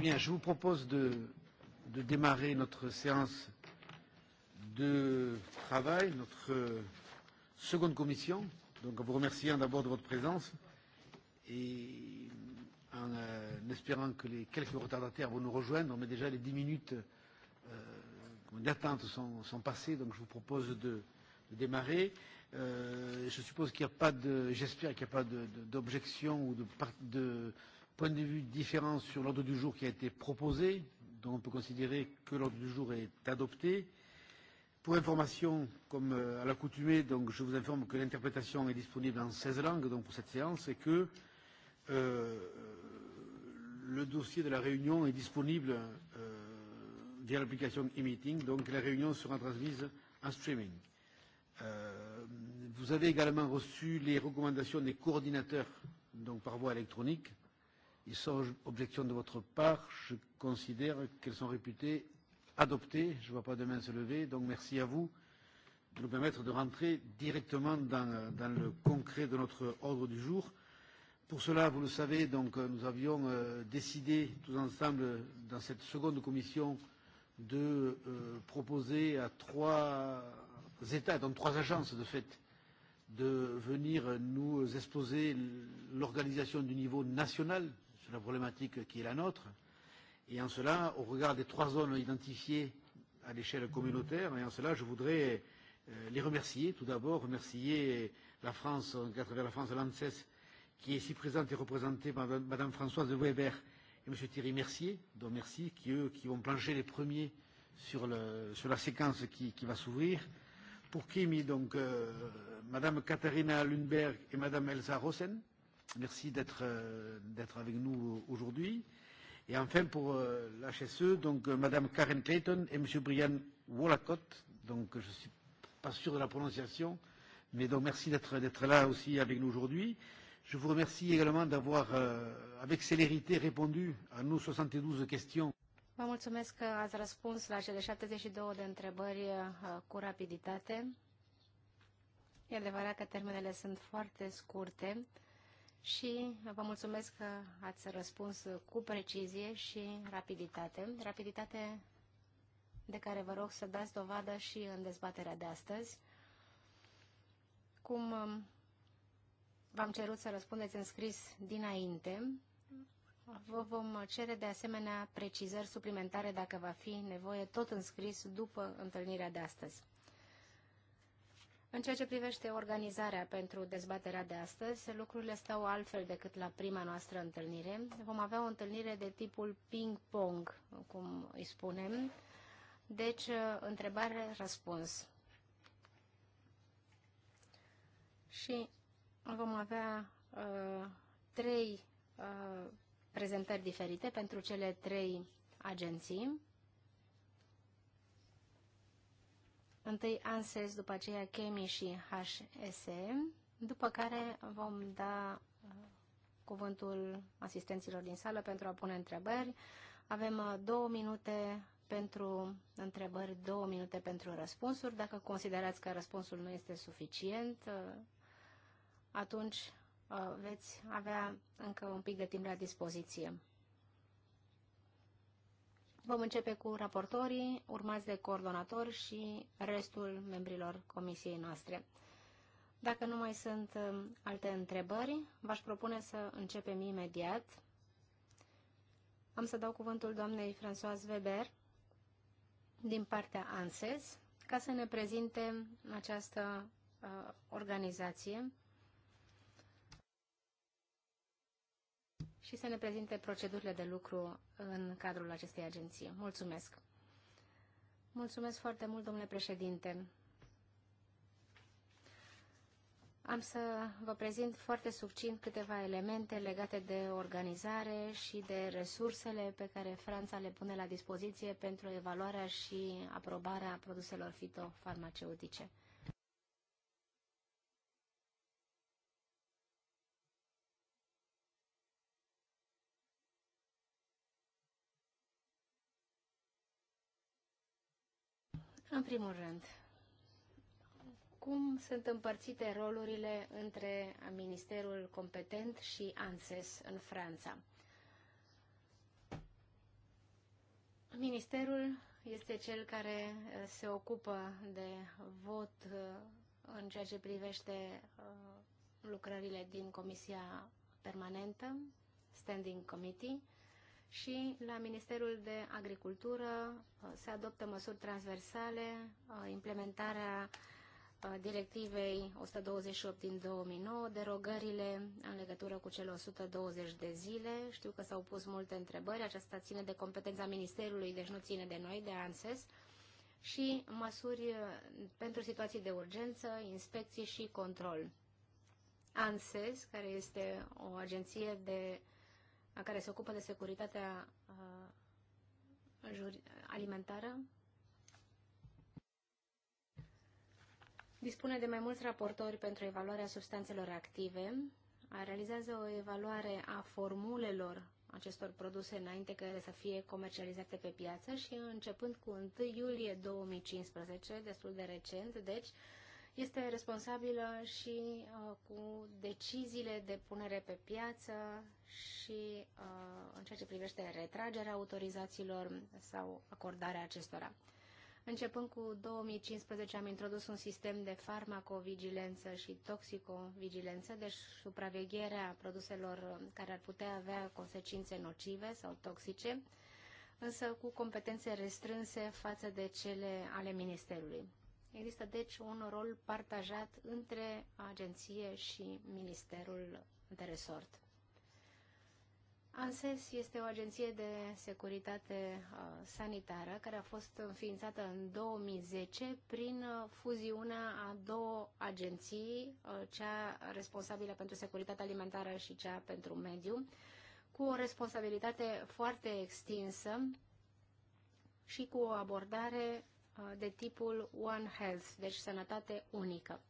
Très eh bien, je vous propose de, de démarrer notre séance de travail, notre seconde commission, donc en vous remerciant d'abord de votre présence et en euh, espérant que les quelques retardataires vont nous rejoindre, mais déjà les dix minutes euh, d'attente sont, sont passées, donc je vous propose de, de démarrer. Euh, je suppose qu'il n'y a pas de, j'espère qu'il n'y a pas d'objection ou de. de, de point de vue différent sur l'ordre du jour qui a été proposé, dont on peut considérer que l'ordre du jour est adopté. Pour information, comme euh, à l'accoutumée, donc je vous informe que l'interprétation est disponible en 16 langues donc pour cette séance et que euh, le dossier de la réunion est disponible euh, via l'application e-meeting, donc la réunion sera transmise en streaming. Euh, vous avez également reçu les recommandations des coordinateurs donc par voie électronique Et sans objection de votre part, je considère qu'elles sont réputées adoptées. Je ne vois pas de main se lever, donc merci à vous de nous permettre de rentrer directement dans, dans le concret de notre ordre du jour. Pour cela, vous le savez, donc, nous avions euh, décidé tous ensemble dans cette seconde commission de euh, proposer à trois États, donc trois agences de fait, de venir nous exposer l'organisation du niveau national sur la problématique qui est la nôtre. Et en cela, au regard des trois zones identifiées à l'échelle communautaire, et en cela, je voudrais euh, les remercier. Tout d'abord, remercier la France, à travers la France, l'ANSES, qui est ici présente et représentée par Mme Françoise de Weber et M. Thierry Mercier, dont merci, qui, eux, qui vont plancher les premiers sur, le, sur la séquence qui, qui va s'ouvrir. Pour Kimi, donc, euh, Mme Katharina Lundberg et Mme Elsa Rosen, Merci euh, d'être avec nous aujourd'hui. Et enfin, pour euh, l'HSE, donc euh, Madame Karen Clayton et Monsieur Brian Wolacott, Donc, je ne suis pas sûr de la prononciation, mais donc merci d'être là aussi avec nous aujourd'hui. Je vous remercie également d'avoir, euh, avec célérité, répondu à nos 72 questions. Vă mulțumesc că ați răspuns la cele 72 de întrebări uh, cu rapiditate. E adevărat că termenele sunt foarte scurte și vă mulțumesc că ați răspuns cu precizie și rapiditate. Rapiditate de care vă rog să dați dovadă și în dezbaterea de astăzi. Cum um, v-am cerut să răspundeți în scris dinainte, vă vom cere de asemenea precizări suplimentare dacă va fi nevoie tot în scris după întâlnirea de astăzi. În ceea ce privește organizarea pentru dezbaterea de astăzi, lucrurile stau altfel decât la prima noastră întâlnire. Vom avea o întâlnire de tipul ping-pong, cum îi spunem. Deci, uh, întrebare-răspuns. Și vom avea uh, trei uh, prezentări diferite pentru cele trei agenții. Întâi ANSES, după aceea CHEMI și HSM, după care vom da uh, cuvântul asistenților din sală pentru a pune întrebări. Avem uh, două minute pentru întrebări, două minute pentru răspunsuri. Dacă considerați că răspunsul nu este suficient, uh, atunci veți avea încă un pic de timp la dispoziție. Vom începe cu raportorii, urmați de coordonatori și restul membrilor comisiei noastre. Dacă nu mai sunt um, alte întrebări, v-aș propune să începem imediat. Am să dau cuvântul doamnei Françoise Weber din partea ANSES ca să ne prezinte această uh, organizație și să ne prezinte procedurile de lucru în cadrul acestei agenții. Mulțumesc! Mulțumesc foarte mult, domnule președinte! Am să vă prezint foarte succint câteva elemente legate de organizare și de resursele pe care Franța le pune la dispoziție pentru evaluarea și aprobarea produselor fitofarmaceutice. În primul rând, cum sunt împărțite rolurile între Ministerul competent și ANSES în Franța? Ministerul este cel care uh, se ocupă de vot uh, în ceea ce privește uh, lucrările din Comisia Permanentă, Standing Committee, și la Ministerul de Agricultură uh, se adoptă măsuri transversale, uh, implementarea uh, directivei 128 din 2009, derogările în legătură cu cele 120 de zile. Știu că s-au pus multe întrebări, aceasta ține de competența Ministerului, deci nu ține de noi, de ANSES, și măsuri pentru situații de urgență, inspecții și control. ANSES, care este o agenție de uh, a care se ocupă de securitatea uh, alimentară dispune de mai mulți raportori pentru evaluarea substanțelor active, realizează o evaluare a formulelor acestor produse înainte că ele să fie comercializate pe piață și începând cu 1 iulie 2015, destul de recent, deci este responsabilă și uh, cu deciziile de punere pe piață și uh, în ceea ce privește retragerea autorizațiilor sau acordarea acestora. Începând cu 2015 am introdus un sistem de farmacovigilență și toxicovigilență, deci supravegherea produselor uh, care ar putea avea consecințe nocive sau toxice, însă cu competențe restrânse față de cele ale Ministerului. Există deci un rol partajat între agenție și Ministerul de Resort. ANSES este o agenție de securitate uh, sanitară care a fost înființată în 2010 prin uh, fuziunea a două agenții, uh, cea responsabilă pentru securitatea alimentară și cea pentru mediu, cu o responsabilitate foarte extinsă și cu o abordare Uh, de tipul One Health, deci sănătate unică.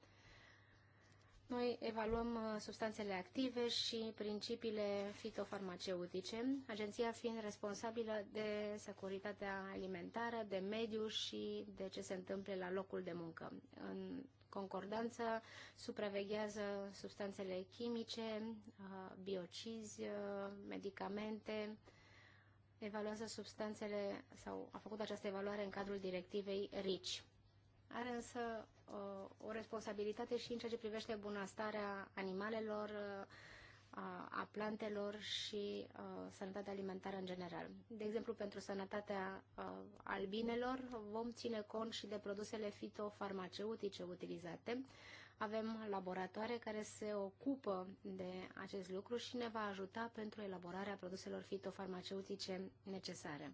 Noi evaluăm uh, substanțele active și principiile fitofarmaceutice, agenția fiind responsabilă de securitatea alimentară, de mediu și de ce se întâmplă la locul de muncă. În concordanță supraveghează substanțele chimice, uh, biocizi, medicamente, evaluează substanțele sau a făcut această evaluare în cadrul directivei RICI. Are însă uh, o responsabilitate și în ceea ce privește bunăstarea animalelor, uh, a plantelor și uh, sănătatea alimentară în general. De exemplu, pentru sănătatea albinelor vom ține cont și de produsele fitofarmaceutice utilizate, avem laboratoare care se ocupă de acest lucru și ne va ajuta pentru elaborarea produselor fitofarmaceutice necesare.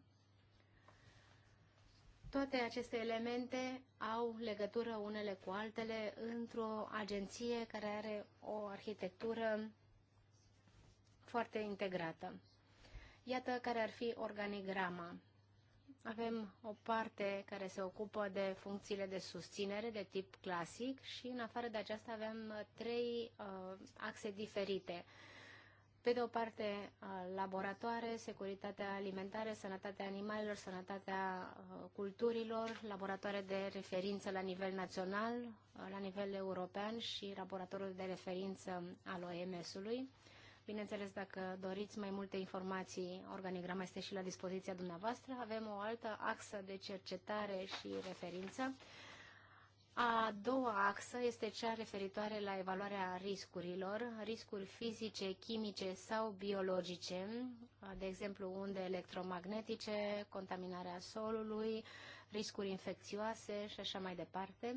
Toate aceste elemente au legătură unele cu altele într-o agenție care are o arhitectură foarte integrată. Iată care ar fi organigrama avem o parte care se ocupă de funcțiile de susținere de tip clasic și în afară de aceasta avem trei uh, axe diferite. Pe de o parte, uh, laboratoare, securitatea alimentară, sănătatea animalelor, sănătatea uh, culturilor, laboratoare de referință la nivel național, uh, la nivel european și laboratorul de referință al OMS-ului Bineînțeles, dacă doriți mai multe informații, organigrama este și la dispoziția dumneavoastră. Avem o altă axă de cercetare și referință. A doua axă este cea referitoare la evaluarea riscurilor, riscuri fizice, chimice sau biologice, de exemplu unde electromagnetice, contaminarea solului, riscuri infecțioase și așa mai departe.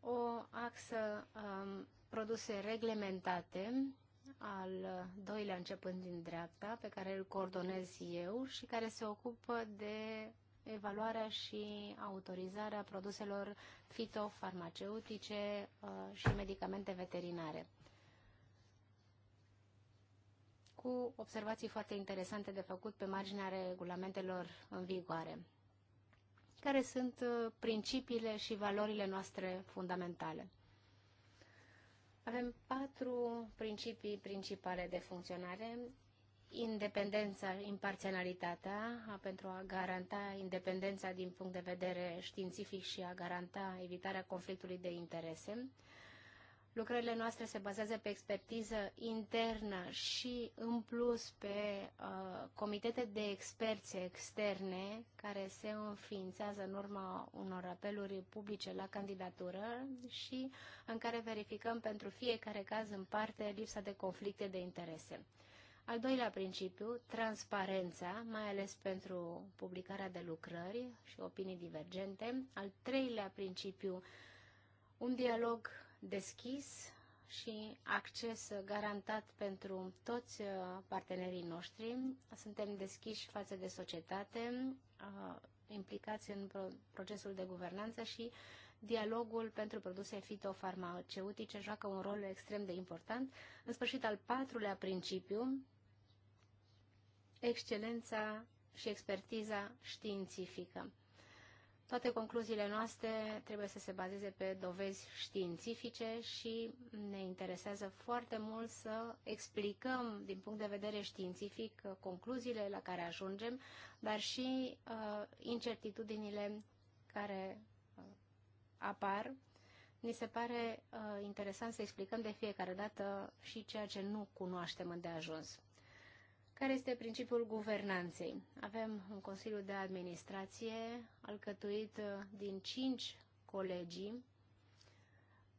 O axă um, produse reglementate, al doilea începând din dreapta, pe care îl coordonez eu și care se ocupă de evaluarea și autorizarea produselor fitofarmaceutice uh, și medicamente veterinare. Cu observații foarte interesante de făcut pe marginea regulamentelor în vigoare, care sunt uh, principiile și valorile noastre fundamentale. Avem patru principii principale de funcționare. Independența, imparțialitatea, pentru a garanta independența din punct de vedere științific și a garanta evitarea conflictului de interese. Lucrările noastre se bazează pe expertiză internă și, în plus, pe uh, comitete de experți externe care se înființează în urma unor apeluri publice la candidatură și în care verificăm pentru fiecare caz în parte lipsa de conflicte de interese. Al doilea principiu, transparența, mai ales pentru publicarea de lucrări și opinii divergente. Al treilea principiu, un dialog deschis și acces garantat pentru toți uh, partenerii noștri. Suntem deschiși față de societate, uh, implicați în procesul de guvernanță și dialogul pentru produse fitofarmaceutice joacă un rol extrem de important. În sfârșit, al patrulea principiu, excelența și expertiza științifică. Toate concluziile noastre trebuie să se bazeze pe dovezi științifice și ne interesează foarte mult să explicăm din punct de vedere științific uh, concluziile la care ajungem, dar și uh, incertitudinile care uh, apar. Ni se pare uh, interesant să explicăm de fiecare dată și ceea ce nu cunoaștem de ajuns care este principiul guvernanței. Avem un Consiliu de Administrație alcătuit uh, din cinci colegii,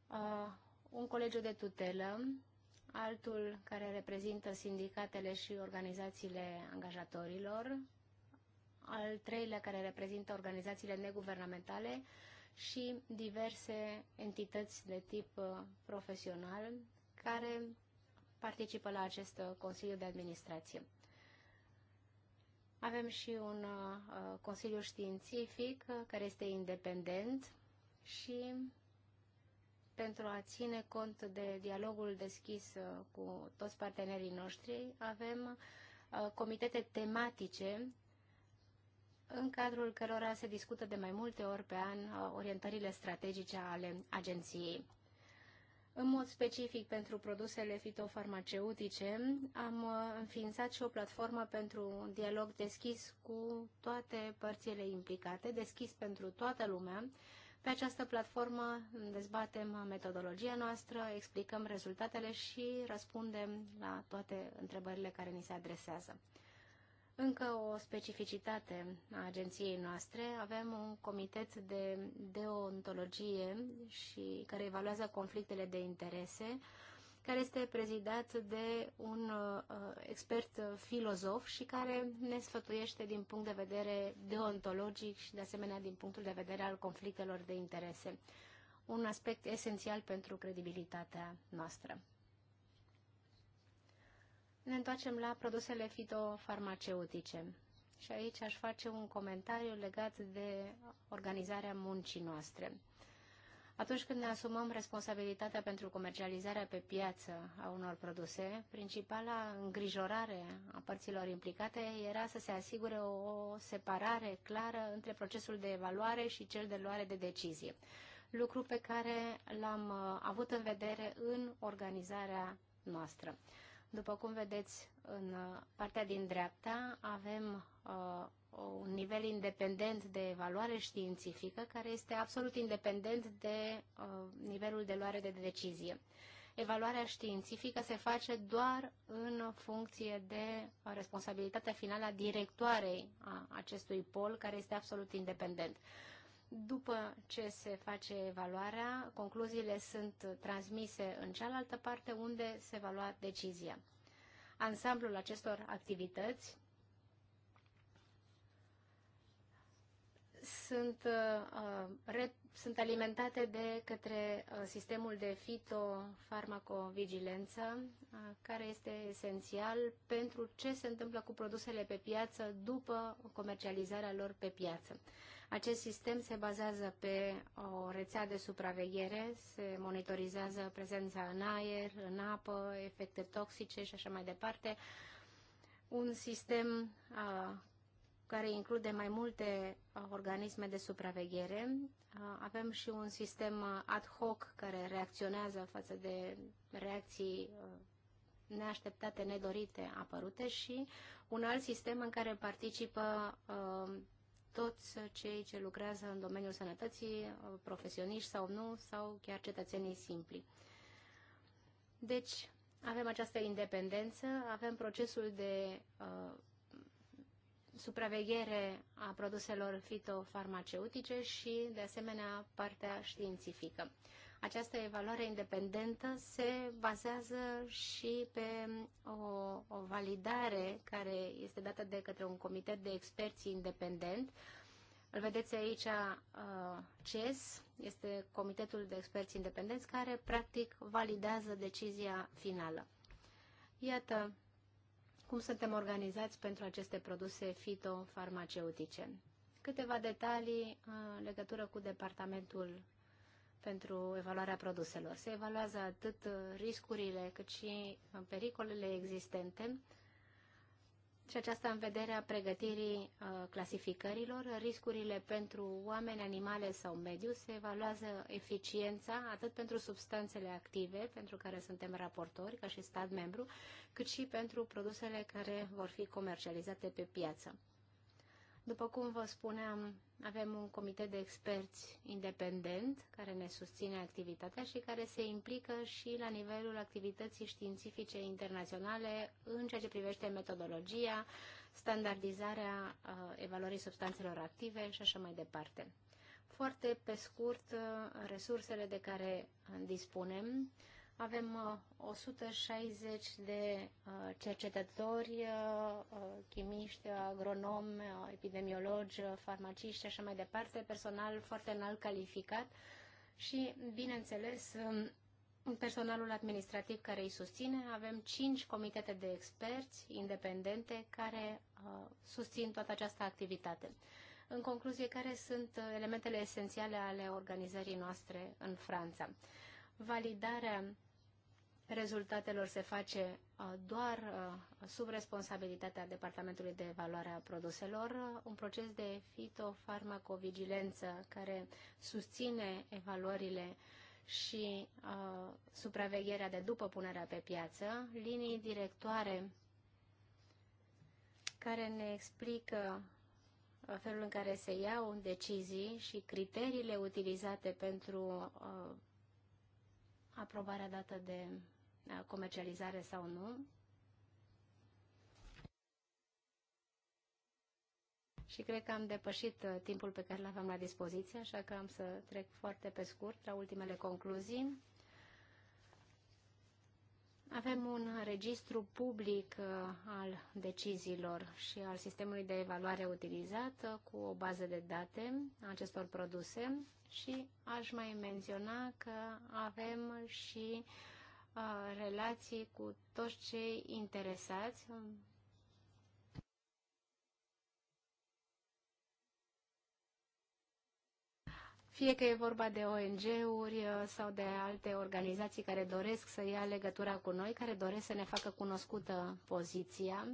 uh, un colegiu de tutelă, altul care reprezintă sindicatele și organizațiile angajatorilor, al treilea care reprezintă organizațiile neguvernamentale și diverse entități de tip uh, profesional care participă la acest uh, Consiliu de Administrație. Avem și un uh, Consiliu Științific uh, care este independent și pentru a ține cont de dialogul deschis uh, cu toți partenerii noștri, avem uh, comitete tematice în cadrul cărora se discută de mai multe ori pe an uh, orientările strategice ale agenției. În mod specific pentru produsele fitofarmaceutice, am uh, înființat și o platformă pentru un dialog deschis cu toate părțile implicate, deschis pentru toată lumea. Pe această platformă dezbatem metodologia noastră, explicăm rezultatele și răspundem la toate întrebările care ni se adresează. Încă o specificitate a agenției noastre, avem un comitet de deontologie și care evaluează conflictele de interese, care este prezidat de un uh, expert filozof și care ne sfătuiește din punct de vedere deontologic și de asemenea din punctul de vedere al conflictelor de interese. Un aspect esențial pentru credibilitatea noastră ne întoarcem la produsele fitofarmaceutice. Și aici aș face un comentariu legat de organizarea muncii noastre. Atunci când ne asumăm responsabilitatea pentru comercializarea pe piață a unor produse, principala îngrijorare a părților implicate era să se asigure o separare clară între procesul de evaluare și cel de luare de decizie, lucru pe care l-am uh, avut în vedere în organizarea noastră. După cum vedeți, în uh, partea din dreapta avem uh, un nivel independent de evaluare științifică care este absolut independent de uh, nivelul de luare de decizie. Evaluarea științifică se face doar în funcție de responsabilitatea finală a directoarei a acestui pol, care este absolut independent. Uh, după ce se face evaluarea, concluziile sunt transmise în cealaltă parte unde se va lua decizia. Ansamblul acestor activități sunt, uh, re, sunt alimentate de către uh, sistemul de fitofarmacovigilență, uh, care este esențial pentru ce se întâmplă cu produsele pe piață după comercializarea lor pe piață. Acest sistem se bazează pe o rețea de supraveghere, se monitorizează prezența în aer, în apă, efecte toxice și așa mai departe. Un sistem a, care include mai multe organisme de supraveghere. Avem și un sistem ad hoc care reacționează față de reacții neașteptate, nedorite apărute și un alt sistem în care participă toți cei ce lucrează în domeniul sănătății, profesioniști sau nu, sau chiar cetățenii simpli. Deci, avem această independență, avem procesul de uh, supraveghere a produselor fitofarmaceutice și, de asemenea, partea științifică. Această evaluare independentă se bazează și pe o, o validare care este dată de către un comitet de experți independent. Îl vedeți aici, uh, CES, este Comitetul de Experți Independenți, care practic validează decizia finală. Iată cum suntem organizați pentru aceste produse fitofarmaceutice câteva detalii uh, în legătură cu departamentul pentru evaluarea produselor. Se evaluează atât riscurile cât și pericolele existente și aceasta în vederea pregătirii uh, clasificărilor, riscurile pentru oameni, animale sau mediu, se evaluează eficiența atât pentru substanțele active, pentru care suntem raportori ca și stat membru, cât și pentru produsele care vor fi comercializate pe piață. După cum vă spuneam, avem un comitet de experți independent care ne susține activitatea și care se implică și la nivelul activității științifice internaționale în ceea ce privește metodologia, standardizarea uh, evaluării substanțelor active și așa mai departe. Foarte pe scurt, uh, resursele de care uh, dispunem avem 160 uh, de uh, cercetători, uh, chimiști, agronomi, epidemiologi, farmaciști și așa mai departe, personal foarte înalt calificat și, bineînțeles, um, personalul administrativ care îi susține. Avem cinci comitete de experți independente care susțin toată această activitate. În concluzie, care sunt elementele esențiale ale organizării noastre în Franța? Validarea rezultatelor se face uh, doar uh, sub responsabilitatea Departamentului de Evaluare a Produselor, uh, un proces de fitofarmacovigilență care susține evaluările și uh, supravegherea de după punerea pe piață, linii directoare care ne explică felul în care se iau decizii și criteriile utilizate pentru uh, aprobarea dată de Uh, comercializare sau nu. Și cred că am depășit uh, timpul pe care l-aveam la dispoziție, așa că am să trec foarte pe scurt la ultimele concluzii. Avem un registru public uh, al deciziilor și al sistemului de evaluare utilizat cu o bază de date a acestor produse și aș mai menționa că avem și uh, relații cu toți cei interesați. Fie că e vorba de ONG-uri uh, sau de alte organizații care doresc să ia legătura cu noi, care doresc să ne facă cunoscută poziția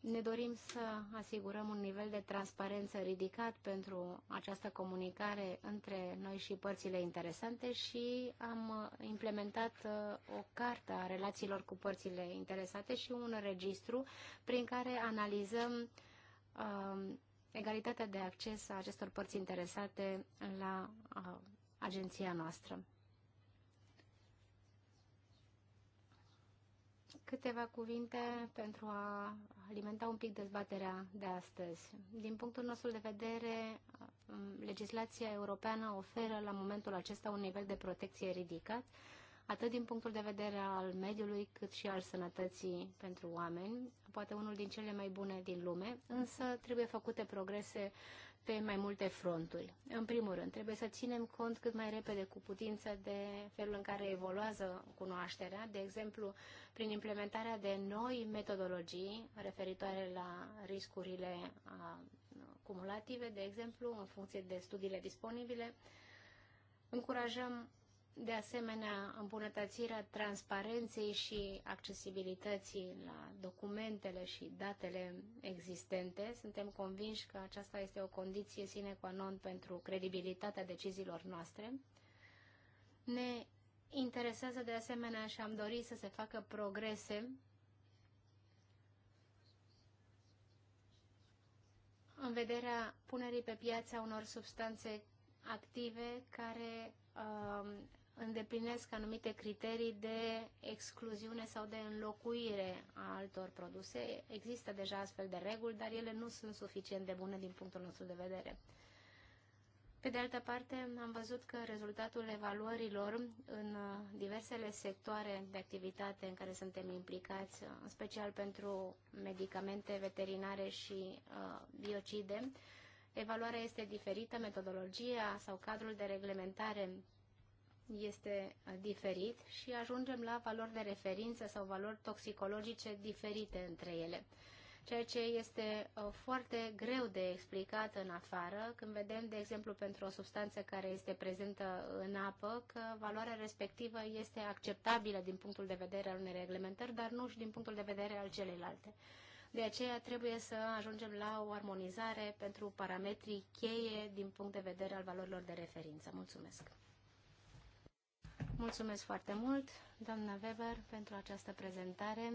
ne dorim să asigurăm un nivel de transparență ridicat pentru această comunicare între noi și părțile interesante și am implementat uh, o carte a relațiilor cu părțile interesate și un registru prin care analizăm uh, egalitatea de acces a acestor părți interesate la uh, agenția noastră. câteva cuvinte pentru a alimenta un pic dezbaterea de astăzi. Din punctul nostru de vedere, legislația europeană oferă la momentul acesta un nivel de protecție ridicat, atât din punctul de vedere al mediului, cât și al sănătății pentru oameni, poate unul din cele mai bune din lume, însă trebuie făcute progrese pe mai multe fronturi. În primul rând, trebuie să ținem cont cât mai repede cu putință de felul în care evoluează cunoașterea, de exemplu, prin implementarea de noi metodologii referitoare la riscurile cumulative, de exemplu, în funcție de studiile disponibile, încurajăm de asemenea îmbunătățirea transparenței și accesibilității la documentele și datele existente. Suntem convinși că aceasta este o condiție sine qua non pentru credibilitatea deciziilor noastre. Ne interesează de asemenea și am dorit să se facă progrese în vederea punerii pe piața unor substanțe active care um, îndeplinesc anumite criterii de excluziune sau de înlocuire a altor produse. Există deja astfel de reguli, dar ele nu sunt suficient de bune din punctul nostru de vedere. Pe de altă parte, am văzut că rezultatul evaluărilor în diversele sectoare de activitate în care suntem implicați, în special pentru medicamente veterinare și uh, biocide, evaluarea este diferită, metodologia sau cadrul de reglementare este uh, diferit și ajungem la valori de referință sau valori toxicologice diferite între ele. Ceea ce este uh, foarte greu de explicat în afară, când vedem, de exemplu, pentru o substanță care este prezentă în apă, că valoarea respectivă este acceptabilă din punctul de vedere al unei reglementări, dar nu și din punctul de vedere al celelalte. De aceea trebuie să ajungem la o armonizare pentru parametrii cheie din punct de vedere al valorilor de referință. Mulțumesc! Mulțumesc foarte mult, doamna Weber, pentru această prezentare.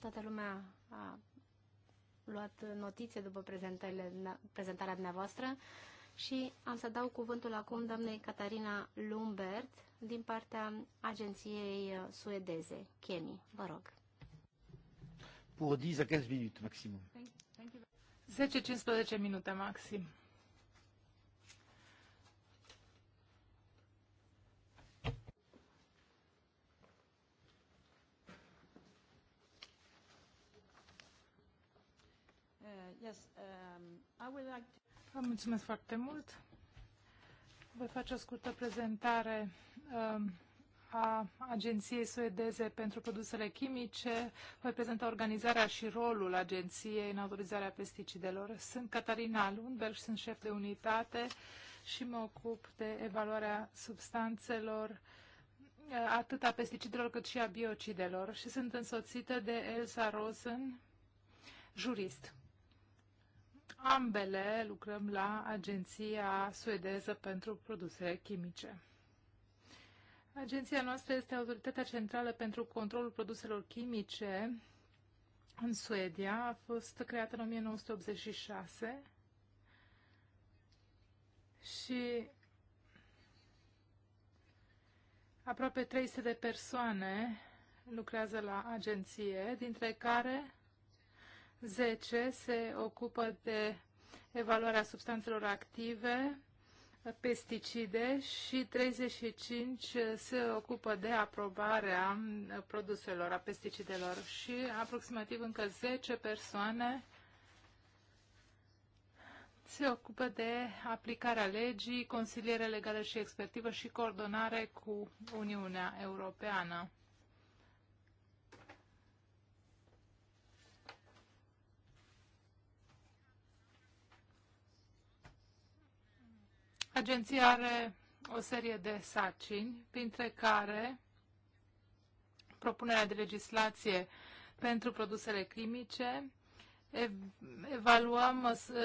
Toată lumea a luat notițe după prezentarea dumneavoastră și am să dau cuvântul acum doamnei Catarina Lumbert din partea agenției suedeze, Kemi. Vă rog. 10 15 minute maximum. 10-15 minute maxim. yes, um, I would like to... Vă mulțumesc foarte mult. Voi face o scurtă prezentare um, a Agenției Suedeze pentru Produsele Chimice. Voi prezenta organizarea și rolul agenției în autorizarea pesticidelor. Sunt Catarina Lundberg, sunt șef de unitate și mă ocup de evaluarea substanțelor uh, atât a pesticidelor cât și a biocidelor și sunt însoțită de Elsa Rosen, jurist. Ambele lucrăm la Agenția Suedeză pentru Produse Chimice. Agenția noastră este Autoritatea Centrală pentru Controlul Produselor Chimice în Suedia. A fost creată în 1986 și aproape 300 de persoane lucrează la agenție, dintre care 10 se ocupă de evaluarea substanțelor active, pesticide și 35 se ocupă de aprobarea produselor, a pesticidelor și aproximativ încă 10 persoane se ocupă de aplicarea legii, consiliere legală și expertivă și coordonare cu Uniunea Europeană. Agenția da. are o serie de sarcini, printre care propunerea de legislație pentru produsele chimice, evaluăm uh,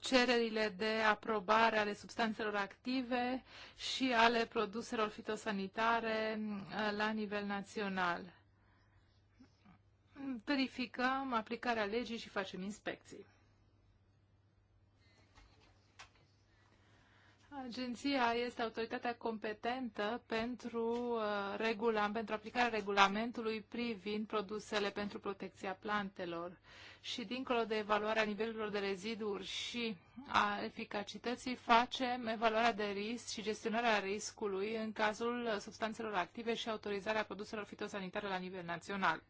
cererile de aprobare ale substanțelor active și ale produselor fitosanitare uh, la nivel național. Verificăm aplicarea legii și facem inspecții. Agenția este autoritatea competentă pentru, uh, regula, pentru aplicarea regulamentului privind produsele pentru protecția plantelor și dincolo de evaluarea nivelurilor de reziduri și a eficacității, facem evaluarea de risc și gestionarea riscului în cazul uh, substanțelor active și autorizarea produselor fitosanitare la nivel național.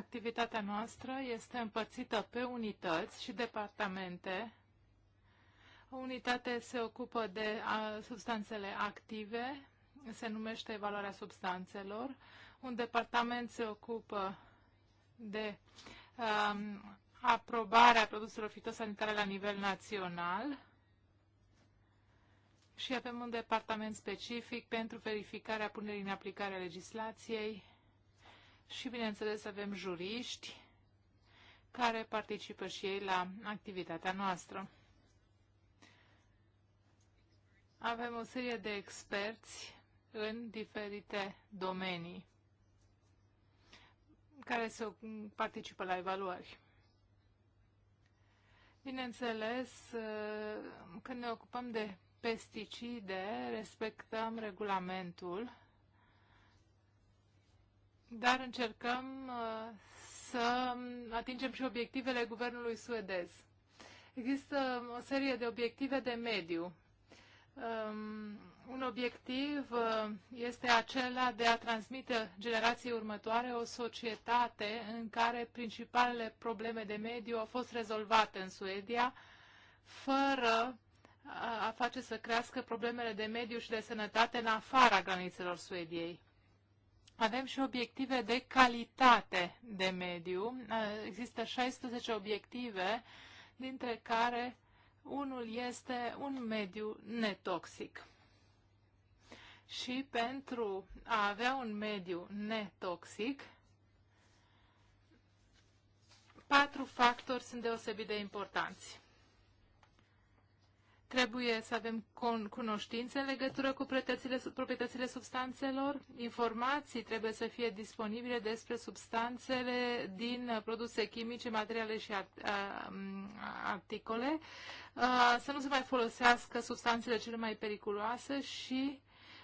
activitatea noastră este împărțită pe unități și departamente. O unitate se ocupă de substanțele active, se numește evaluarea substanțelor. Un departament se ocupă de um, aprobarea produselor fitosanitare la nivel național și avem un departament specific pentru verificarea punerii în aplicare a legislației și, bineînțeles, avem juriști care participă și ei la activitatea noastră. Avem o serie de experți în diferite domenii care se participă la evaluări. Bineînțeles, ă, când ne ocupăm de pesticide, respectăm regulamentul dar încercăm uh, să atingem și obiectivele guvernului suedez. Există o serie de obiective de mediu. Um, un obiectiv uh, este acela de a transmite generației următoare o societate în care principalele probleme de mediu au fost rezolvate în Suedia, fără a face să crească problemele de mediu și de sănătate în afara granițelor Suediei. Avem și obiective de calitate de mediu. Există 16 obiective, dintre care unul este un mediu netoxic. Și pentru a avea un mediu netoxic, patru factori sunt deosebit de importanți. Trebuie să avem cunoștințe în legătură cu proprietățile substanțelor, informații trebuie să fie disponibile despre substanțele din uh, produse chimice, materiale și uh, mm, articole, uh, să nu se mai folosească substanțele cele mai periculoase și,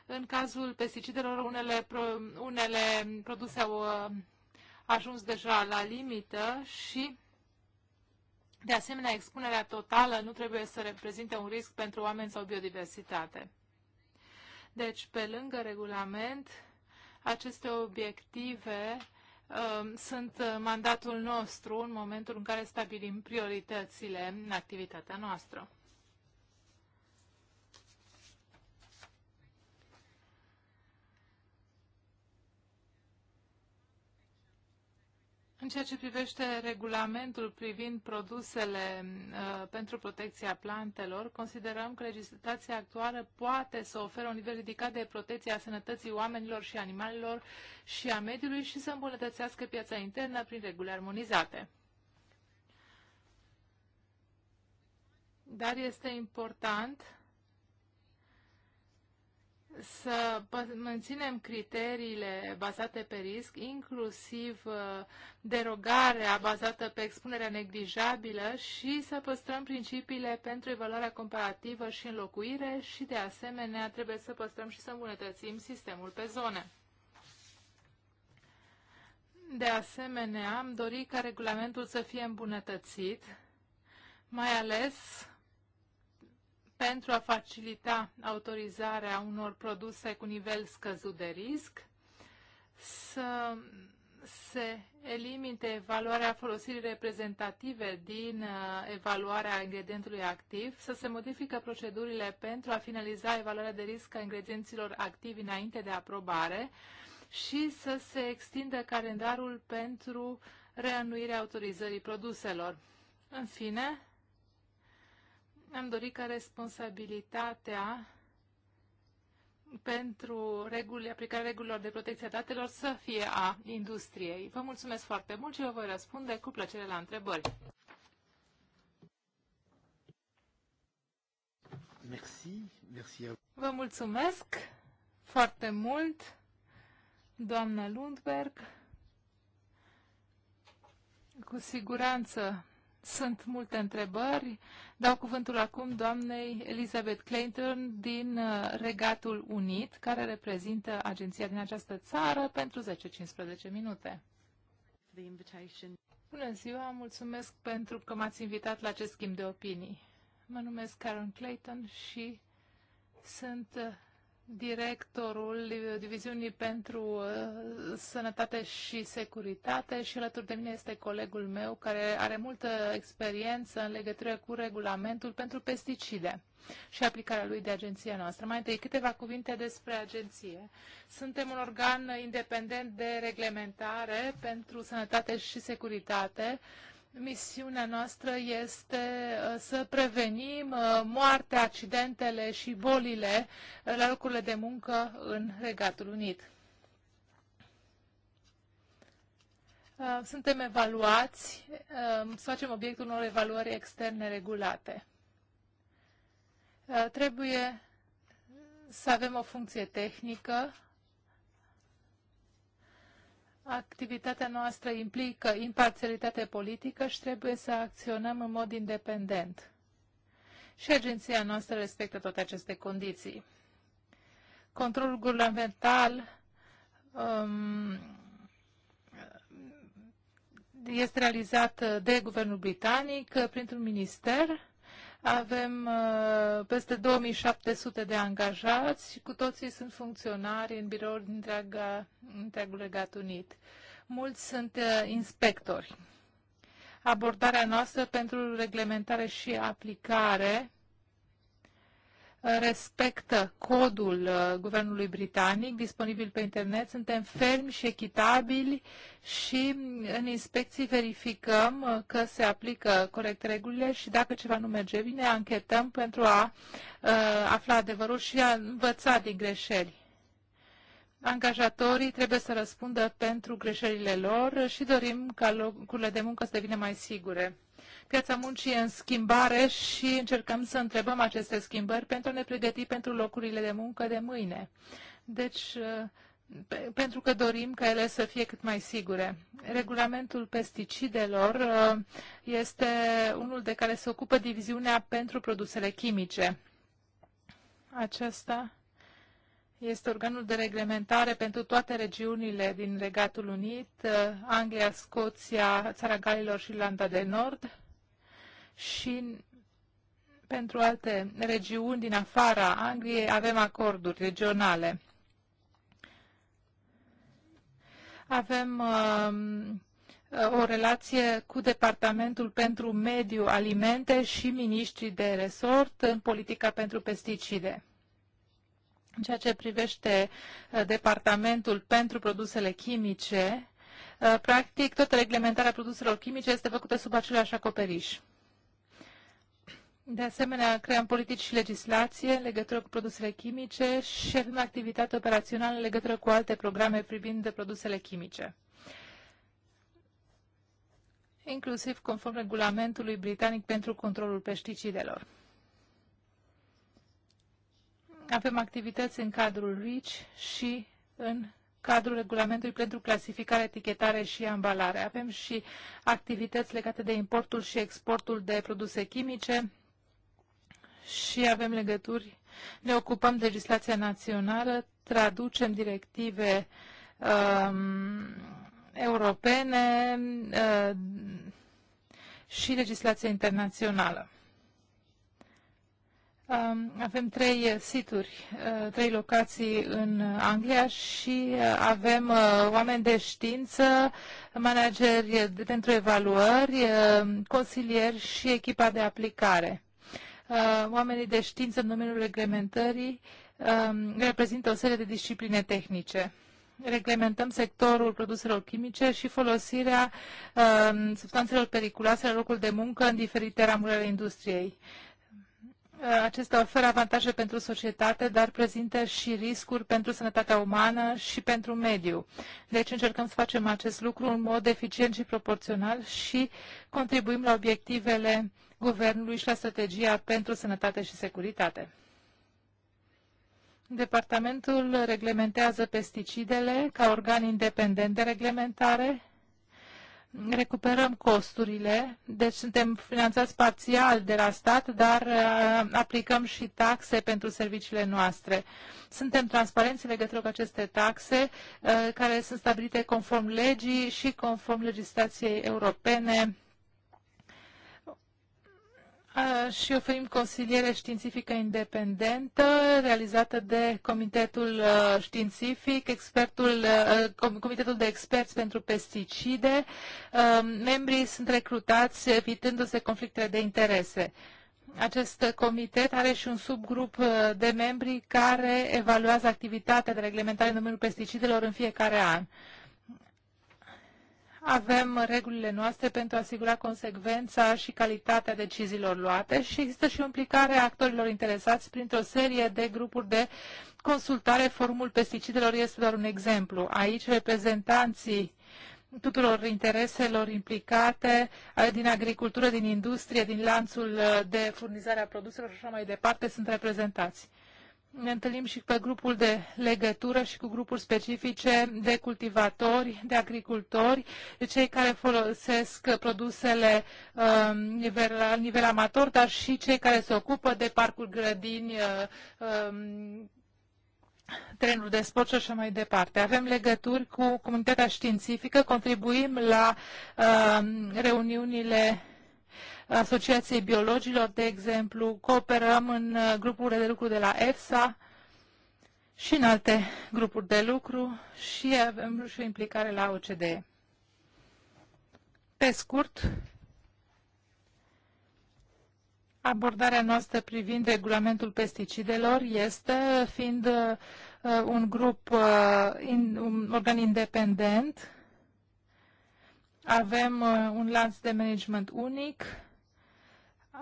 în cazul pesticidelor, unele, pro, unele produse au ajuns deja la limită și de asemenea, expunerea totală nu trebuie să reprezinte un risc pentru oameni sau biodiversitate. Deci, pe lângă regulament, aceste obiective um, uh, sunt mandatul nostru în momentul în care stabilim prioritățile în activitatea noastră. În ceea ce privește regulamentul privind produsele uh, pentru protecția plantelor, considerăm că legislația actuală poate să ofere un nivel ridicat de protecție a sănătății oamenilor și animalelor și a mediului și să îmbunătățească piața internă prin reguli armonizate. Dar este important să menținem criteriile bazate pe risc, inclusiv uh, derogarea bazată pe expunerea neglijabilă și să păstrăm principiile pentru evaluarea comparativă și înlocuire și, de asemenea, trebuie să păstrăm și să îmbunătățim sistemul pe zone. De asemenea, am dorit ca regulamentul să fie îmbunătățit, mai ales pentru a facilita autorizarea unor produse cu nivel scăzut de risc, să se elimine evaluarea folosirii reprezentative din uh, evaluarea ingredientului activ, să se modifică procedurile pentru a finaliza evaluarea de risc a ingredienților activi înainte de aprobare și să se extindă calendarul pentru reanuirea autorizării produselor. În fine, am dorit ca responsabilitatea pentru reguli, aplicarea regulilor de protecție a datelor să fie a industriei. Vă mulțumesc foarte mult și vă voi răspunde cu plăcere la întrebări. Merci, merci Vă mulțumesc foarte mult, doamna Lundberg. Cu siguranță sunt multe întrebări. Dau cuvântul acum doamnei Elizabeth Clayton din uh, Regatul Unit, care reprezintă agenția din această țară pentru 10-15 minute. Bună ziua, mulțumesc pentru că m-ați invitat la acest schimb de opinii. Mă numesc Karen Clayton și sunt uh, directorul Diviziunii pentru uh, Sănătate și Securitate și alături de mine este colegul meu care are multă experiență în legătură cu regulamentul pentru pesticide și aplicarea lui de agenția noastră. Mai întâi câteva cuvinte despre agenție. Suntem un organ independent de reglementare pentru sănătate și securitate Misiunea noastră este uh, să prevenim uh, moartea, accidentele și bolile uh, la locurile de muncă în Regatul Unit. Suntem evaluați, să facem obiectul unor evaluări externe regulate. Trebuie să avem o funcție tehnică Activitatea noastră implică imparțialitate politică și trebuie să acționăm în mod independent. Și agenția noastră respectă toate aceste condiții. Controlul guvernamental um, este realizat de guvernul britanic printr-un minister avem uh, peste 2700 de angajați și cu toții sunt funcționari în birouri din întreaga, întregul Legat Unit. Mulți sunt uh, inspectori. Abordarea noastră pentru reglementare și aplicare respectă codul uh, guvernului britanic disponibil pe internet, suntem fermi și echitabili și în inspecții verificăm uh, că se aplică corect regulile și dacă ceva nu merge bine, anchetăm pentru a uh, afla adevărul și a învăța din greșeli. Angajatorii trebuie să răspundă pentru greșelile lor și dorim ca locurile de muncă să devină mai sigure. Piața muncii e în schimbare și încercăm să întrebăm aceste schimbări pentru a ne pregăti pentru locurile de muncă de mâine. Deci, pe, pentru că dorim ca ele să fie cât mai sigure. Regulamentul pesticidelor uh, este unul de care se ocupă diviziunea pentru produsele chimice. Acesta este organul de reglementare pentru toate regiunile din Regatul Unit, uh, Anglia, Scoția, Țara Galilor și Irlanda de Nord și pentru alte regiuni din afara Angliei avem acorduri regionale. Avem uh, o relație cu Departamentul pentru Mediu Alimente și ministrii de resort în politica pentru pesticide. În ceea ce privește uh, Departamentul pentru produsele chimice, uh, practic toată reglementarea produselor chimice este făcută sub același acoperiș. De asemenea, creăm politici și legislație în legătură cu produsele chimice și avem activitate operațională în legătură cu alte programe privind de produsele chimice. Inclusiv conform regulamentului britanic pentru controlul pesticidelor. Avem activități în cadrul RICH și în cadrul regulamentului pentru clasificare, etichetare și ambalare. Avem și activități legate de importul și exportul de produse chimice, și avem legături, ne ocupăm de legislația națională, traducem directive um, europene uh, și legislația internațională. Um, avem trei situri, uh, trei locații în Anglia și uh, avem uh, oameni de știință, manageri pentru evaluări, consilieri și echipa de aplicare. Uh, oamenii de știință în domeniul reglementării um, reprezintă o serie de discipline tehnice reglementăm sectorul produselor chimice și folosirea um, substanțelor periculoase la locul de muncă în diferite ramuri ale industriei. Uh, acestea oferă avantaje pentru societate, dar prezintă și riscuri pentru sănătatea umană și pentru mediu. Deci încercăm să facem acest lucru în mod eficient și proporțional și contribuim la obiectivele uh, guvernului și la strategia pentru sănătate și securitate. Departamentul reglementează pesticidele ca organ independent de reglementare. Recuperăm costurile, deci suntem finanțați parțial de la stat, dar uh, aplicăm și taxe pentru serviciile noastre. Suntem transparenți în legătură cu aceste taxe, uh, care sunt stabilite conform legii și conform legislației europene și oferim consiliere științifică independentă realizată de Comitetul uh, Științific, expertul, uh, Comitetul de Experți pentru Pesticide. Uh, membrii sunt recrutați evitându-se conflictele de interese. Acest comitet are și un subgrup de membri care evaluează activitatea de reglementare în domeniul pesticidelor în fiecare an avem regulile noastre pentru a asigura consecvența și calitatea deciziilor luate și există și o implicare a actorilor interesați printr-o serie de grupuri de consultare. Formul pesticidelor este doar un exemplu. Aici reprezentanții tuturor intereselor implicate eh, din agricultură, din industrie, din lanțul eh, de furnizare a produselor și așa mai departe sunt reprezentați ne întâlnim și pe grupul de legătură și cu grupuri specifice de cultivatori, de agricultori, de cei care folosesc produsele uh, nivel, la nivel amator, dar și cei care se ocupă de parcuri grădini, uh, uh, um, trenul de sport și așa mai departe. Avem legături cu comunitatea științifică, contribuim la uh, reuniunile uh, Asociației Biologilor, de exemplu, cooperăm în uh, grupurile de lucru de la EFSA și în alte grupuri de lucru și avem și o implicare la OCDE. Pe scurt, abordarea noastră privind regulamentul pesticidelor este fiind uh, uh, un grup, un organ independent, avem un lanț de management unic,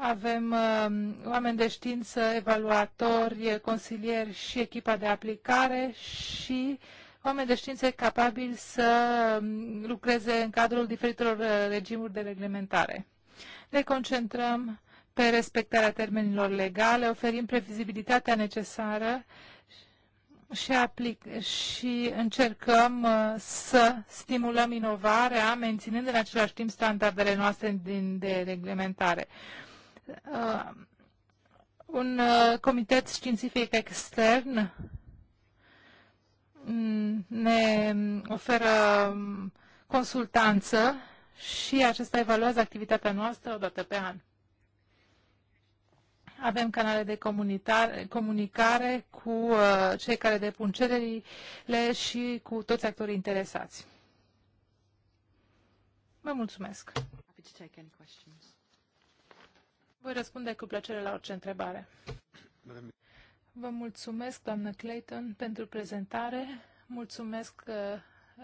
avem uh, oameni de știință, evaluatori, consilieri și echipa de aplicare și oameni de știință capabili să um, lucreze în cadrul diferitelor uh, regimuri de reglementare. Ne concentrăm pe respectarea termenilor legale, oferim previzibilitatea necesară și, aplic- și încercăm uh, să stimulăm inovarea, menținând în același timp standardele noastre din, de reglementare uh, un uh, comitet științific extern mm, ne mm, oferă mm, consultanță și acesta evaluează activitatea noastră o dată pe an. Avem canale de comunicare cu uh, cei care depun cererile și cu toți actorii interesați. Vă mulțumesc! Happy to take any questions. Voi răspunde cu plăcere la orice întrebare. Vă mulțumesc, doamnă Clayton, pentru prezentare. Mulțumesc uh,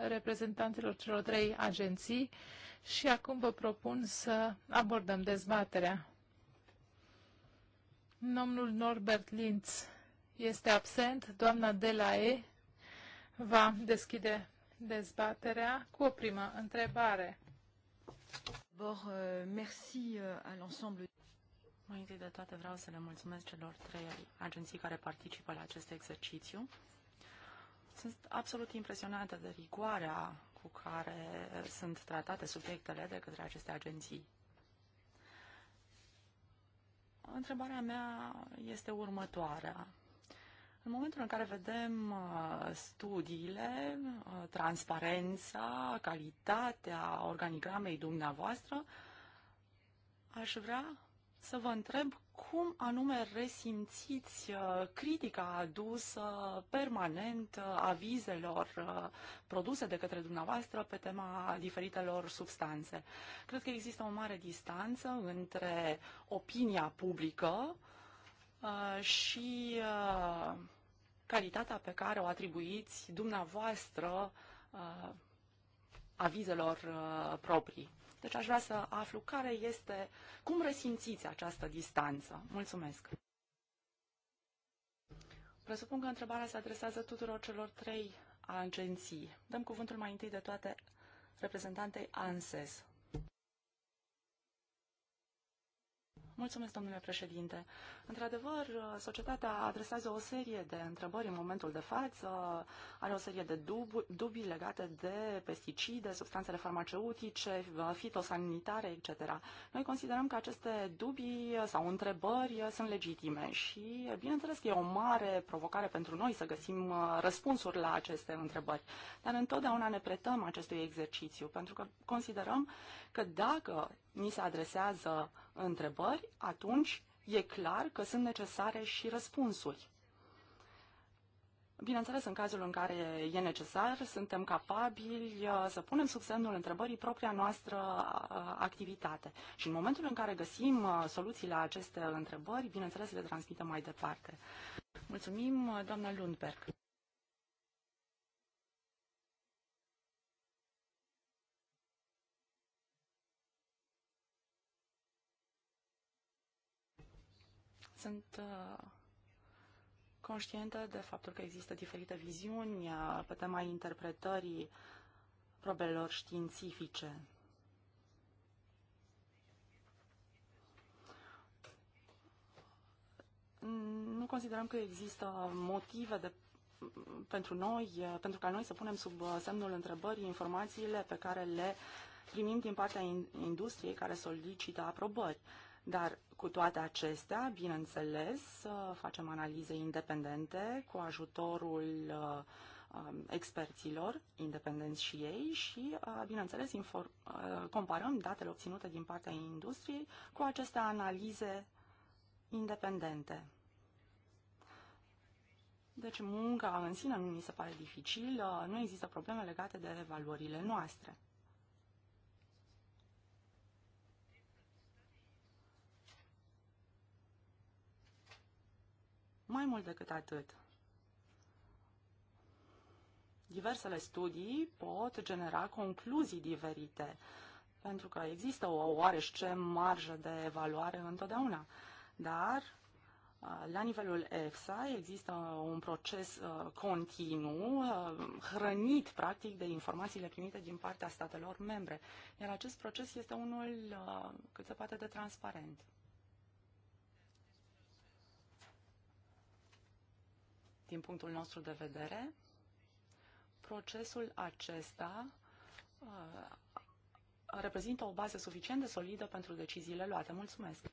reprezentanților celor trei agenții și acum vă propun să abordăm dezbaterea. Domnul Norbert Linz este absent. Doamna Delae va deschide dezbaterea cu o primă întrebare. euh, merci euh, à mai întâi de toate vreau să le mulțumesc celor trei agenții care participă la acest exercițiu. Sunt absolut impresionată de rigoarea cu care sunt tratate subiectele de către aceste agenții. Întrebarea mea este următoarea. În momentul în care vedem uh, studiile, uh, transparența, calitatea organigramei dumneavoastră, aș vrea să vă întreb cum anume resimțiți uh, critica adusă permanent uh, avizelor uh, produse de către dumneavoastră pe tema diferitelor substanțe. Cred că există o mare distanță între opinia publică și calitatea pe care o atribuiți dumneavoastră avizelor proprii. Deci aș vrea să aflu care este, cum resimțiți această distanță. Mulțumesc! Presupun că întrebarea se adresează tuturor celor trei agenții. Dăm cuvântul mai întâi de toate reprezentantei ANSES. Mulțumesc, domnule președinte. Într-adevăr, societatea adresează o serie de întrebări în momentul de față, are o serie de dub- dubii legate de pesticide, substanțele farmaceutice, fitosanitare, etc. Noi considerăm că aceste dubii sau întrebări sunt legitime și, bineînțeles, că e o mare provocare pentru noi să găsim uh, răspunsuri la aceste întrebări. Dar întotdeauna ne pretăm acestui exercițiu, pentru că considerăm că dacă mi se adresează întrebări, atunci e clar că sunt necesare și răspunsuri. Bineînțeles, în cazul în care e necesar, suntem capabili uh, să punem sub semnul întrebării propria noastră uh, activitate. Și în momentul în care găsim uh, soluții la aceste întrebări, bineînțeles, le transmitem mai departe. Mulțumim, doamna Lundberg. Sunt uh, conștientă de faptul că există diferite viziuni uh, pe tema interpretării probelor științifice. Nu considerăm că există motive de pentru noi, uh, pentru ca noi să punem sub semnul întrebării informațiile pe care le primim din partea industriei care solicită aprobări. Dar cu toate acestea, bineînțeles, facem analize independente cu ajutorul uh, um, experților, independenți și ei, și, uh, bineînțeles, uh, comparăm datele obținute din partea industriei cu aceste analize independente. Deci munca în sine nu mi se pare dificilă, nu există probleme legate de valorile noastre. Mai mult decât atât, diversele studii pot genera concluzii diferite, pentru că există o oarește marjă de evaluare întotdeauna. Dar, uh, la nivelul EFSA, există un proces uh, continuu, uh, hrănit, practic, de informațiile primite din partea statelor membre. Iar acest proces este unul cât se poate de transparent. din punctul nostru de vedere, procesul acesta uh, reprezintă o bază suficient de solidă pentru deciziile luate. Mulțumesc!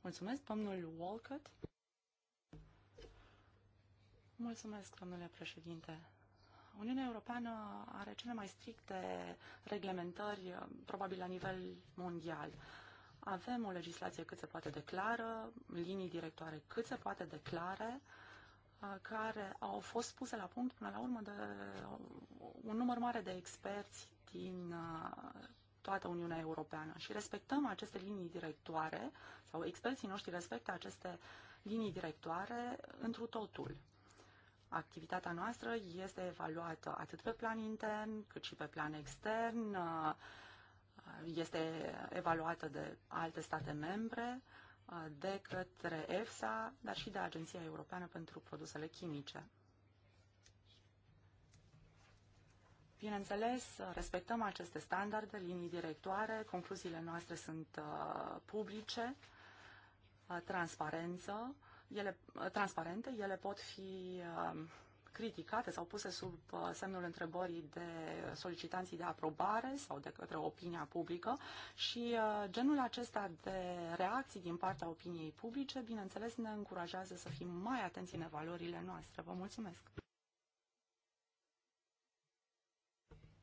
Mulțumesc, domnul Walcott. Mulțumesc, domnule președinte. Uniunea Europeană are cele mai stricte reglementări, probabil la nivel mondial. Avem o legislație cât se poate declară, linii directoare cât se poate de uh, Uh, care au fost puse la punct până la urmă de uh, un număr mare de experți din uh, toată Uniunea Europeană și respectăm aceste linii directoare sau experții noștri respectă aceste linii directoare întru totul. Activitatea noastră este evaluată atât pe plan intern cât și pe plan extern, este evaluată de alte state membre, de către EFSA, dar și de Agenția Europeană pentru Produsele Chimice. Bineînțeles, respectăm aceste standarde, linii directoare, concluziile noastre sunt uh, publice, uh, transparență, ele, uh, transparente, ele pot fi uh, criticate sau puse sub uh, semnul întrebării de solicitanții de aprobare sau de către opinia publică și uh, genul acesta de reacții din partea opiniei publice, bineînțeles, ne încurajează să fim mai atenți în evaluările noastre. Vă mulțumesc!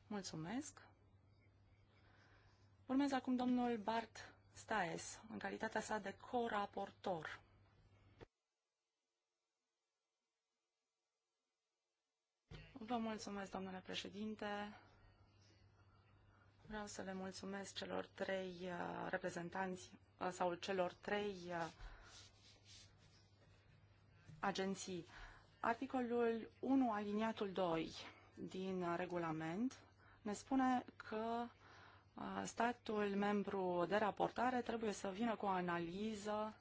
Mulțumesc! Urmează acum domnul Bart Staes, în calitatea sa de co-raportor. Vă mulțumesc, domnule președinte. Vreau să le mulțumesc celor trei uh, reprezentanți uh, sau celor trei uh, agenții. Articolul 1, aliniatul 2 din regulament ne spune că statul membru de raportare trebuie să vină cu o analiză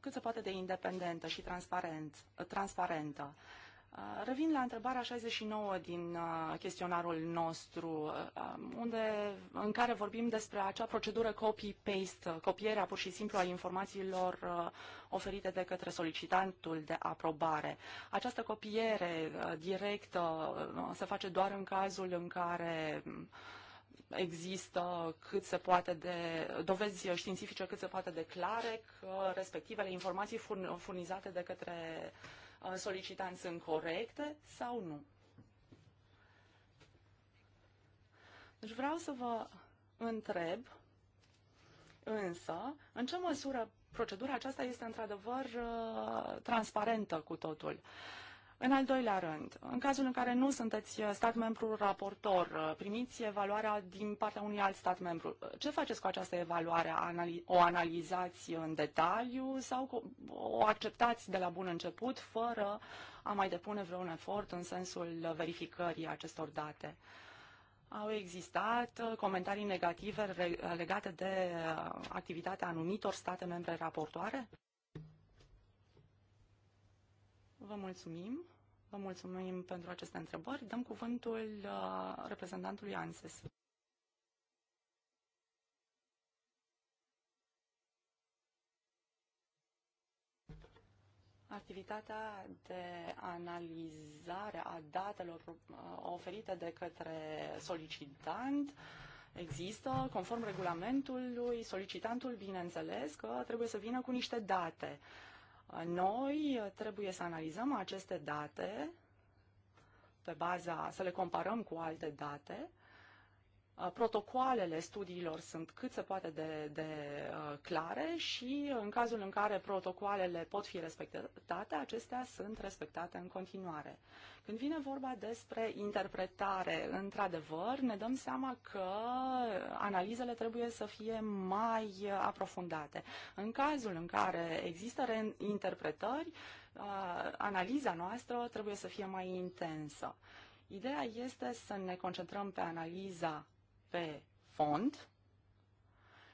cât se poate de independentă și transparent, transparentă. Uh, revin la întrebarea 69 din uh, chestionarul nostru, uh, unde, în care vorbim despre acea procedură copy-paste, copierea pur și simplu a informațiilor oferite de către solicitantul de aprobare. Această copiere directă se face doar în cazul în care mm, există cât se poate de dovezi științifice cât se poate de clare că respectivele informații furnizate de către uh, Uh, solicitanți sunt corecte sau nu. Deci vreau să vă întreb însă în ce măsură procedura aceasta este într-adevăr uh, transparentă cu totul. Uh, în al doilea rând, în cazul în care nu sunteți uh, stat membru raportor, uh, primiți evaluarea din partea unui alt stat membru. Uh, ce faceți cu această evaluare? O analizați în detaliu sau o acceptați de la bun început fără a mai depune vreun efort în sensul verificării acestor date? Au existat comentarii negative legate de activitatea anumitor state membre raportoare? Vă mulțumim. Vă mulțumim pentru aceste întrebări. Dăm cuvântul uh, reprezentantului ANSES. Activitatea de analizare a datelor uh, oferite de către solicitant există, conform regulamentului, solicitantul, bineînțeles, că trebuie să vină cu niște date. Noi trebuie să analizăm aceste date pe baza, să le comparăm cu alte date Uh, protocoalele studiilor sunt cât se poate de, de uh, clare și în cazul în care protocoalele pot fi respectate, acestea sunt respectate în continuare. Când vine vorba despre interpretare, într-adevăr, ne dăm seama că analizele trebuie să fie mai aprofundate. În cazul în care există interpretări, uh, analiza noastră trebuie să fie mai intensă. Ideea este să ne concentrăm pe analiza pe fond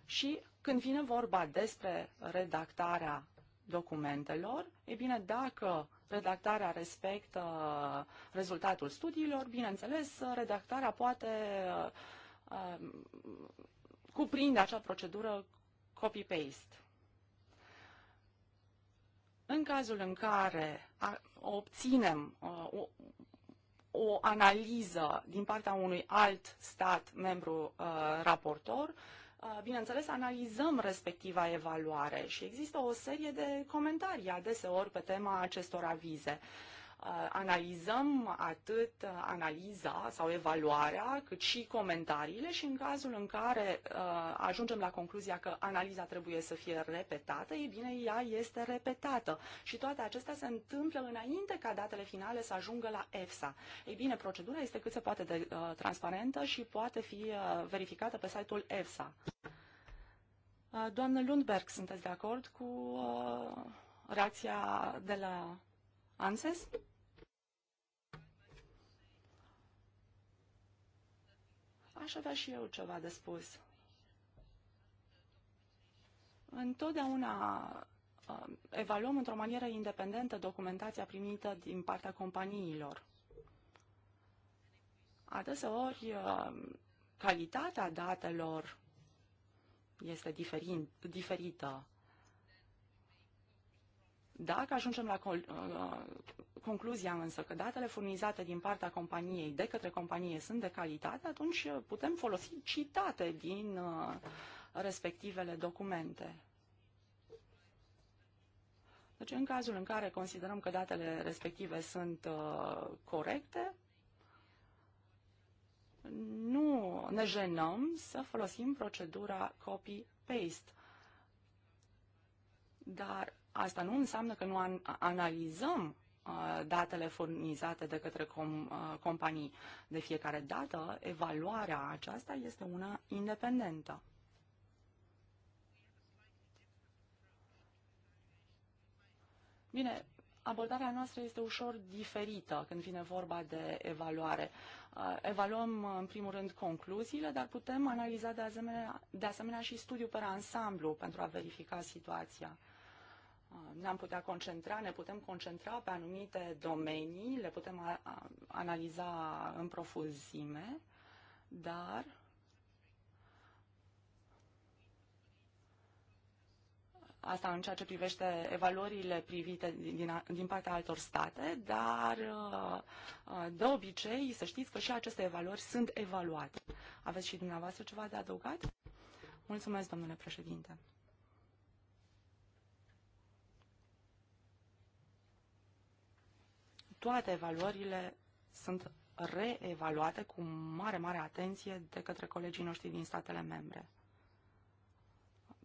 și când vine vorba despre redactarea documentelor, e bine, dacă redactarea respectă rezultatul studiilor, bineînțeles, redactarea poate uh, cuprinde acea procedură copy-paste. În cazul în care obținem uh, o analiză din partea unui alt stat membru uh, raportor, uh, bineînțeles, analizăm respectiva evaluare și există o serie de comentarii adeseori pe tema acestor avize. Uh, Uh, analizăm atât analiza sau evaluarea, cât și comentariile și în cazul în care uh, ajungem la concluzia că analiza trebuie să fie repetată, e bine, ea este repetată și toate acestea se întâmplă înainte ca datele finale să ajungă la EFSA. Ei bine, procedura este cât se poate de uh, transparentă și poate fi verificată pe site-ul EFSA. Doamnă Lundberg, sunteți de acord cu reacția de la ANSES? Aș avea și eu ceva de spus. Întotdeauna um, evaluăm într-o manieră independentă documentația primită din partea companiilor. Adeseori, um, calitatea datelor este diferit, diferită. Dacă ajungem la uh, concluzia însă că datele furnizate din partea companiei de către companie sunt de calitate, atunci putem folosi citate din uh, respectivele documente. Deci în cazul în care considerăm că datele respective sunt uh, corecte, nu ne jenăm să folosim procedura copy-paste. Dar Asta nu înseamnă că nu analizăm uh, datele furnizate de către com, uh, companii. De fiecare dată, evaluarea aceasta este una independentă. Bine, abordarea noastră este ușor diferită când vine vorba de evaluare. Uh, evaluăm, în primul rând, concluziile, dar putem analiza de asemenea, de asemenea și studiul pe ansamblu pentru a verifica situația. Uh, ne-am putea concentra, ne putem concentra pe anumite domenii, le putem a, a, analiza în profunzime, dar asta în ceea ce privește evaluările privite din, din partea altor state, dar uh, uh, de obicei să știți că și aceste evaluări sunt evaluate. Aveți și dumneavoastră ceva de adăugat? Mulțumesc, domnule președinte. toate evaluările sunt reevaluate cu mare, mare atenție de către colegii noștri din statele membre.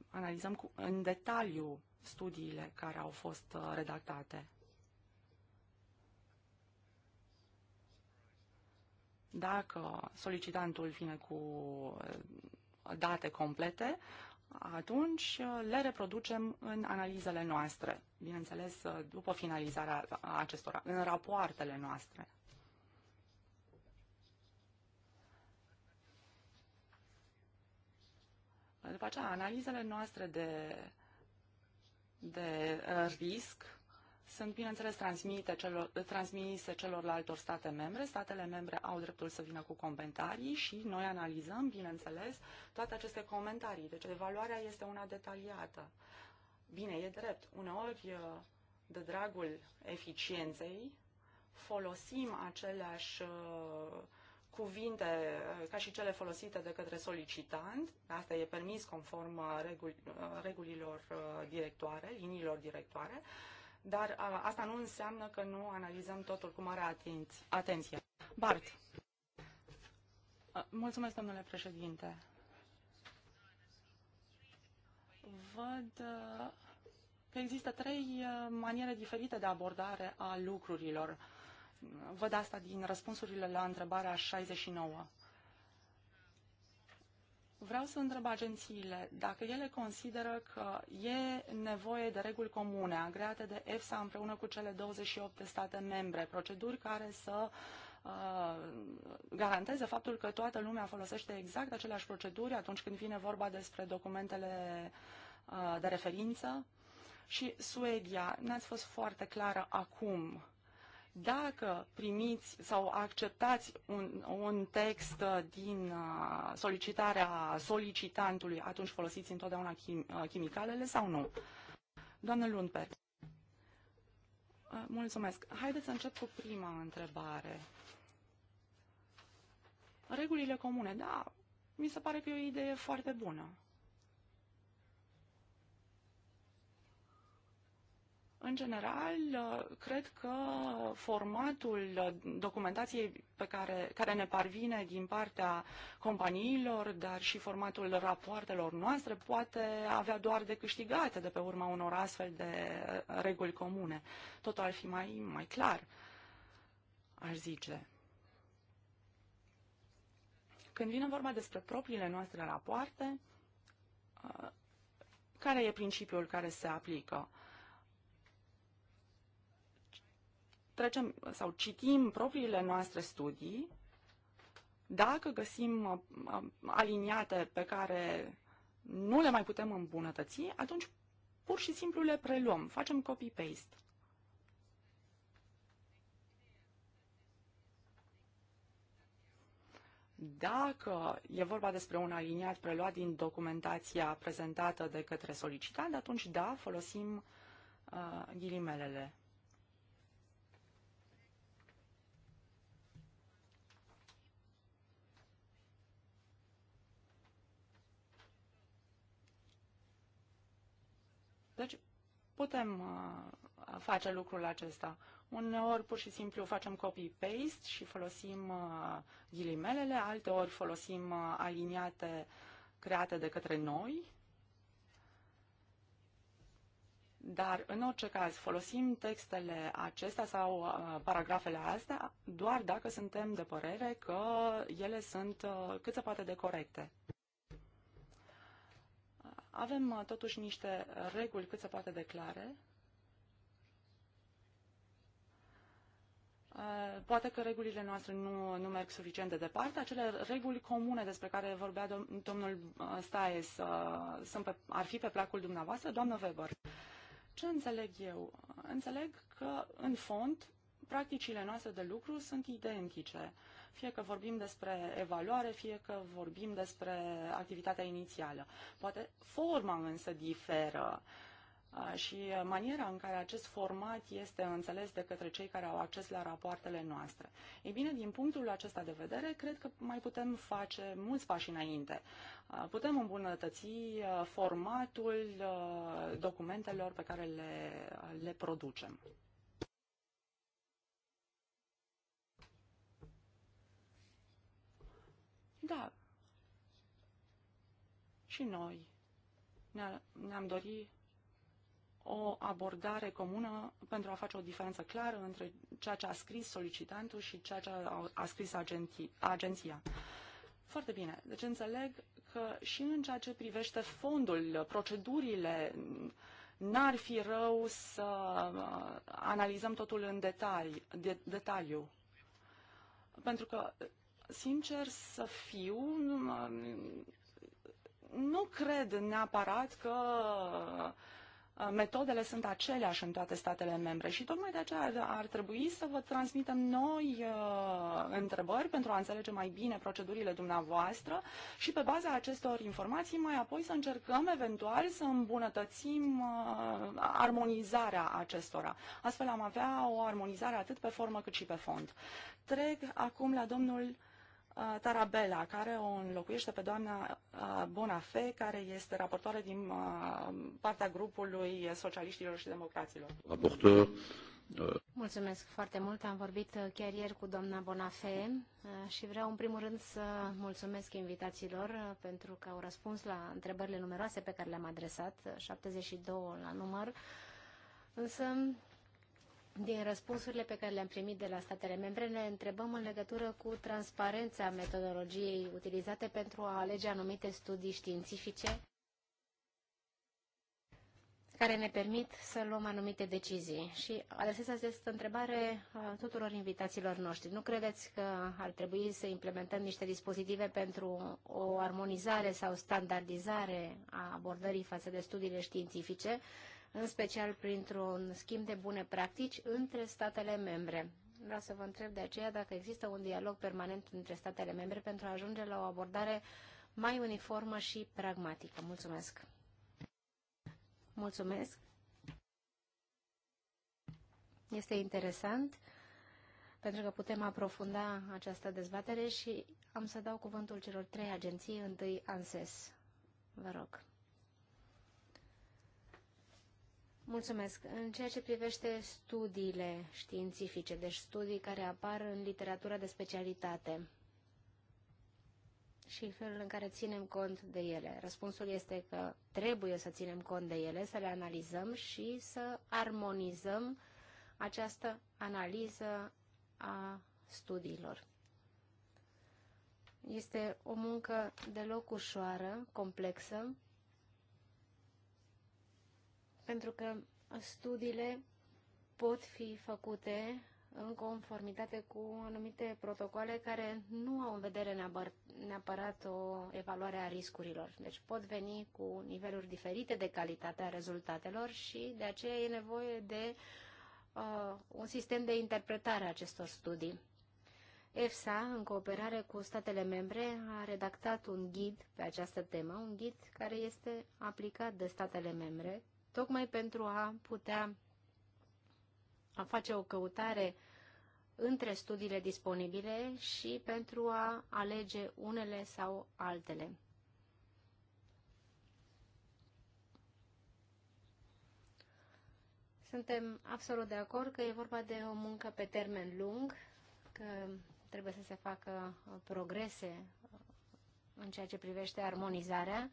Analizăm cu, în detaliu studiile care au fost uh, redactate. Dacă solicitantul vine cu uh, date complete, atunci uh, le reproducem în analizele noastre, bineînțeles uh, după finalizarea acestora, în rapoartele noastre. După aceea, analizele noastre de, de uh, risc sunt, bineînțeles, transmite celor, transmise celorlalte state membre. Statele membre au dreptul să vină cu comentarii și noi analizăm, bineînțeles, toate aceste comentarii. Deci evaluarea este una detaliată. Bine, e drept. Uneori, uh, de dragul eficienței, folosim aceleași uh, cuvinte uh, ca și cele folosite de către solicitant, asta e permis conform regul, regulilor directoare, liniilor directoare, dar a, asta nu înseamnă că nu analizăm totul cu mare atenț- atenție. Bart. Mulțumesc, domnule președinte. Văd că există trei maniere diferite de abordare a lucrurilor. Văd asta din răspunsurile la întrebarea 69. Vreau să întreb agențiile dacă ele consideră că e nevoie de reguli comune agreate de EFSA împreună cu cele 28 de state membre, proceduri care să uh, garanteze faptul că toată lumea folosește exact aceleași proceduri atunci când vine vorba despre documentele uh, de referință. Și Suedia, ne-ați fost foarte clară acum dacă primiți sau acceptați un, un text uh, din uh, solicitarea solicitantului, atunci folosiți întotdeauna chim, uh, chimicalele sau nu? Doamnă Lundberg. Mulțumesc. Haideți să încep cu prima întrebare. Regulile comune, da, mi se pare că e o idee foarte bună. În general, uh, cred că formatul uh, documentației pe care, care ne parvine din partea companiilor, dar și formatul rapoartelor noastre poate avea doar de câștigate de pe urma unor astfel de uh, reguli comune. Totul ar fi mai, mai clar, aș zice. Când vine vorba despre propriile noastre rapoarte, care e principiul care se aplică? trecem sau citim propriile noastre studii, dacă găsim uh, uh, aliniate pe care nu le mai putem îmbunătăți, atunci pur și simplu le preluăm, facem copy-paste. Dacă e vorba despre un aliniat preluat din documentația prezentată de către solicitant, atunci da, folosim uh, ghilimelele. putem uh, face lucrul acesta. Uneori pur și simplu facem copy-paste și folosim uh, ghilimelele, alteori folosim uh, aliniate create de către noi, dar în orice caz folosim textele acestea sau uh, paragrafele astea doar dacă suntem de părere că ele sunt uh, cât se poate de corecte. Avem uh, totuși niște uh, reguli cât se poate declare. Uh, poate că regulile noastre nu, nu merg suficient de departe. Acele reguli comune despre care vorbea domnul Staes sunt pe, ar fi pe placul dumneavoastră, doamnă Weber. Ce înțeleg eu? Înțeleg că, în fond, practicile noastre de lucru sunt identice. Uh, fie că vorbim despre evaluare, fie că vorbim despre activitatea inițială. Poate forma însă diferă și maniera în care acest format este înțeles de către cei care au acces la rapoartele noastre. Ei bine, din punctul acesta de vedere, cred că mai putem face mulți pași înainte. Putem îmbunătăți formatul documentelor pe care le, le producem. Da. Și noi ne-am dorit o abordare comună pentru a face o diferență clară între ceea ce a scris solicitantul și ceea ce a, a scris agenții, agenția. Foarte bine. Deci înțeleg că și în ceea ce privește fondul, procedurile, n-ar fi rău să uh, analizăm totul în detalii, de, detaliu. Pentru că sincer să fiu, nu cred neapărat că uh, metodele sunt aceleași în toate statele membre și tocmai de aceea ar trebui să vă transmitem noi uh, întrebări pentru a înțelege mai bine procedurile dumneavoastră și pe baza acestor informații mai apoi să încercăm eventual să îmbunătățim uh, armonizarea acestora. Astfel am avea o armonizare atât pe formă cât și pe fond. Trec acum la domnul Tarabella, care o înlocuiește pe doamna Bonafé, care este raportoare din partea grupului socialiștilor și democraților. Raportor. Mulțumesc foarte mult. Am vorbit chiar ieri cu doamna Bonafé și vreau în primul rând să mulțumesc invitațiilor pentru că au răspuns la întrebările numeroase pe care le-am adresat, 72 la număr. Însă din răspunsurile pe care le-am primit de la statele membre, ne întrebăm în legătură cu transparența metodologiei utilizate pentru a alege anumite studii științifice care ne permit să luăm anumite decizii. Și adresez această întrebare tuturor invitațiilor noștri. Nu credeți că ar trebui să implementăm niște dispozitive pentru o armonizare sau standardizare a abordării față de studiile științifice? în special printr-un schimb de bune practici între statele membre. Vreau să vă întreb de aceea dacă există un dialog permanent între statele membre pentru a ajunge la o abordare mai uniformă și pragmatică. Mulțumesc! Mulțumesc! Este interesant pentru că putem aprofunda această dezbatere și am să dau cuvântul celor trei agenții, întâi ANSES. Vă rog. Mulțumesc. În ceea ce privește studiile științifice, deci studii care apar în literatura de specialitate și felul în care ținem cont de ele. Răspunsul este că trebuie să ținem cont de ele, să le analizăm și să armonizăm această analiză a studiilor. Este o muncă deloc ușoară, complexă, pentru că studiile pot fi făcute în conformitate cu anumite protocoale care nu au în vedere neapărat o evaluare a riscurilor. Deci pot veni cu niveluri diferite de calitate a rezultatelor și de aceea e nevoie de uh, un sistem de interpretare a acestor studii. EFSA, în cooperare cu statele membre, a redactat un ghid pe această temă, un ghid care este aplicat de statele membre tocmai pentru a putea a face o căutare între studiile disponibile și pentru a alege unele sau altele. Suntem absolut de acord că e vorba de o muncă pe termen lung, că trebuie să se facă progrese în ceea ce privește armonizarea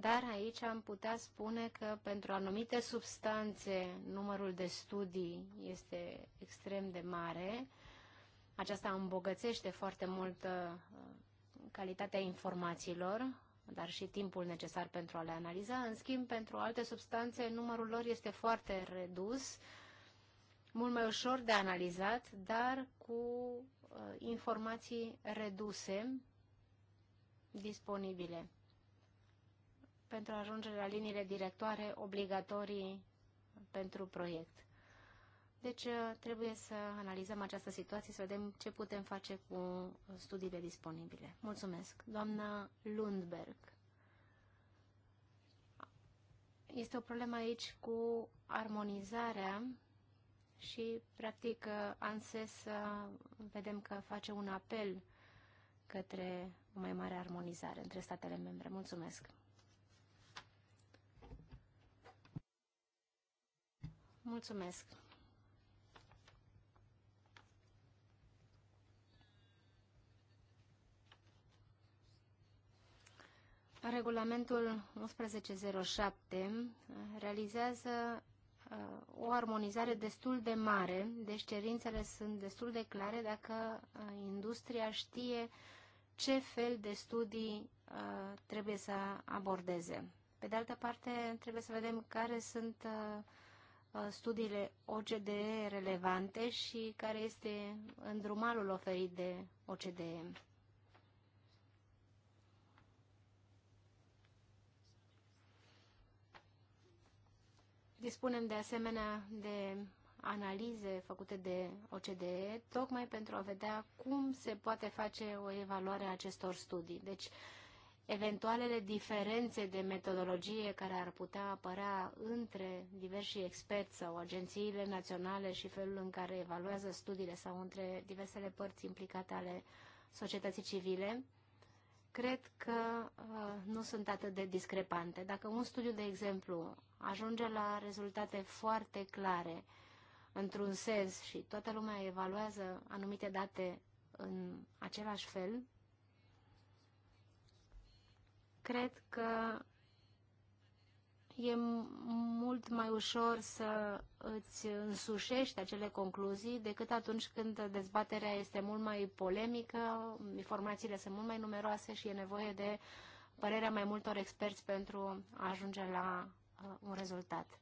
dar aici am putea spune că pentru anumite substanțe numărul de studii este extrem de mare. Aceasta îmbogățește foarte mult uh, calitatea informațiilor, dar și timpul necesar pentru a le analiza. În schimb, pentru alte substanțe, numărul lor este foarte redus, mult mai ușor de analizat, dar cu uh, informații reduse disponibile pentru a ajunge la liniile directoare obligatorii pentru proiect. Deci uh, trebuie să analizăm această situație, să vedem ce putem face cu studiile disponibile. Mulțumesc. Doamna Lundberg. Este o problemă aici cu armonizarea și, practic, uh, ANSES uh, vedem că face un apel către o mai mare armonizare între statele membre. Mulțumesc. Mulțumesc! Regulamentul 1107 realizează uh, o armonizare destul de mare, deci cerințele sunt destul de clare dacă uh, industria știe ce fel de studii uh, trebuie să abordeze. Pe de altă parte, trebuie să vedem care sunt uh, Uh, studiile OCDE relevante și care este îndrumalul oferit de OCDE. Dispunem de asemenea de analize făcute de OCDE, tocmai pentru a vedea cum se poate face o evaluare a acestor studii. Deci, eventualele diferențe de metodologie care ar putea apărea între diversi experți sau agențiile naționale și felul în care evaluează studiile sau între diversele părți implicate ale societății civile, cred că uh, nu sunt atât de discrepante. Dacă un studiu, de exemplu, ajunge la rezultate foarte clare într-un sens și toată lumea evaluează anumite date în același fel, cred că e mult mai ușor să îți însușești acele concluzii decât atunci când dezbaterea este mult mai polemică, informațiile sunt mult mai numeroase și e nevoie de părerea mai multor experți pentru a ajunge la uh, un rezultat.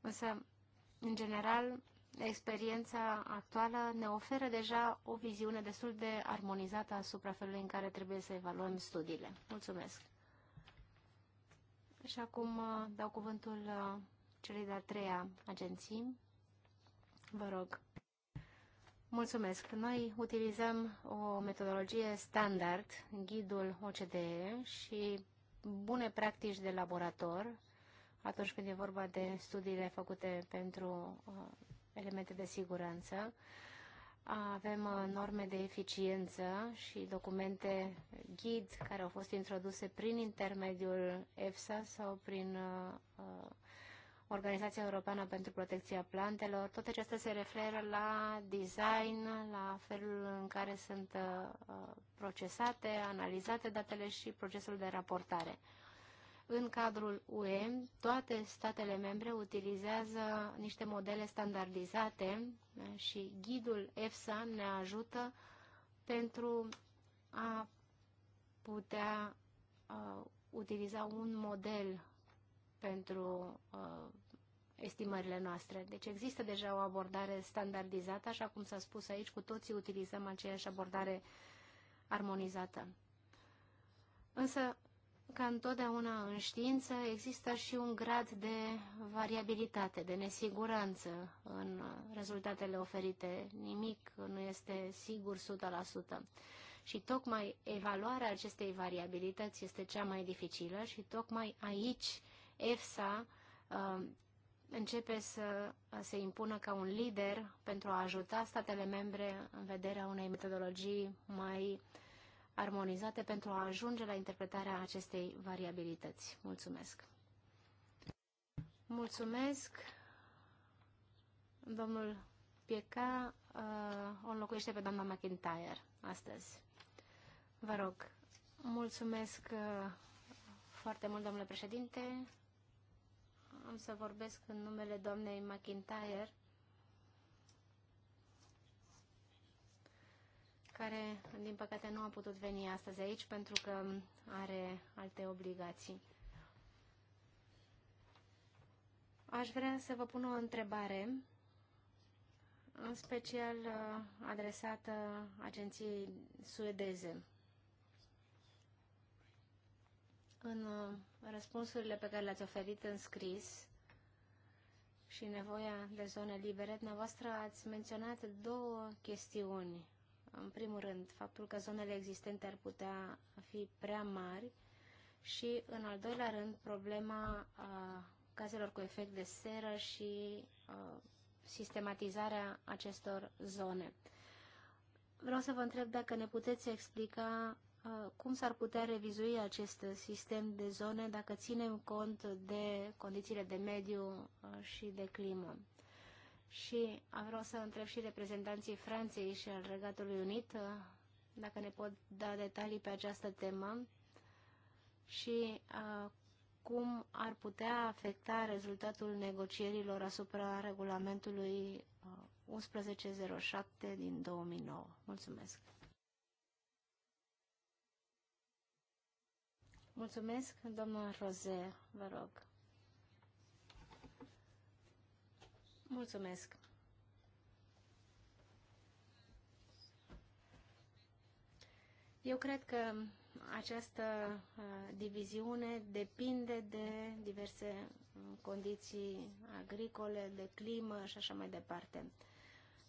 Însă, în general, experiența actuală ne oferă deja o viziune destul de armonizată asupra felului în care trebuie să evaluăm studiile. Mulțumesc! Și acum uh, dau cuvântul uh, celei de-a treia agenții. Vă rog. Mulțumesc. Noi utilizăm o metodologie standard, ghidul OCDE și bune practici de laborator atunci când e vorba de studiile făcute pentru uh, elemente de siguranță. Avem uh, norme de eficiență și documente ghid care au fost introduse prin intermediul EFSA sau prin uh, uh, Organizația Europeană pentru Protecția Plantelor. Toate acestea se referă la design, la felul în care sunt procesate, analizate datele și procesul de raportare. În cadrul UE, toate statele membre utilizează niște modele standardizate și ghidul EFSA ne ajută pentru a putea uh, utiliza un model pentru uh, estimările noastre. Deci există deja o abordare standardizată, așa cum s-a spus aici, cu toții utilizăm aceeași abordare armonizată. Însă ca întotdeauna în știință, există și un grad de variabilitate, de nesiguranță în rezultatele oferite. Nimic nu este sigur 100%. Și tocmai evaluarea acestei variabilități este cea mai dificilă și tocmai aici EFSA uh, începe să se impună ca un lider pentru a ajuta statele membre în vederea unei metodologii mai uh, armonizate pentru a ajunge la interpretarea acestei variabilități. Mulțumesc! Mulțumesc! Domnul Pieca uh, o înlocuiește pe doamna McIntyre astăzi. Vă rog, mulțumesc uh, foarte mult, domnule președinte. Am să vorbesc în numele doamnei McIntyre care, din păcate, nu a putut veni astăzi aici pentru că are alte obligații. Aș vrea să vă pun o întrebare, în special uh, adresată agenției suedeze. În uh, răspunsurile pe care le-ați oferit în scris și nevoia de zone libere, dumneavoastră ați menționat două chestiuni în primul rând, faptul că zonele existente ar putea fi prea mari și, în al doilea rând, problema a, cazelor cu efect de seră și a, sistematizarea acestor zone. Vreau să vă întreb dacă ne puteți explica cum s-ar putea revizui acest sistem de zone dacă ținem cont de condițiile de mediu și de climă. Și vreau să întreb și reprezentanții Franței și al Regatului Unit uh, dacă ne pot da detalii pe această temă și uh, cum ar putea afecta rezultatul negocierilor asupra regulamentului 1107 uh, din 2009. Mulțumesc! Mulțumesc, domnul Roze, vă rog. Mulțumesc. Eu cred că această uh, diviziune depinde de diverse uh, condiții agricole, de climă și așa mai departe.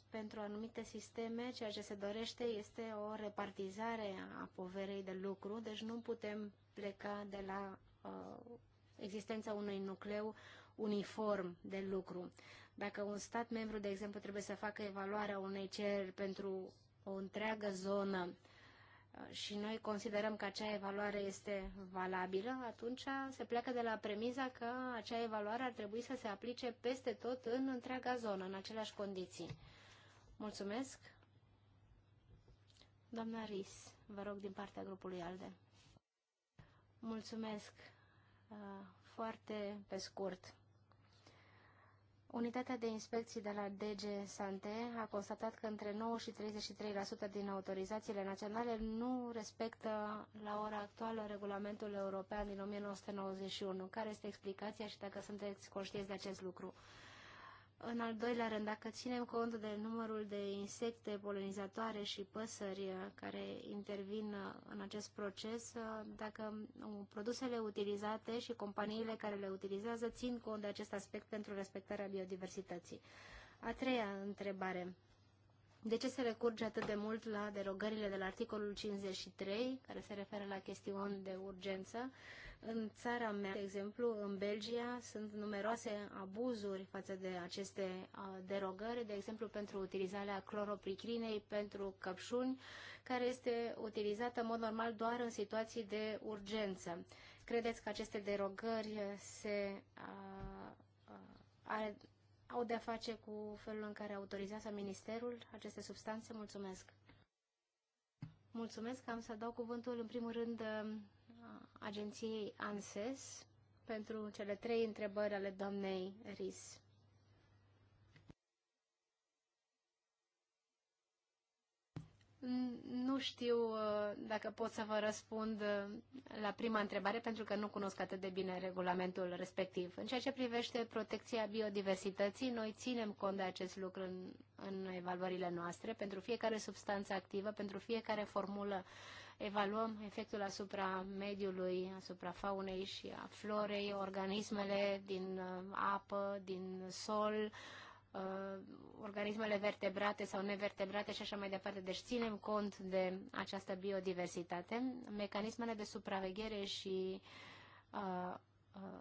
Pentru anumite sisteme, ceea ce se dorește este o repartizare a poverei de lucru, deci nu putem pleca de la uh, existența unui nucleu uniform de lucru. Dacă un stat membru, de exemplu, trebuie să facă evaluarea unei cereri pentru o întreagă zonă uh, și noi considerăm că acea evaluare este valabilă, atunci se pleacă de la premiza că acea evaluare ar trebui să se aplice peste tot în întreaga zonă, în aceleași condiții. Mulțumesc. Doamna Ris, vă rog din partea grupului ALDE. Mulțumesc. Uh, foarte pe scurt. Unitatea de inspecții de la DG Sante a constatat că între 9 și 33% din autorizațiile naționale nu respectă la ora actuală regulamentul european din 1991. Care este explicația și dacă sunteți conștienți de acest lucru? În al doilea rând, dacă ținem cont de numărul de insecte polenizatoare și păsări uh, care intervin uh, în acest proces, uh, dacă um, produsele utilizate și companiile care le utilizează țin cont de acest aspect pentru respectarea biodiversității. A treia întrebare. De ce se recurge atât de mult la derogările de la articolul 53, care se referă la chestiuni de urgență? Uh, în țara mea, de exemplu, în Belgia, sunt numeroase abuzuri față de aceste derogări, de exemplu pentru utilizarea cloropricrinei pentru căpșuni, care este utilizată în mod normal doar în situații de urgență. Credeți că aceste derogări se a, a, au de-a face cu felul în care autorizează Ministerul aceste substanțe? Mulțumesc! Mulțumesc, am să dau cuvântul în primul rând agenției ANSES pentru cele trei întrebări ale doamnei RIS. Nu știu uh, dacă pot să vă răspund uh, la prima întrebare, pentru că nu cunosc atât de bine regulamentul respectiv. În ceea ce privește protecția biodiversității, noi ținem cont de acest lucru în, în evaluările noastre, pentru fiecare substanță activă, pentru fiecare formulă evaluăm efectul asupra mediului, asupra faunei și a florei, organismele din uh, apă, din sol, uh, organismele vertebrate sau nevertebrate și așa mai departe. Deci ținem cont de această biodiversitate. Mecanismele de supraveghere și uh, uh,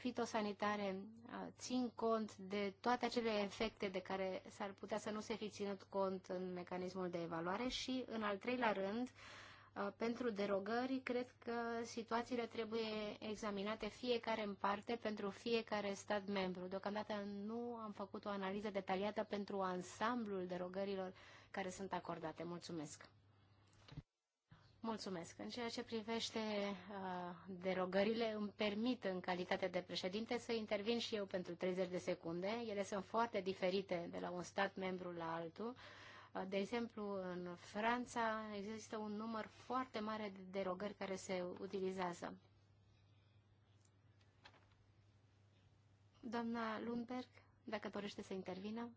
fitosanitare uh, țin cont de toate acele efecte de care s-ar putea să nu se fi ținut cont în mecanismul de evaluare și, în al treilea rând, uh, pentru derogări, cred că situațiile trebuie examinate fiecare în parte pentru fiecare stat membru. Deocamdată nu am făcut o analiză detaliată pentru ansamblul derogărilor care sunt acordate. Mulțumesc! Mulțumesc. În ceea ce privește uh, derogările, îmi permit în calitate de președinte să intervin și eu pentru 30 de secunde. Ele sunt foarte diferite de la un stat membru la altul. Uh, de exemplu, în Franța există un număr foarte mare de derogări care se utilizează. Doamna Lundberg, dacă dorește să intervină.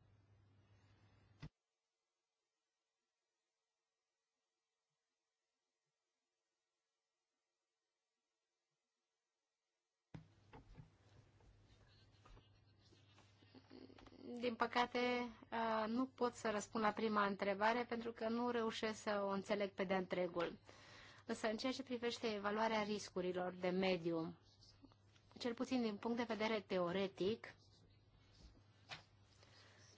din păcate, uh, nu pot să răspund la prima întrebare pentru că nu reușesc să o înțeleg pe de întregul. Însă, în ceea ce privește evaluarea riscurilor de mediu, cel puțin din punct de vedere teoretic,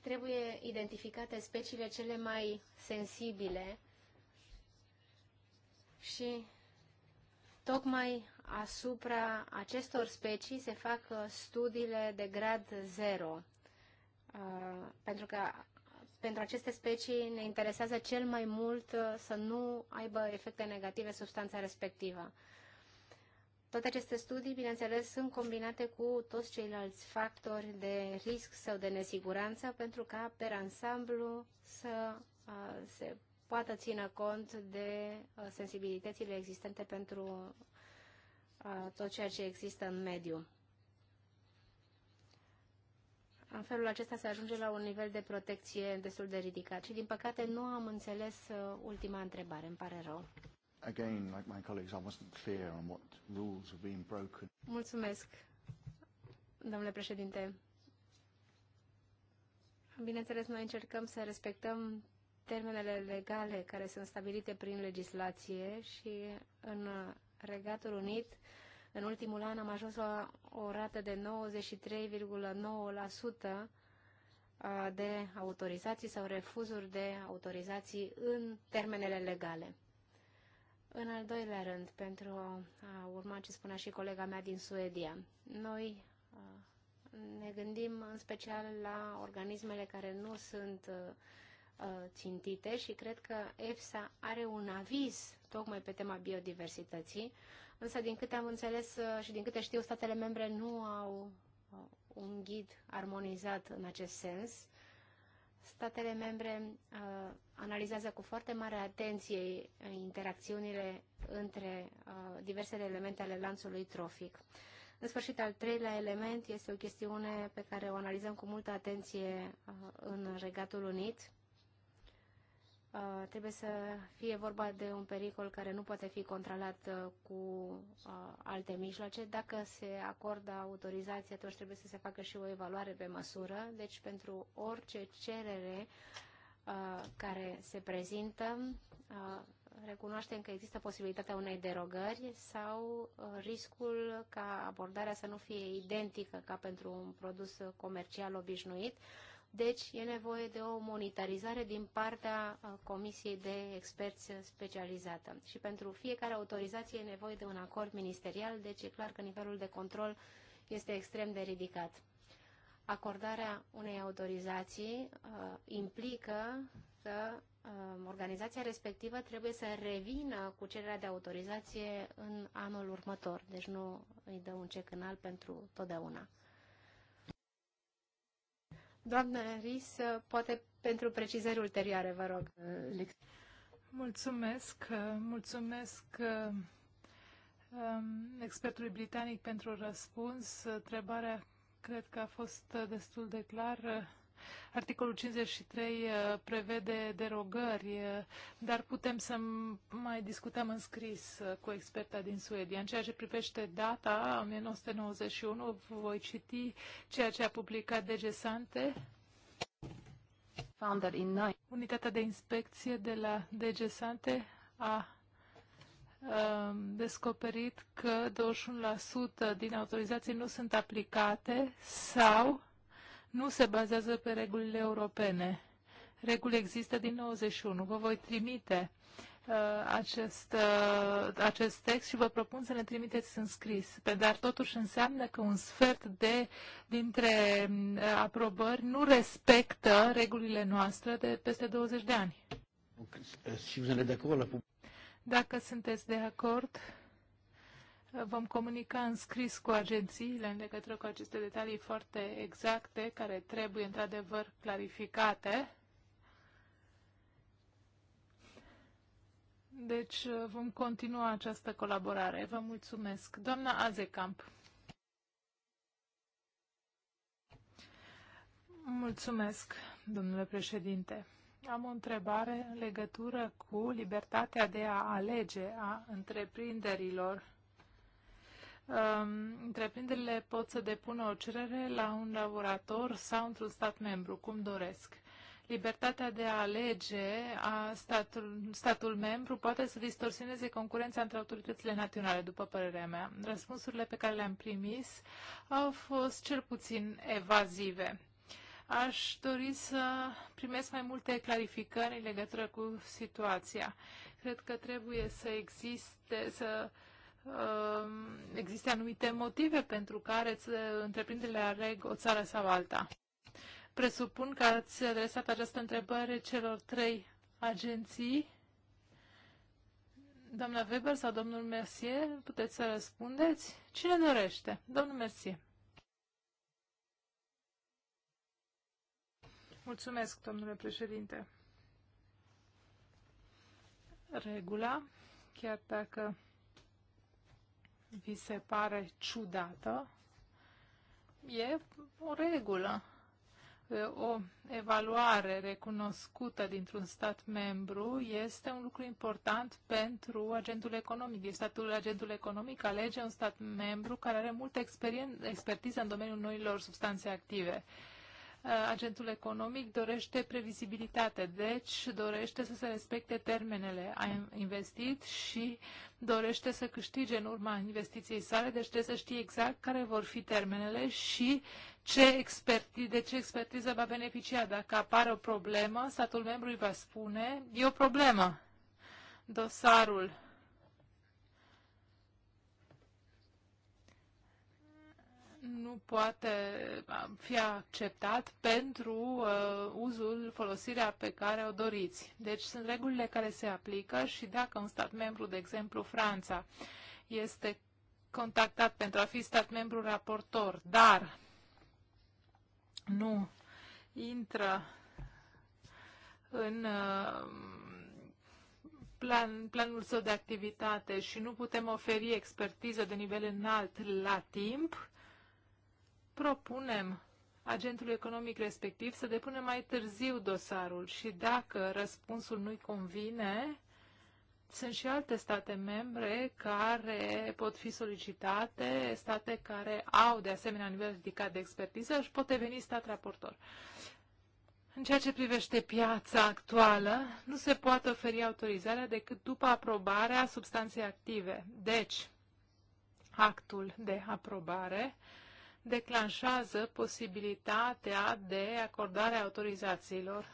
trebuie identificate speciile cele mai sensibile și tocmai asupra acestor specii se fac uh, studiile de grad 0 Uh, pentru că pentru aceste specii ne interesează cel mai mult uh, să nu aibă efecte negative substanța respectivă. Toate aceste studii, bineînțeles, sunt combinate cu toți ceilalți factori de risc sau de nesiguranță pentru ca, per ansamblu, să uh, se poată ține cont de sensibilitățile existente pentru tot ceea ce există în mediu. În felul acesta se ajunge la un nivel de protecție destul de ridicat. Și, din păcate, nu am înțeles uh, ultima întrebare. Îmi pare rău. Again, like my colleagues, I wasn't clear on what rules are being broken. Mulțumesc, domnule președinte. Bineînțeles, noi încercăm să respectăm termenele legale care sunt stabilite prin legislație și în Regatul Unit în ultimul an am ajuns la o rată de 93,9% de autorizații sau refuzuri de autorizații în termenele legale. În al doilea rând, pentru a urma ce spunea și colega mea din Suedia, noi ne gândim în special la organismele care nu sunt țintite și cred că EFSA are un aviz tocmai pe tema biodiversității însă din câte am înțeles uh, și din câte știu, statele membre nu au uh, un ghid armonizat în acest sens. Statele membre uh, analizează cu foarte mare atenție uh, interacțiunile între uh, diversele elemente ale lanțului trofic. În sfârșit, al treilea element este o chestiune pe care o analizăm cu multă atenție uh, în Regatul Unit, Uh, trebuie să fie vorba de un pericol care nu poate fi controlat uh, cu uh, alte mijloace. Dacă se acordă autorizație, atunci trebuie să se facă și o evaluare pe măsură. Deci pentru orice cerere care se prezintă, recunoaștem că există posibilitatea unei derogări sau riscul ca abordarea să nu fie identică ca pentru un produs comercial obișnuit, deci e nevoie de o monitorizare din partea uh, Comisiei de Experți Specializată. Și pentru fiecare autorizație e nevoie de un acord ministerial, deci e clar că nivelul de control este extrem de ridicat. Acordarea unei autorizații uh, implică că uh, organizația respectivă trebuie să revină cu cererea de autorizație în anul următor, deci nu îi dă un cec în alt pentru totdeauna. Doamna Ris, poate pentru precizări ulterioare, vă rog. Mulțumesc, mulțumesc um, expertului britanic pentru răspuns. Trebarea cred că a fost destul de clar Articolul 53 uh, prevede derogări, uh, dar putem să mai discutăm în scris uh, cu experta din Suedia. În ceea ce privește data, 1991, voi citi ceea ce a publicat DG Sante. Unitatea de inspecție de la DG Sante a um, descoperit că 21% din autorizații nu sunt aplicate sau nu se bazează pe regulile europene. Reguli există din 91. Vă voi trimite uh, acest, uh, acest text și vă propun să ne trimiteți în scris. Pe, dar totuși înseamnă că un sfert de dintre uh, aprobări nu respectă regulile noastre de peste 20 de ani. Euh, Dacă sunteți de acord, Vom comunica în scris cu agențiile în legătură cu aceste detalii foarte exacte, care trebuie într-adevăr clarificate. Deci uh, vom continua această colaborare. Vă mulțumesc. Doamna Azecamp. Mulțumesc, domnule președinte. Am o întrebare în legătură cu libertatea de a alege a întreprinderilor Um, întreprinderile pot să depună o cerere la un laborator sau într-un stat membru, cum doresc. Libertatea de a alege a statul, statul membru poate să distorsioneze concurența între autoritățile naționale, după părerea mea. Răspunsurile pe care le-am primis au fost cel puțin evazive. Aș dori să primesc mai multe clarificări în legătură cu situația. Cred că trebuie să existe, să uh, Um, există anumite motive pentru care întreprinderile aleg o țară sau alta. Presupun că ați adresat această întrebare celor trei agenții. Doamna Weber sau domnul Mercier, puteți să răspundeți? Cine dorește? Domnul Mercier. Mulțumesc, domnule președinte. Regula, chiar dacă vi se pare ciudată, e o regulă. O evaluare recunoscută dintr-un stat membru este un lucru important pentru agentul economic. Deci statul agentul economic alege un stat membru care are multă expertiză în domeniul noilor substanțe active agentul economic dorește previzibilitate, deci dorește să se respecte termenele. A investit și dorește să câștige în urma investiției sale, deci trebuie să știe exact care vor fi termenele și ce experti, de ce expertiză va beneficia. Dacă apare o problemă, statul membru îi va spune, e o problemă. Dosarul nu poate fi acceptat pentru uh, uzul, folosirea pe care o doriți. Deci sunt regulile care se aplică și dacă un stat membru, de exemplu Franța, este contactat pentru a fi stat membru raportor, dar nu intră în uh, plan, planul său de activitate și nu putem oferi expertiză de nivel înalt la timp, propunem agentul economic respectiv să depună mai târziu dosarul și dacă răspunsul nu-i convine, sunt și alte state membre care pot fi solicitate, state care au de asemenea nivel ridicat de expertiză și pot deveni stat raportor. În ceea ce privește piața actuală, nu se poate oferi autorizarea decât după aprobarea substanței active. Deci, actul de aprobare declanșează posibilitatea de acordare a autorizațiilor.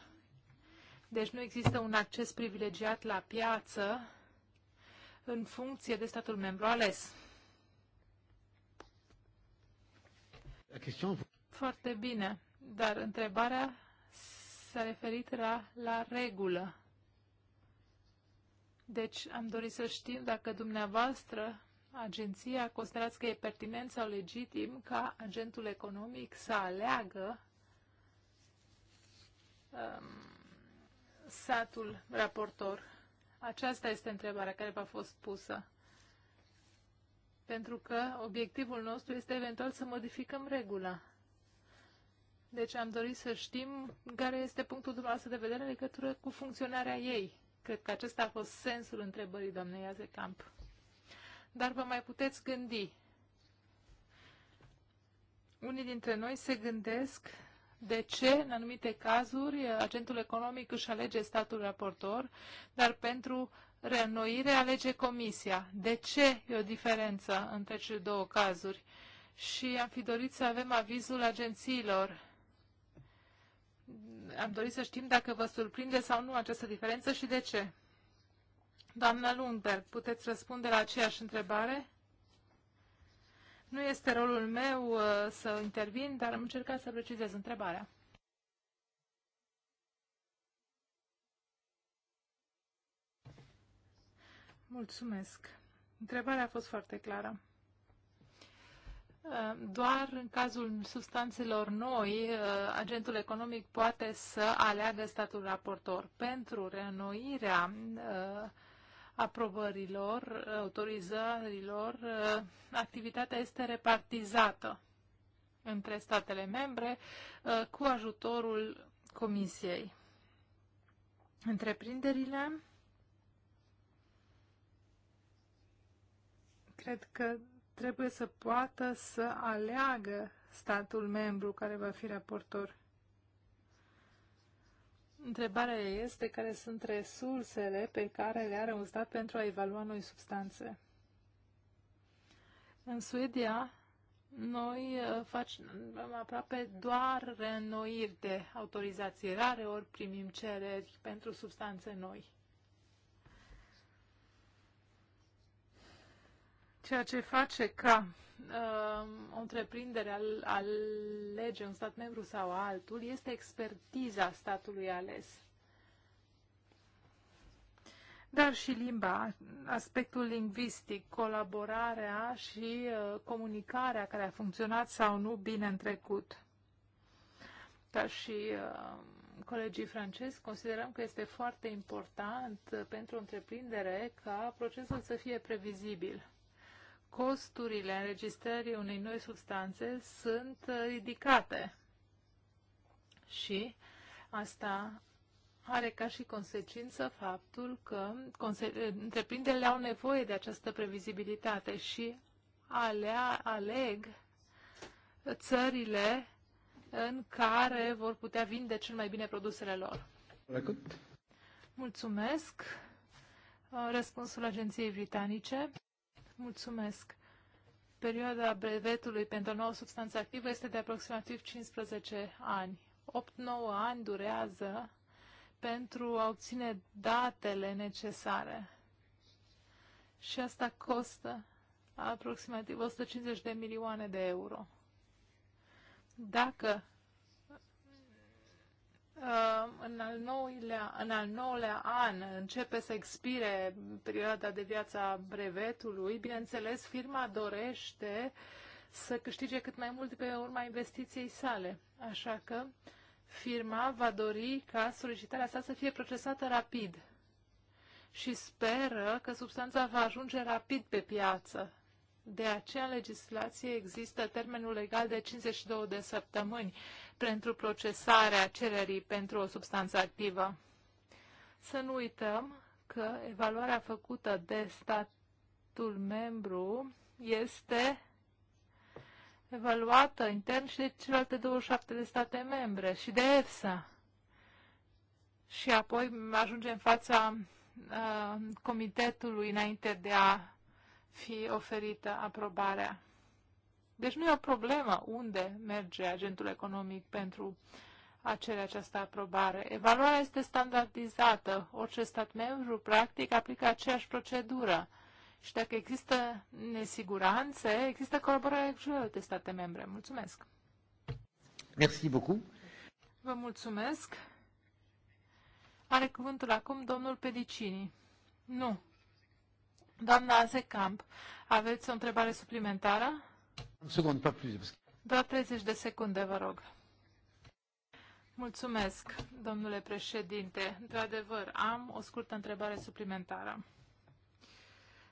Deci nu există un acces privilegiat la piață în funcție de statul membru ales. Foarte bine, dar întrebarea s-a referit la, la regulă. Deci am dorit să știm dacă dumneavoastră agenția, considerați că e pertinent sau legitim ca agentul economic să aleagă um, satul raportor? Aceasta este întrebarea care v-a fost pusă. Pentru că obiectivul nostru este eventual să modificăm regula. Deci am dorit să știm care este punctul dumneavoastră de vedere în legătură cu funcționarea ei. Cred că acesta a fost sensul întrebării doamnei Azecamp dar vă mai puteți gândi. Unii dintre noi se gândesc de ce, în anumite cazuri, agentul economic își alege statul raportor, dar pentru reînnoire alege comisia. De ce e o diferență între cele două cazuri? Și am fi dorit să avem avizul agențiilor. Am dorit să știm dacă vă surprinde sau nu această diferență și de ce. Doamna Lundberg, puteți răspunde la aceeași întrebare? Nu este rolul meu uh, să intervin, dar am încercat să precizez întrebarea. Mulțumesc. Întrebarea a fost foarte clară. Uh, doar în cazul substanțelor noi, uh, agentul economic poate să aleagă statul raportor. Pentru reînnoirea aprobărilor, autorizărilor, uh, activitatea este repartizată între statele membre uh, cu ajutorul Comisiei. Întreprinderile cred că trebuie să poată să aleagă statul membru care va fi raportor. Întrebarea este care sunt resursele pe care le are un stat pentru a evalua noi substanțe. În Suedia, noi uh, facem aproape doar reînnoiri de autorizații. Rare ori primim cereri pentru substanțe noi. ceea ce face ca uh, o întreprindere al, lege un stat membru sau altul este expertiza statului ales. Dar și limba, aspectul lingvistic, colaborarea și uh, comunicarea care a funcționat sau nu bine în trecut. Dar și uh, colegii francezi, considerăm că este foarte important uh, pentru o întreprindere ca procesul să fie previzibil costurile înregistrării unei noi substanțe sunt uh, ridicate și asta are ca și consecință faptul că întreprinderile au nevoie de această previzibilitate și alea, aleg țările în care vor putea vinde cel mai bine produsele lor. Mulțumesc. Uh, răspunsul agenției britanice. Mulțumesc. Perioada brevetului pentru o nouă substanță activă este de aproximativ 15 ani. 8-9 ani durează pentru a obține datele necesare. Și asta costă aproximativ 150 de milioane de euro. Dacă Uh, în al, nouălea, în al nouălea an începe să expire perioada de viață a brevetului, bineînțeles, firma dorește să câștige cât mai mult pe urma investiției sale. Așa că firma va dori ca solicitarea sa să fie procesată rapid și speră că substanța va ajunge rapid pe piață de aceea, în legislație există termenul legal de 52 de săptămâni pentru procesarea cererii pentru o substanță activă. Să nu uităm că evaluarea făcută de statul membru este evaluată intern și de celelalte 27 de state membre și de EFSA. Și apoi ajunge în fața uh, comitetului înainte de a fi oferită aprobarea. Deci nu e o problemă unde merge agentul economic pentru a cere această aprobare. Evaluarea este standardizată. Orice stat membru, practic, aplică aceeași procedură. Și dacă există nesiguranțe, există colaborare cu celelalte state membre. Mulțumesc! Merci beaucoup! Vă mulțumesc! Are cuvântul acum domnul Pedicini. Nu, Doamna Azecamp, aveți o întrebare suplimentară? Secund, Doar 30 de secunde, vă rog. Mulțumesc, domnule președinte. Într-adevăr, am o scurtă întrebare suplimentară.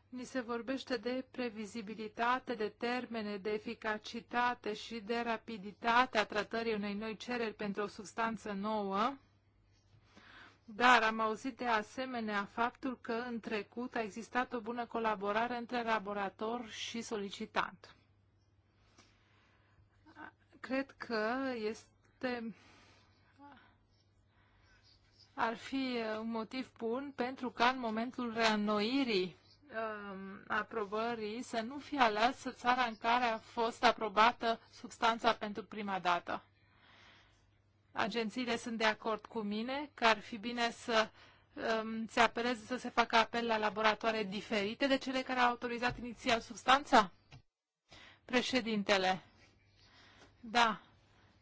Ni se vorbește de previzibilitate, de termene, de eficacitate și de rapiditate a tratării unei noi cereri pentru o substanță nouă dar am auzit de asemenea faptul că în trecut a existat o bună colaborare între laborator și solicitant. Cred că este ar fi un motiv bun pentru ca în momentul reanoirii um, aprobării să nu fie aleasă țara în care a fost aprobată substanța pentru prima dată agențiile sunt de acord cu mine că ar fi bine să um, se apeleze, să se facă apel la laboratoare diferite de cele care au autorizat inițial substanța? Președintele. Da,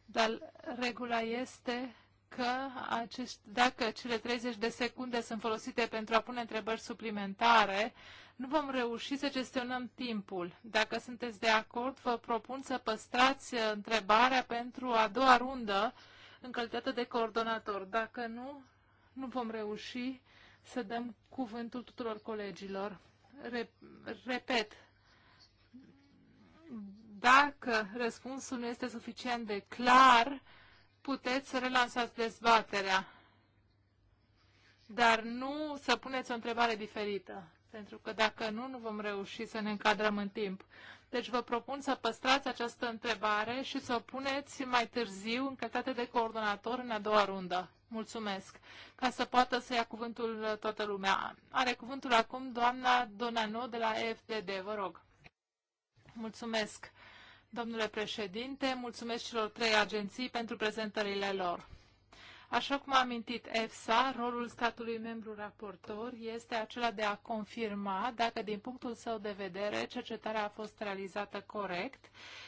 dar regula este că acest, dacă cele 30 de secunde sunt folosite pentru a pune întrebări suplimentare, nu vom reuși să gestionăm timpul. Dacă sunteți de acord, vă propun să păstrați întrebarea pentru a doua rundă în calitate de coordonator. Dacă nu, nu vom reuși să dăm cuvântul tuturor colegilor. Re repet, dacă răspunsul nu este suficient de clar, puteți să relansați dezbaterea, dar nu să puneți o întrebare diferită, pentru că dacă nu, nu vom reuși să ne încadrăm în timp. Deci vă propun să păstrați această întrebare și să o puneți mai târziu în calitate de coordonator în a doua rundă. Mulțumesc. Ca să poată să ia cuvântul toată lumea. Are cuvântul acum doamna Donano de la EFDD. Vă rog. Mulțumesc, domnule președinte. Mulțumesc celor trei agenții pentru prezentările lor. Așa cum a amintit EFSA, rolul statului membru raportor este acela de a confirma dacă din punctul său de vedere cercetarea a fost realizată corect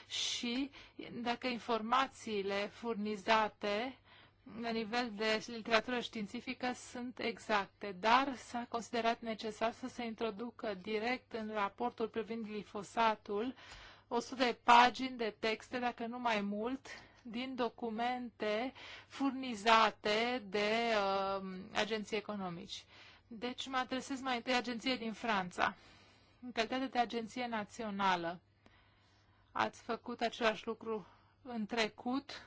și dacă informațiile furnizate la nivel de literatură științifică sunt exacte, dar s-a considerat necesar să se introducă direct în raportul privind glifosatul 100 de pagini de texte, dacă nu mai mult, din documente furnizate de uh, agenții economici. Deci mă adresez mai întâi agenție din Franța. În calitate de agenție națională, ați făcut același lucru în trecut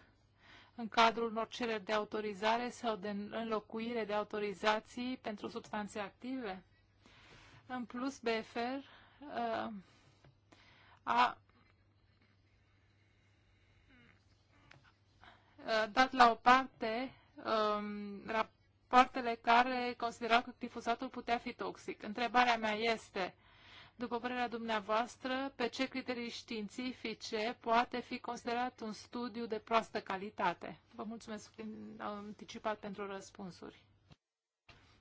în cadrul unor cereri de autorizare sau de înlocuire de autorizații pentru substanțe active? În plus, BFR uh, a Uh, dat la o parte um, rapoartele care considerau că glifosatul putea fi toxic. Întrebarea mea este, după părerea dumneavoastră, pe ce criterii științifice poate fi considerat un studiu de proastă calitate? Vă mulțumesc anticipat pentru răspunsuri.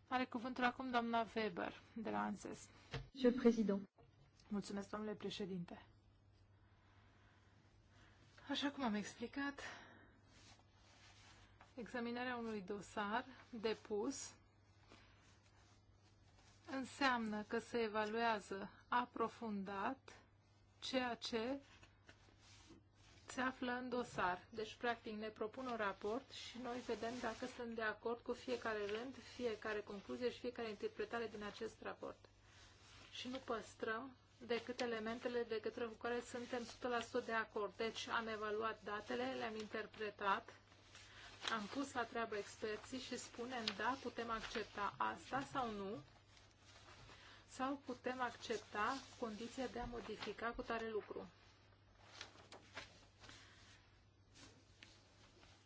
Are cuvântul acum doamna Weber de la ANSES. Monsieur Président. Mulțumesc, domnule președinte. Așa cum am explicat, examinarea unui dosar depus înseamnă că se evaluează aprofundat ceea ce se află în dosar. Deci, practic, ne propun un raport și noi vedem dacă sunt de acord cu fiecare rând, fiecare concluzie și fiecare interpretare din acest raport. Și nu păstrăm decât elementele de către cu care suntem 100% de acord. Deci am evaluat datele, le-am interpretat am pus la treabă experții și spunem da, putem accepta asta sau nu, sau putem accepta condiția de a modifica cu tare lucru.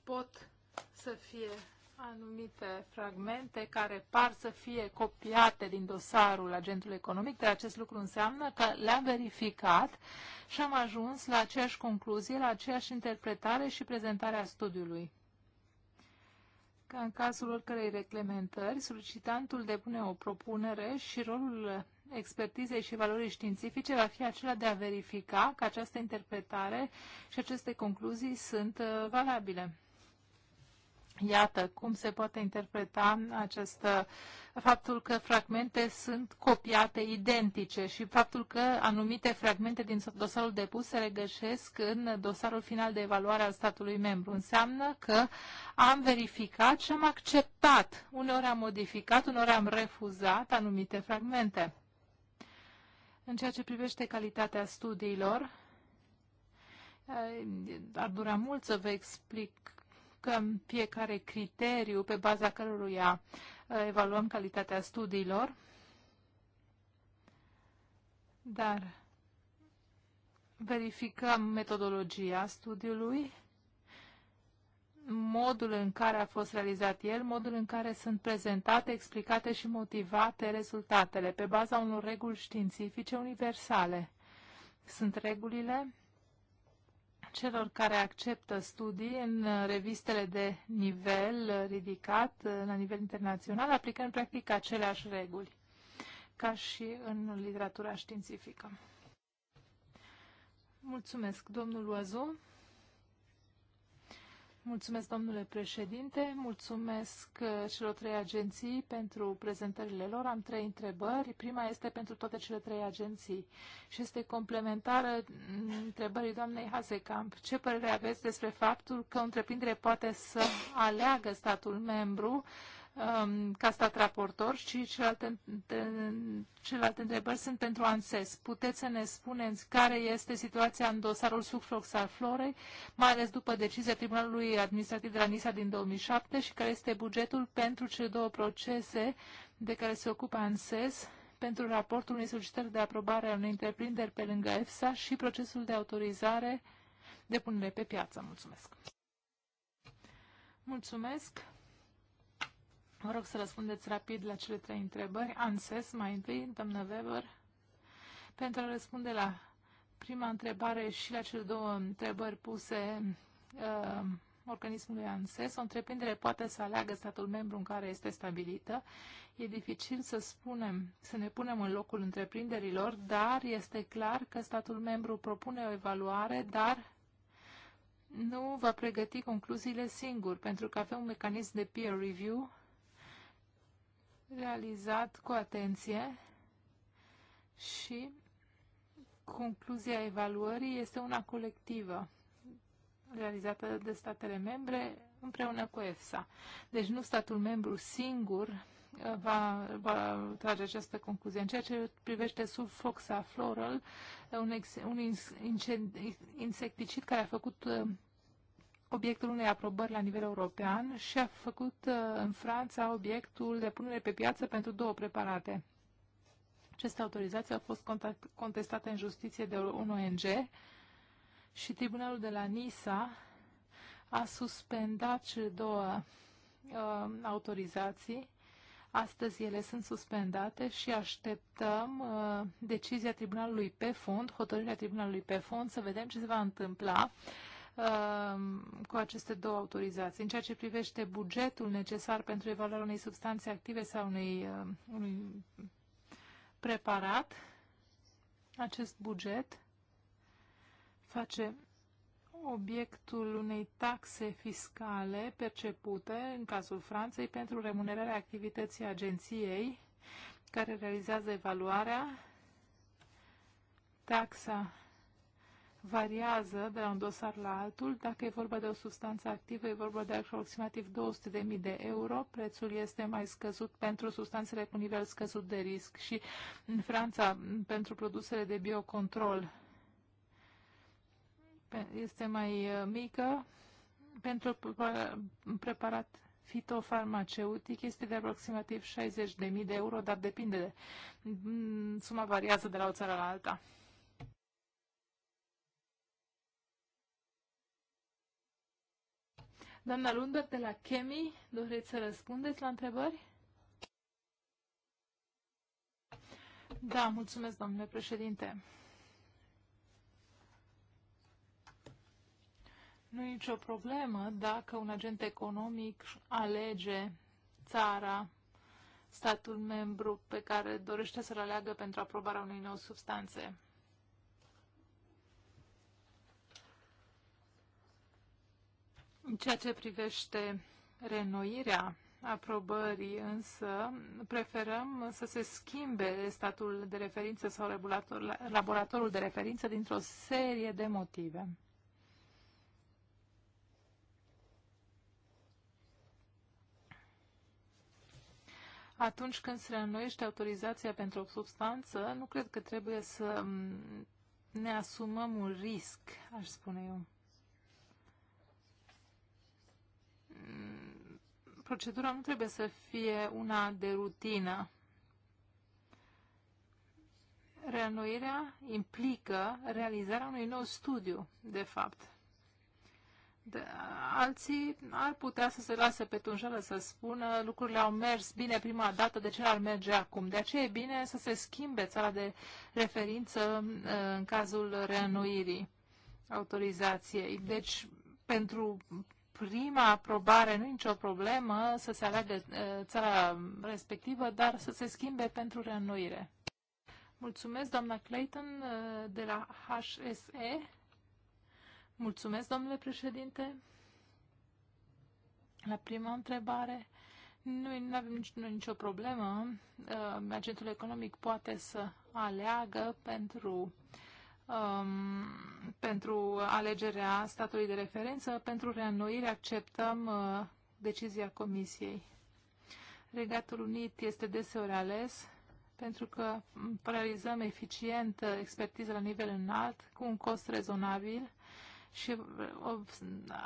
Pot să fie anumite fragmente care par să fie copiate din dosarul agentului economic, dar acest lucru înseamnă că le-am verificat și am ajuns la aceeași concluzie, la aceeași interpretare și prezentare a studiului ca în cazul oricărei reglementări, solicitantul depune o propunere și rolul expertizei și valorii științifice va fi acela de a verifica că această interpretare și aceste concluzii sunt uh, valabile. Iată cum se poate interpreta acest faptul că fragmente sunt copiate identice și faptul că anumite fragmente din dosarul depus se regășesc în dosarul final de evaluare al statului membru. Înseamnă că am verificat și am acceptat, uneori am modificat, uneori am refuzat anumite fragmente. În ceea ce privește calitatea studiilor, eh, ar dura mult să vă explic aplicăm fiecare criteriu pe baza căruia uh, evaluăm calitatea studiilor, dar verificăm metodologia studiului, modul în care a fost realizat el, modul în care sunt prezentate, explicate și motivate rezultatele, pe baza unor reguli științifice universale. Sunt regulile celor care acceptă studii în revistele de nivel ridicat, la nivel internațional, aplicând practic aceleași reguli ca și în literatura științifică. Mulțumesc, domnul Loazu. Mulțumesc, domnule președinte, mulțumesc uh, celor trei agenții pentru prezentările lor. Am trei întrebări. Prima este pentru toate cele trei agenții și este complementară mm, întrebării doamnei Hazekamp. Ce părere aveți despre faptul că o întreprindere poate să aleagă statul membru Um, ca stat raportor și celelalte, celelalte întrebări sunt pentru ANSES. Puteți să ne spuneți care este situația în dosarul Sucflox al Florei, mai ales după decizia Tribunalului Administrativ de la Nisa din 2007 și care este bugetul pentru cele două procese de care se ocupă ANSES pentru raportul unei solicitări de aprobare a unei întreprinderi pe lângă EFSA și procesul de autorizare de punere pe piață. Mulțumesc! Mulțumesc! Vă rog să răspundeți rapid la cele trei întrebări. ANSES, mai întâi, doamnă Weber, pentru a răspunde la prima întrebare și la cele două întrebări puse uh, organismului ANSES, o întreprindere poate să aleagă statul membru în care este stabilită. E dificil să spunem, să ne punem în locul întreprinderilor, dar este clar că statul membru propune o evaluare, dar nu va pregăti concluziile singur, pentru că avem un mecanism de peer review realizat cu atenție și concluzia evaluării este una colectivă realizată de statele membre împreună cu EFSA. Deci nu statul membru singur uh, va, va trage această concluzie. În ceea ce privește subfoxa floral, un, ex, un insecticid care a făcut uh, obiectul unei aprobări la nivel european și a făcut uh, în Franța obiectul de punere pe piață pentru două preparate. Aceste autorizații au fost contestate în justiție de un ONG și tribunalul de la Nisa a suspendat cele două uh, autorizații. Astăzi ele sunt suspendate și așteptăm uh, decizia tribunalului pe fond, hotărârea tribunalului pe fond, să vedem ce se va întâmpla. Uh, Um, cu aceste două autorizații. În ceea ce privește bugetul necesar pentru evaluarea unei substanțe active sau unei, um, unui preparat, acest buget face obiectul unei taxe fiscale percepute, în cazul Franței, pentru remunerarea activității agenției care realizează evaluarea, taxa variază de la un dosar la altul. Dacă e vorba de o substanță activă, e vorba de aproximativ 200.000 de euro. Prețul este mai scăzut pentru substanțele cu nivel scăzut de risc și în Franța pentru produsele de biocontrol este mai uh, mică. Pentru preparat fitofarmaceutic este de aproximativ 60.000 de euro, dar depinde de mm, suma variază de la o țară la alta. Doamna Lundberg de la Chemi, doriți să răspundeți la întrebări? Da, mulțumesc, domnule președinte. Nu e nicio problemă dacă un agent economic alege țara, statul membru pe care dorește să-l aleagă pentru aprobarea unei noi substanțe. În ceea ce privește renoirea aprobării, însă preferăm să se schimbe statul de referință sau laboratorul de referință dintr-o serie de motive. Atunci când se reînnoiește autorizația pentru o substanță, nu cred că trebuie să ne asumăm un risc, aș spune eu. procedura nu trebuie să fie una de rutină. Reanoirea implică realizarea unui nou studiu, de fapt. De, alții ar putea să se lasă pe tunjelă să spună lucrurile au mers bine prima dată, de ce ar merge acum? De aceea e bine să se schimbe țara de referință uh, în cazul reanoirii autorizației. Deci, pentru prima aprobare, nu nicio problemă, să se aleagă uh, țara respectivă, dar să se schimbe pentru reînnoire. Mulțumesc, doamna Clayton, uh, de la HSE. Mulțumesc, domnule președinte. La prima întrebare, nu, avem nicio, nicio problemă. Uh, agentul economic poate să aleagă pentru um, pentru alegerea statului de referință, Pentru reînnoire acceptăm uh, decizia Comisiei. Regatul Unit este deseori ales pentru că realizăm eficient uh, expertiză la nivel înalt, cu un cost rezonabil și uh,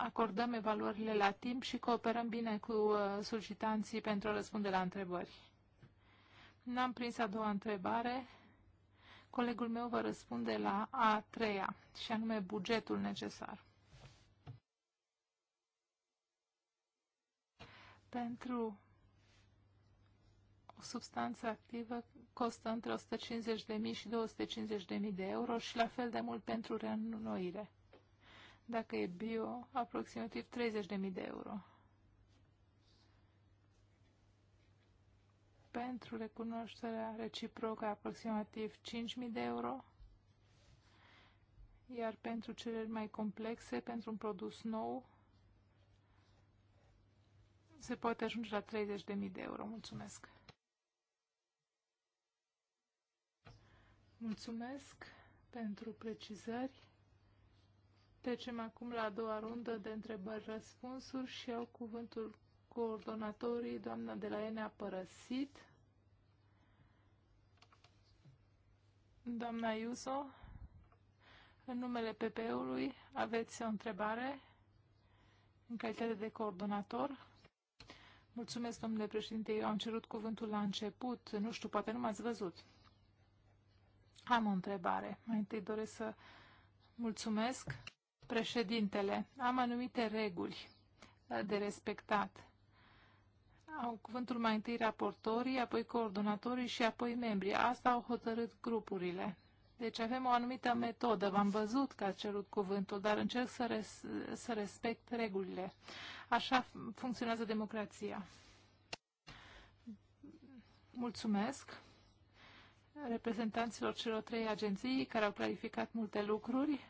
acordăm evaluările la timp și cooperăm bine cu uh, solicitanții pentru a răspunde la întrebări. N-am prins a doua întrebare. Colegul meu vă răspunde la a treia, și anume bugetul necesar. Pentru o substanță activă costă între 150.000 și 250.000 de euro și la fel de mult pentru reînnoire. Dacă e bio, aproximativ 30.000 de euro. pentru recunoașterea reciprocă aproximativ 5.000 de euro, iar pentru cele mai complexe, pentru un produs nou, se poate ajunge la 30.000 de euro. Mulțumesc! Mulțumesc pentru precizări. Trecem acum la a doua rundă de întrebări-răspunsuri și au cuvântul coordonatorii, doamna de la ENE a părăsit. Doamna Iuso, în numele PP-ului aveți o întrebare în calitate de coordonator. Mulțumesc, domnule președinte. Eu am cerut cuvântul la început. Nu știu, poate nu m-ați văzut. Am o întrebare. Mai întâi doresc să mulțumesc. Președintele, am anumite reguli de respectat au cuvântul mai întâi raportorii, apoi coordonatorii și apoi membrii. Asta au hotărât grupurile. Deci avem o anumită metodă. V-am văzut că a cerut cuvântul, dar încerc să, res să respect regulile. Așa funcționează democrația. Mulțumesc reprezentanților celor trei agenții care au clarificat multe lucruri.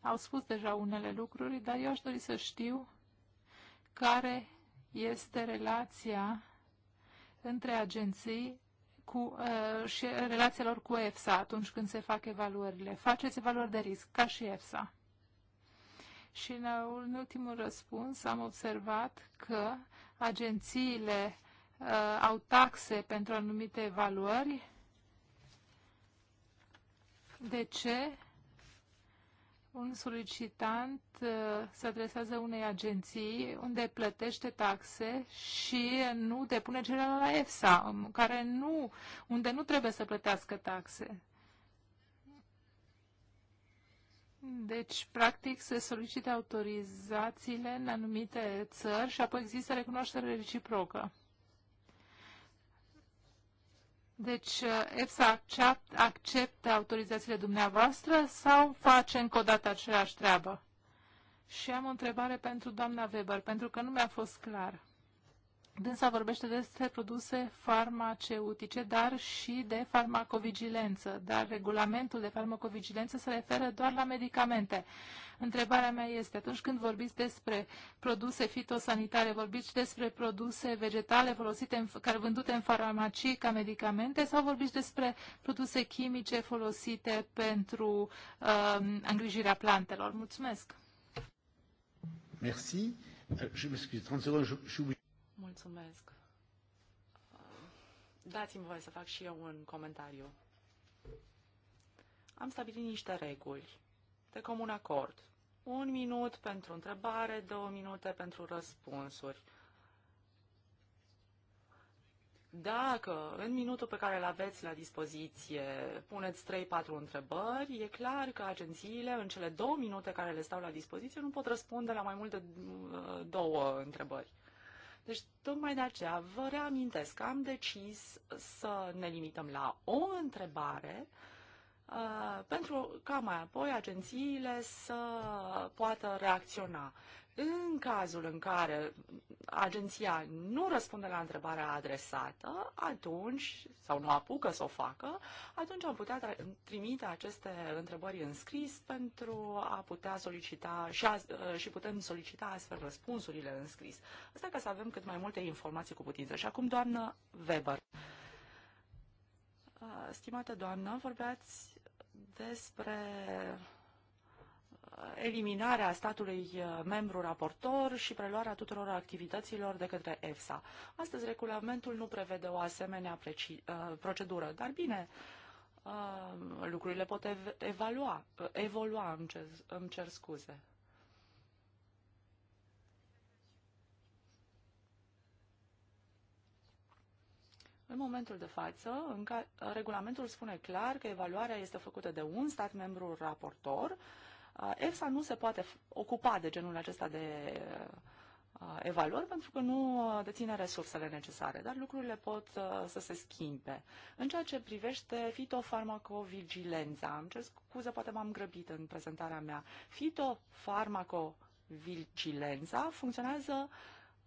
Au spus deja unele lucruri, dar eu aș dori să știu care este relația între agenții cu, uh, și relația lor cu EFSA atunci când se fac evaluările. Faceți evaluări de risc, ca și EFSA. Și în ultimul răspuns am observat că agențiile uh, au taxe pentru anumite evaluări. De ce? un solicitant uh, se adresează unei agenții unde plătește taxe și nu depune cererea la EFSA, um, care nu, unde nu trebuie să plătească taxe. Deci, practic, se solicită autorizațiile în anumite țări și apoi există recunoaștere reciprocă. Deci uh, EFSA acceptă autorizațiile dumneavoastră sau face încă o dată aceeași treabă? Și am o întrebare pentru doamna Weber, pentru că nu mi-a fost clar. Dânsa vorbește despre produse farmaceutice, dar și de farmacovigilență. Dar regulamentul de farmacovigilență se referă doar la medicamente. Întrebarea mea este, atunci când vorbiți despre produse fitosanitare, vorbiți despre produse vegetale folosite în, care vândute în farmacii ca medicamente sau vorbiți despre produse chimice folosite pentru uh, îngrijirea plantelor? Mulțumesc! Merci. Euh, je m'excuse, 30 secondes, je, je... Mulțumesc. Uh, dați-mi voie să fac și eu un comentariu. Am stabilit niște reguli de comun acord un minut pentru întrebare, două minute pentru răspunsuri. Dacă în minutul pe care îl aveți la dispoziție puneți 3-4 întrebări, e clar că agențiile în cele două minute care le stau la dispoziție nu pot răspunde la mai mult de uh, două întrebări. Deci, tocmai de aceea vă reamintesc că am decis să ne limităm la o întrebare Uh, pentru ca mai apoi agențiile să poată reacționa. În cazul în care agenția nu răspunde la întrebarea adresată, atunci, sau nu apucă să o facă, atunci am putea trimite aceste întrebări în scris pentru a putea solicita și, a, uh, și putem solicita astfel răspunsurile în scris. Asta ca să avem cât mai multe informații cu putință. Și acum, doamnă Weber. Uh, stimată doamnă, vorbeați despre uh, eliminarea statului uh, membru raportor și preluarea tuturor activităților de către EFSA. Astăzi, regulamentul nu prevede o asemenea uh, procedură, dar bine, lucrurile pot evalua, evolua, îmi cer, îmi cer scuze. În momentul de față, în ca, regulamentul spune clar că evaluarea este făcută de un stat membru raportor. EFSA nu se poate ocupa de genul acesta de evaluări pentru că nu deține resursele necesare, dar lucrurile pot să se schimbe. În ceea ce privește fitofarmacovigilența, am cer scuze, poate m-am grăbit în prezentarea mea, fitofarmacovigilența funcționează uh,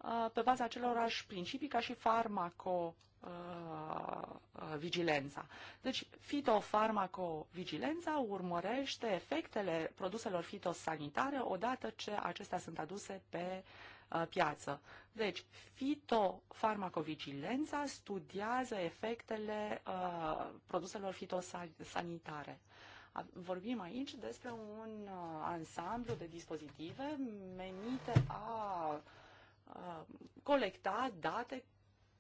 Uh, pe baza acelorași principii ca și farmaco uh, uh, vigilența. Deci, fitofarmacovigilența urmărește efectele produselor fitosanitare odată ce acestea sunt aduse pe piață. Deci, fitofarmacovigilența studiază efectele produselor fitosanitare. Vorbim aici despre un ansamblu de dispozitive menite a uh, Uh, colecta date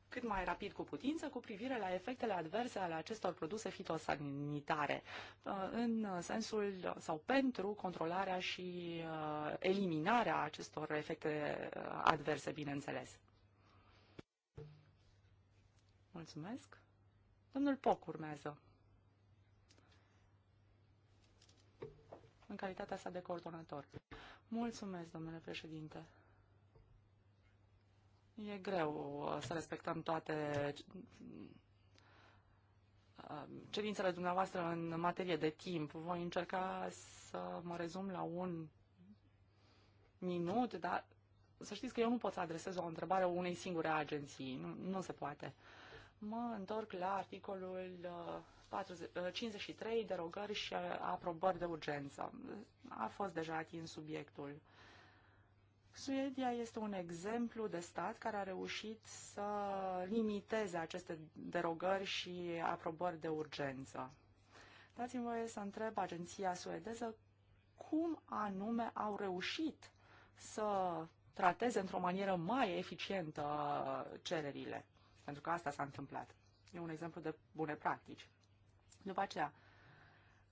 cât mai rapid cu putință cu privire la efectele adverse ale acestor produse fitosanitare uh, în sensul sau pentru controlarea și uh, eliminarea acestor efecte adverse, bineînțeles. Mulțumesc. Domnul Poc urmează. În calitatea sa de coordonator. Mulțumesc, domnule președinte. E greu să respectăm toate uh, cerințele dumneavoastră în materie de timp. Voi încerca să mă rezum la un minut, dar să știți că eu nu pot să adresez o întrebare unei singure agenții. Nu, nu se poate. Mă întorc la articolul 40, uh, 53, uh, derogări și aprobări de urgență. A fost deja atins subiectul. Uh, Suedia este un exemplu de stat care a reușit să limiteze aceste derogări și aprobări de urgență. Dați-mi voie să întreb agenția suedeză cum anume au reușit să trateze într-o manieră mai eficientă cererile. Pentru că asta s-a întâmplat. E un exemplu de bune practici. După aceea,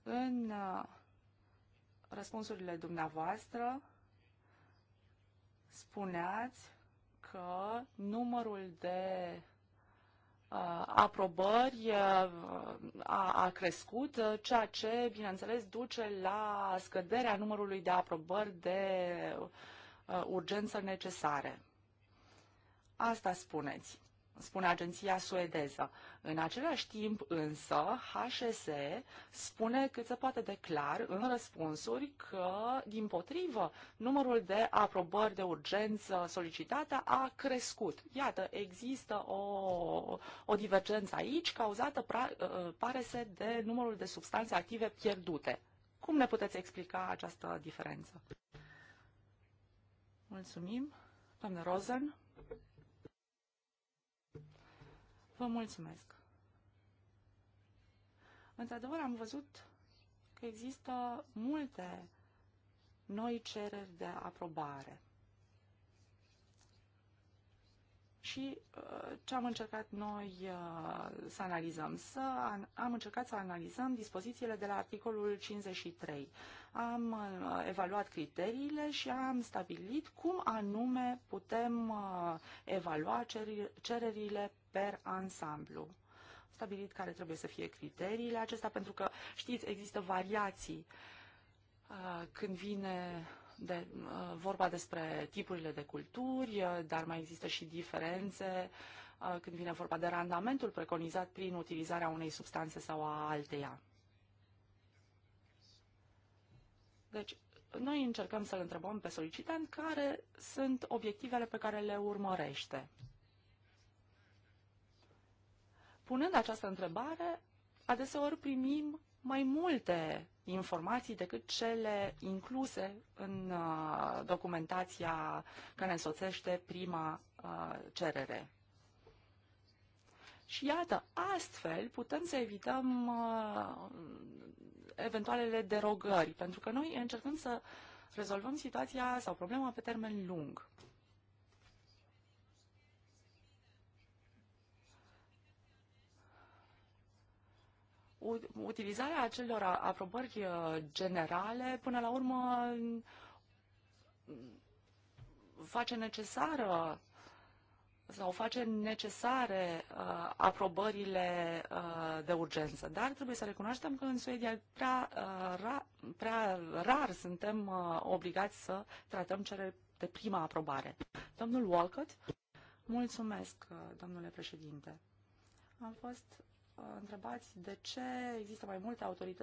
în uh, răspunsurile dumneavoastră, spuneați că numărul de uh, aprobări uh, a, a crescut, uh, ceea ce, bineînțeles, duce la scăderea numărului de aprobări de uh, urgență necesare. Asta spuneți spune agenția suedeză. În același timp, însă, HSS spune cât se poate de clar în răspunsuri că, din potrivă, numărul de aprobări de urgență solicitată a crescut. Iată, există o, o divergență aici cauzată, pra, ă, ă, pare să, de numărul de substanțe active pierdute. Cum ne puteți explica această diferență? Mulțumim. Doamne Rosen. Vă mulțumesc! Într-adevăr, am văzut că există multe noi cereri de aprobare. Și uh, ce am încercat noi uh, să analizăm? Să, am încercat să analizăm dispozițiile de la articolul 53. Am uh, evaluat criteriile și am stabilit cum anume putem evalua cererile per ansamblu. Stabilit care trebuie să fie criteriile acestea, pentru că, știți, există variații uh, când vine de, uh, vorba despre tipurile de culturi, uh, dar mai există și diferențe uh, când vine vorba de randamentul preconizat prin utilizarea unei substanțe sau a alteia. Deci, noi încercăm să-l întrebăm pe solicitant care sunt obiectivele pe care le urmărește. Punând această întrebare, adeseori primim mai multe informații decât cele incluse în uh, documentația care însoțește prima uh, cerere. Și iată, astfel putem să evităm uh, eventualele derogări, pentru că noi încercăm să rezolvăm situația sau problema pe termen lung. utilizarea acelor aprobări uh, generale, până la urmă, mm, face necesară sau face necesare uh, aprobările uh, de urgență. Dar trebuie să recunoaștem că în Suedia prea, uh, ra, prea rar suntem uh, obligați să tratăm cele de prima aprobare. Domnul Walcott, mulțumesc, uh, domnule președinte. Am fost întrebați de ce există mai multe uh,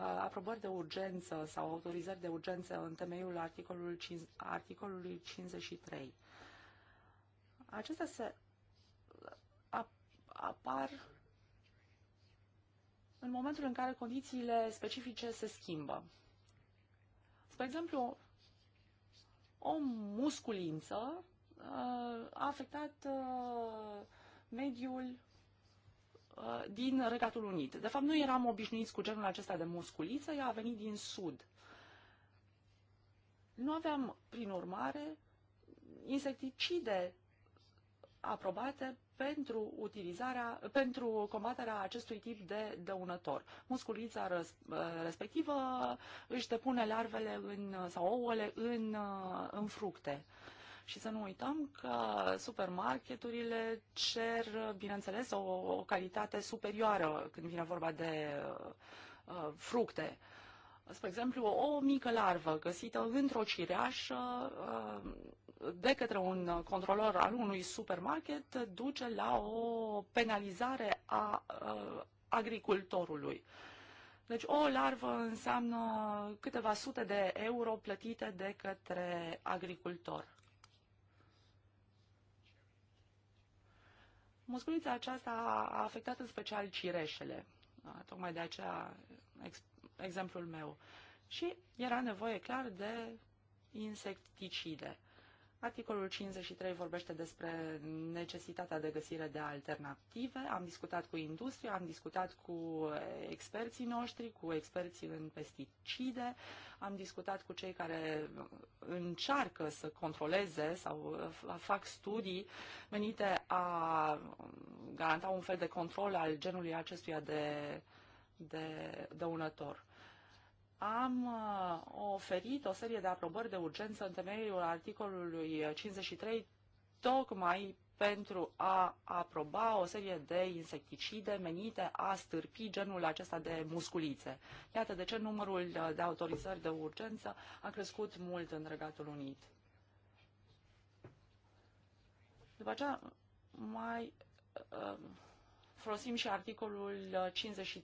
aprobări de urgență sau autorizări de urgență în temeiul articolului, 5, articolului 53. Acestea se apar în momentul în care condițiile specifice se schimbă. Spre exemplu, o musculință uh, a afectat uh, mediul Uh, din Regatul Unit. De fapt, nu eram obișnuiți cu genul acesta de musculiță, ea a venit din sud. Nu aveam, prin urmare, insecticide aprobate pentru utilizarea, pentru combaterea acestui tip de dăunător. Musculița răs, uh, respectivă își depune larvele în, sau ouăle în, uh, în fructe. Și să nu uităm că supermarketurile cer, bineînțeles, o, o calitate superioară când vine vorba de uh, uh, fructe. Spre exemplu, o mică larvă găsită într-o cireașă uh, de către un controlor al unui supermarket duce la o penalizare a uh, agricultorului. Deci o larvă înseamnă câteva sute de euro plătite de către agricultor. Musculița aceasta a afectat în special cireșele, tocmai de aceea ex, exemplul meu. Și era nevoie clar de insecticide. Articolul 53 vorbește despre necesitatea de găsire de alternative. Am discutat cu industria, am discutat cu experții noștri, cu experții în pesticide, am discutat cu cei care încearcă să controleze sau uh, fac studii menite a garanta un fel de control al genului acestuia de, de dăunător am uh, oferit o serie de aprobări de urgență în temeiul articolului 53, tocmai pentru a aproba o serie de insecticide menite a stârpi genul acesta de musculițe. Iată de ce numărul uh, de autorizări de urgență a crescut mult în Regatul Unit. După aceea, mai uh, folosim și articolul 50,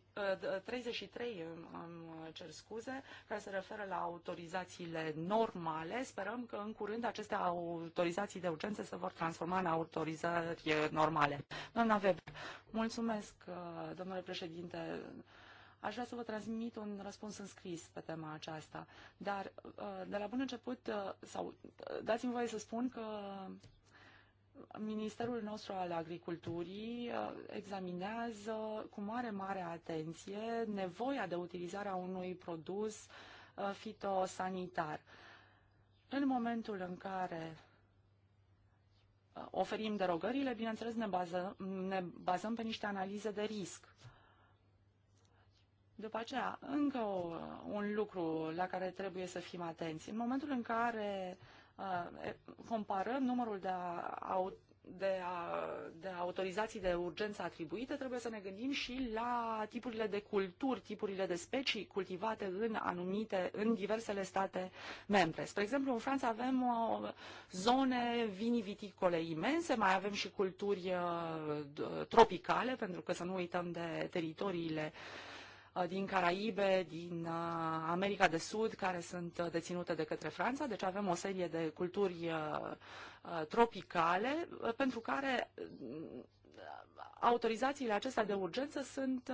uh, 33, uh, cer scuze, care se referă la autorizațiile normale. Sperăm că în curând aceste autorizații de urgență se vor transforma în autorizări uh, normale. Doamna Weber, mulțumesc, domnule președinte. Aș vrea să vă transmit un răspuns în scris pe tema aceasta, dar de la bun început, sau dați-mi voie să spun că Ministerul nostru al Agriculturii uh, examinează cu mare, mare atenție nevoia de utilizare a unui produs uh, fitosanitar. În momentul în care uh, oferim derogările, bineînțeles ne bazăm, ne bazăm pe niște analize de risc. După aceea, încă o, un lucru la care trebuie să fim atenți. În momentul în care Uh, comparăm numărul de, de, a, de autorizații de urgență atribuite, trebuie să ne gândim și la tipurile de culturi, tipurile de specii cultivate în anumite, în diversele state membre. Spre exemplu, în Franța avem uh, zone viniviticole imense, mai avem și culturi uh, tropicale, pentru că să nu uităm de teritoriile uh, Uh, din Caraibe, din uh, America de Sud, care sunt uh, deținute de către Franța. Deci avem o serie de culturi tropicale pentru care autorizațiile acestea de urgență sunt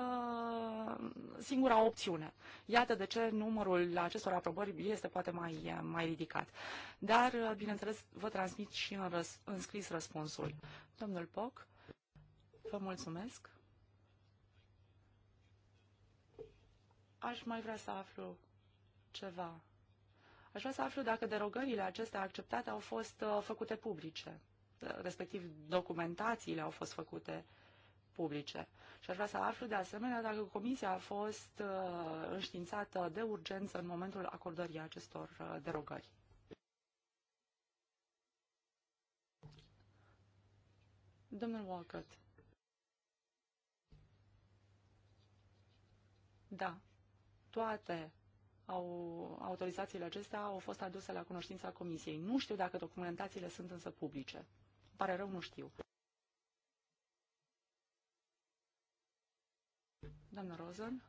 singura opțiune. Iată de ce numărul acestor aprobări este poate mai, mai ridicat. Dar, bineînțeles, vă transmit și în, răs- în scris răspunsul. Domnul Poc, vă mulțumesc. aș mai vrea să aflu ceva. Aș vrea să aflu dacă derogările acestea acceptate au fost uh, făcute publice, uh, respectiv documentațiile au fost făcute publice. Și aș vrea să aflu de asemenea dacă comisia a fost uh, înștiințată de urgență în momentul acordării acestor derogări. Domnul Walcott. Da, toate au, autorizațiile acestea au fost aduse la cunoștința comisiei. Nu știu dacă documentațiile sunt însă publice. Îmi pare rău, nu știu. Doamna Rosen.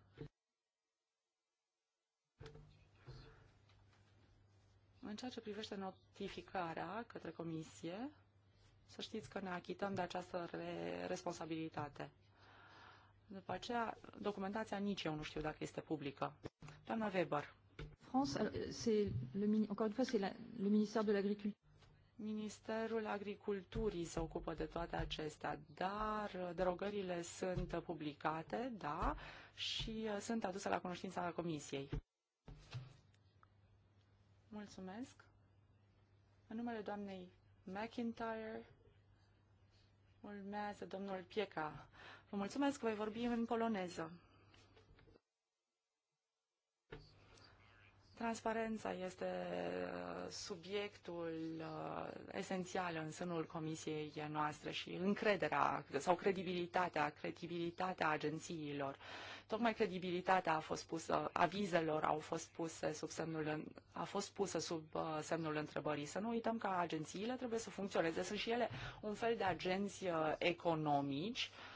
În ceea ce privește notificarea către comisie, să știți că ne achităm de această re responsabilitate. După aceea, documentația nici eu nu știu dacă este publică. Doamna Weber. France, c'est le, encore une fois, c'est le ministère de l'Agriculture. Ministerul Agriculturii se ocupă de toate acestea, dar derogările sunt publicate, da, și uh, sunt aduse la cunoștința Comisiei. Mulțumesc. În numele doamnei McIntyre urmează domnul Pieca. Vă mulțumesc, voi vorbi în poloneză. Transparența este uh, subiectul uh, esențial în sânul comisiei noastre și încrederea sau credibilitatea, credibilitatea agențiilor. Tocmai credibilitatea a fost pusă, avizelor au fost puse sub semnul, a fost pusă sub uh, semnul întrebării. Să nu uităm că agențiile trebuie să funcționeze, sunt și ele un fel de agenți economici, uh,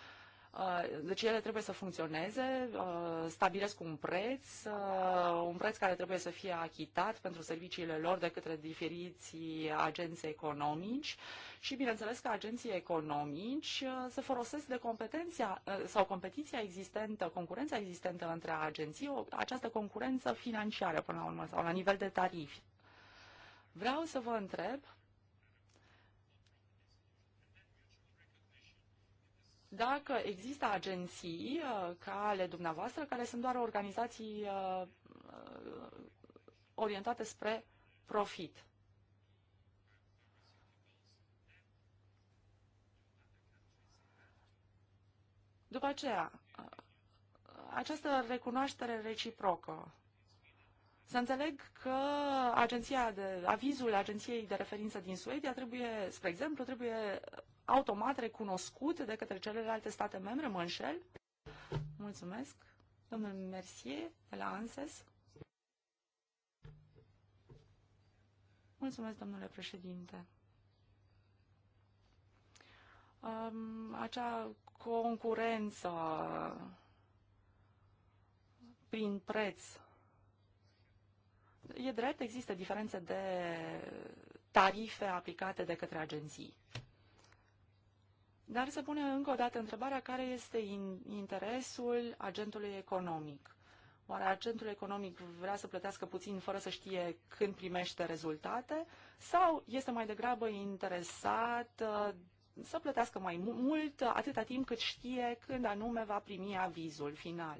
Uh, deci ele trebuie să funcționeze, uh, stabilesc un preț, uh, un preț care trebuie să fie achitat pentru serviciile lor de către diferiți agenți economici și bineînțeles că agenții economici se folosesc de competenția sau competiția existentă, concurența existentă între agenții, această concurență financiară până la urmă sau la nivel de tarif. Vreau să vă întreb dacă există agenții uh, ca ale dumneavoastră, care sunt doar organizații uh, uh, orientate spre profit. După aceea, această recunoaștere reciprocă. Să înțeleg că agenția de, avizul agenției de referință din Suedia trebuie, spre exemplu, trebuie automat recunoscut de către celelalte state membre, mă înșel? Mulțumesc. Domnul Mercier, de la ANSES. Mulțumesc, domnule președinte. Um, acea concurență prin preț. E drept, există diferențe de tarife aplicate de către agenții. Dar se pune încă o dată întrebarea care este in interesul agentului economic. Oare agentul economic vrea să plătească puțin fără să știe când primește rezultate sau este mai degrabă interesat uh, să plătească mai mult atâta timp cât știe când anume va primi avizul final?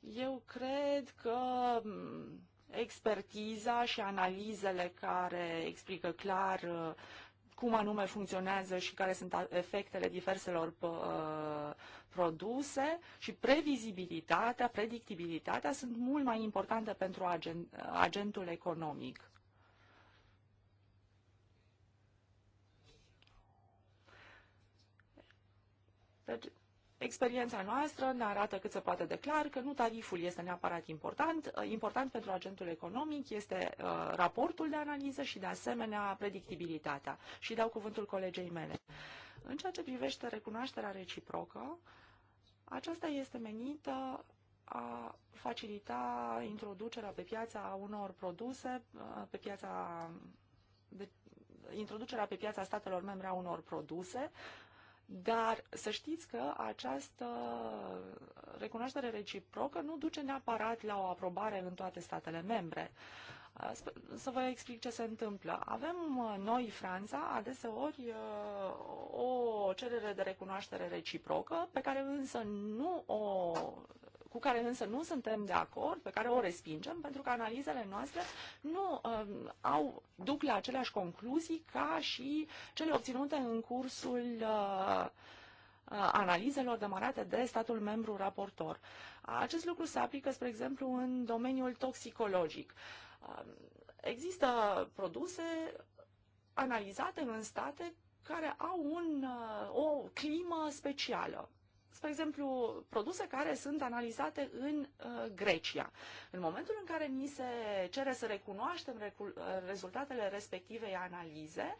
Eu cred că expertiza și analizele care explică clar uh, cum anume funcționează și care sunt efectele diverselor uh, produse și previzibilitatea, predictibilitatea sunt mult mai importante pentru agent, uh, agentul economic. Deci, Experiența noastră ne arată cât se poate de clar că nu tariful este neapărat important. Uh, important pentru agentul economic este uh, raportul de analiză și, de asemenea, predictibilitatea. Și dau cuvântul colegei mele. În ceea ce privește recunoașterea reciprocă, aceasta este menită a facilita introducerea pe piața unor produse, uh, pe piața de, introducerea pe piața statelor membre a unor produse dar să știți că această recunoaștere reciprocă nu duce neapărat la o aprobare în toate statele membre. Uh, să vă explic ce se întâmplă. Avem uh, noi, Franța, adeseori uh, o cerere de recunoaștere reciprocă, pe care însă nu o cu care însă nu suntem de acord, pe care o respingem, pentru că analizele noastre nu uh, au, duc la aceleași concluzii ca și cele obținute în cursul uh, uh, analizelor demarate de statul membru raportor. Acest lucru se aplică, spre exemplu, în domeniul toxicologic. Um, există produse analizate în state care au un, uh, o climă specială spre exemplu, produse care sunt analizate în uh, Grecia. În momentul în care ni se cere să recunoaștem recu uh, rezultatele respectivei analize,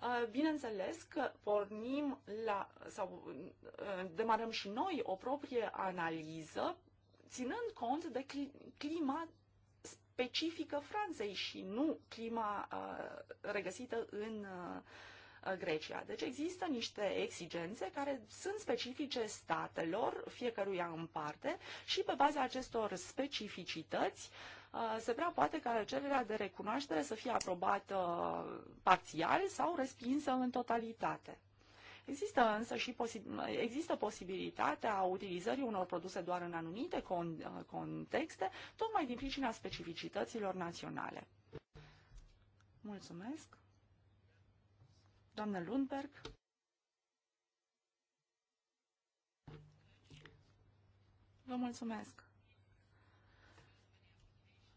uh, bineînțeles că pornim la, sau uh, demarăm și noi o proprie analiză, ținând cont de clima specifică Franței și nu clima regăsită în Uh, Grecia. Deci există niște exigențe care sunt specifice statelor, fiecăruia în parte, și pe baza acestor specificități uh, se prea poate ca cererea de recunoaștere să fie aprobată parțial sau respinsă în totalitate. Există însă și posi- există posibilitatea utilizării unor produse doar în anumite con- uh, contexte, tocmai din pricina specificităților naționale. Mulțumesc! Doamnă Lundberg? Vă mulțumesc!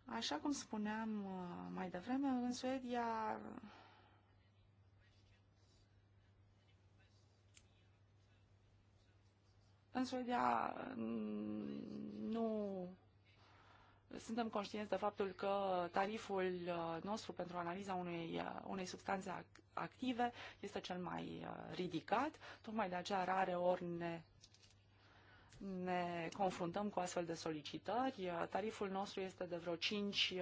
Așa cum spuneam uh, mai devreme, în Suedia în Suedia mm, nu suntem conștienți de faptul că tariful uh, nostru pentru analiza unei, uh, unei substanțe active este cel mai uh, ridicat, tocmai de aceea rare ori ne ne confruntăm cu astfel de solicitări. Tariful nostru este de vreo 5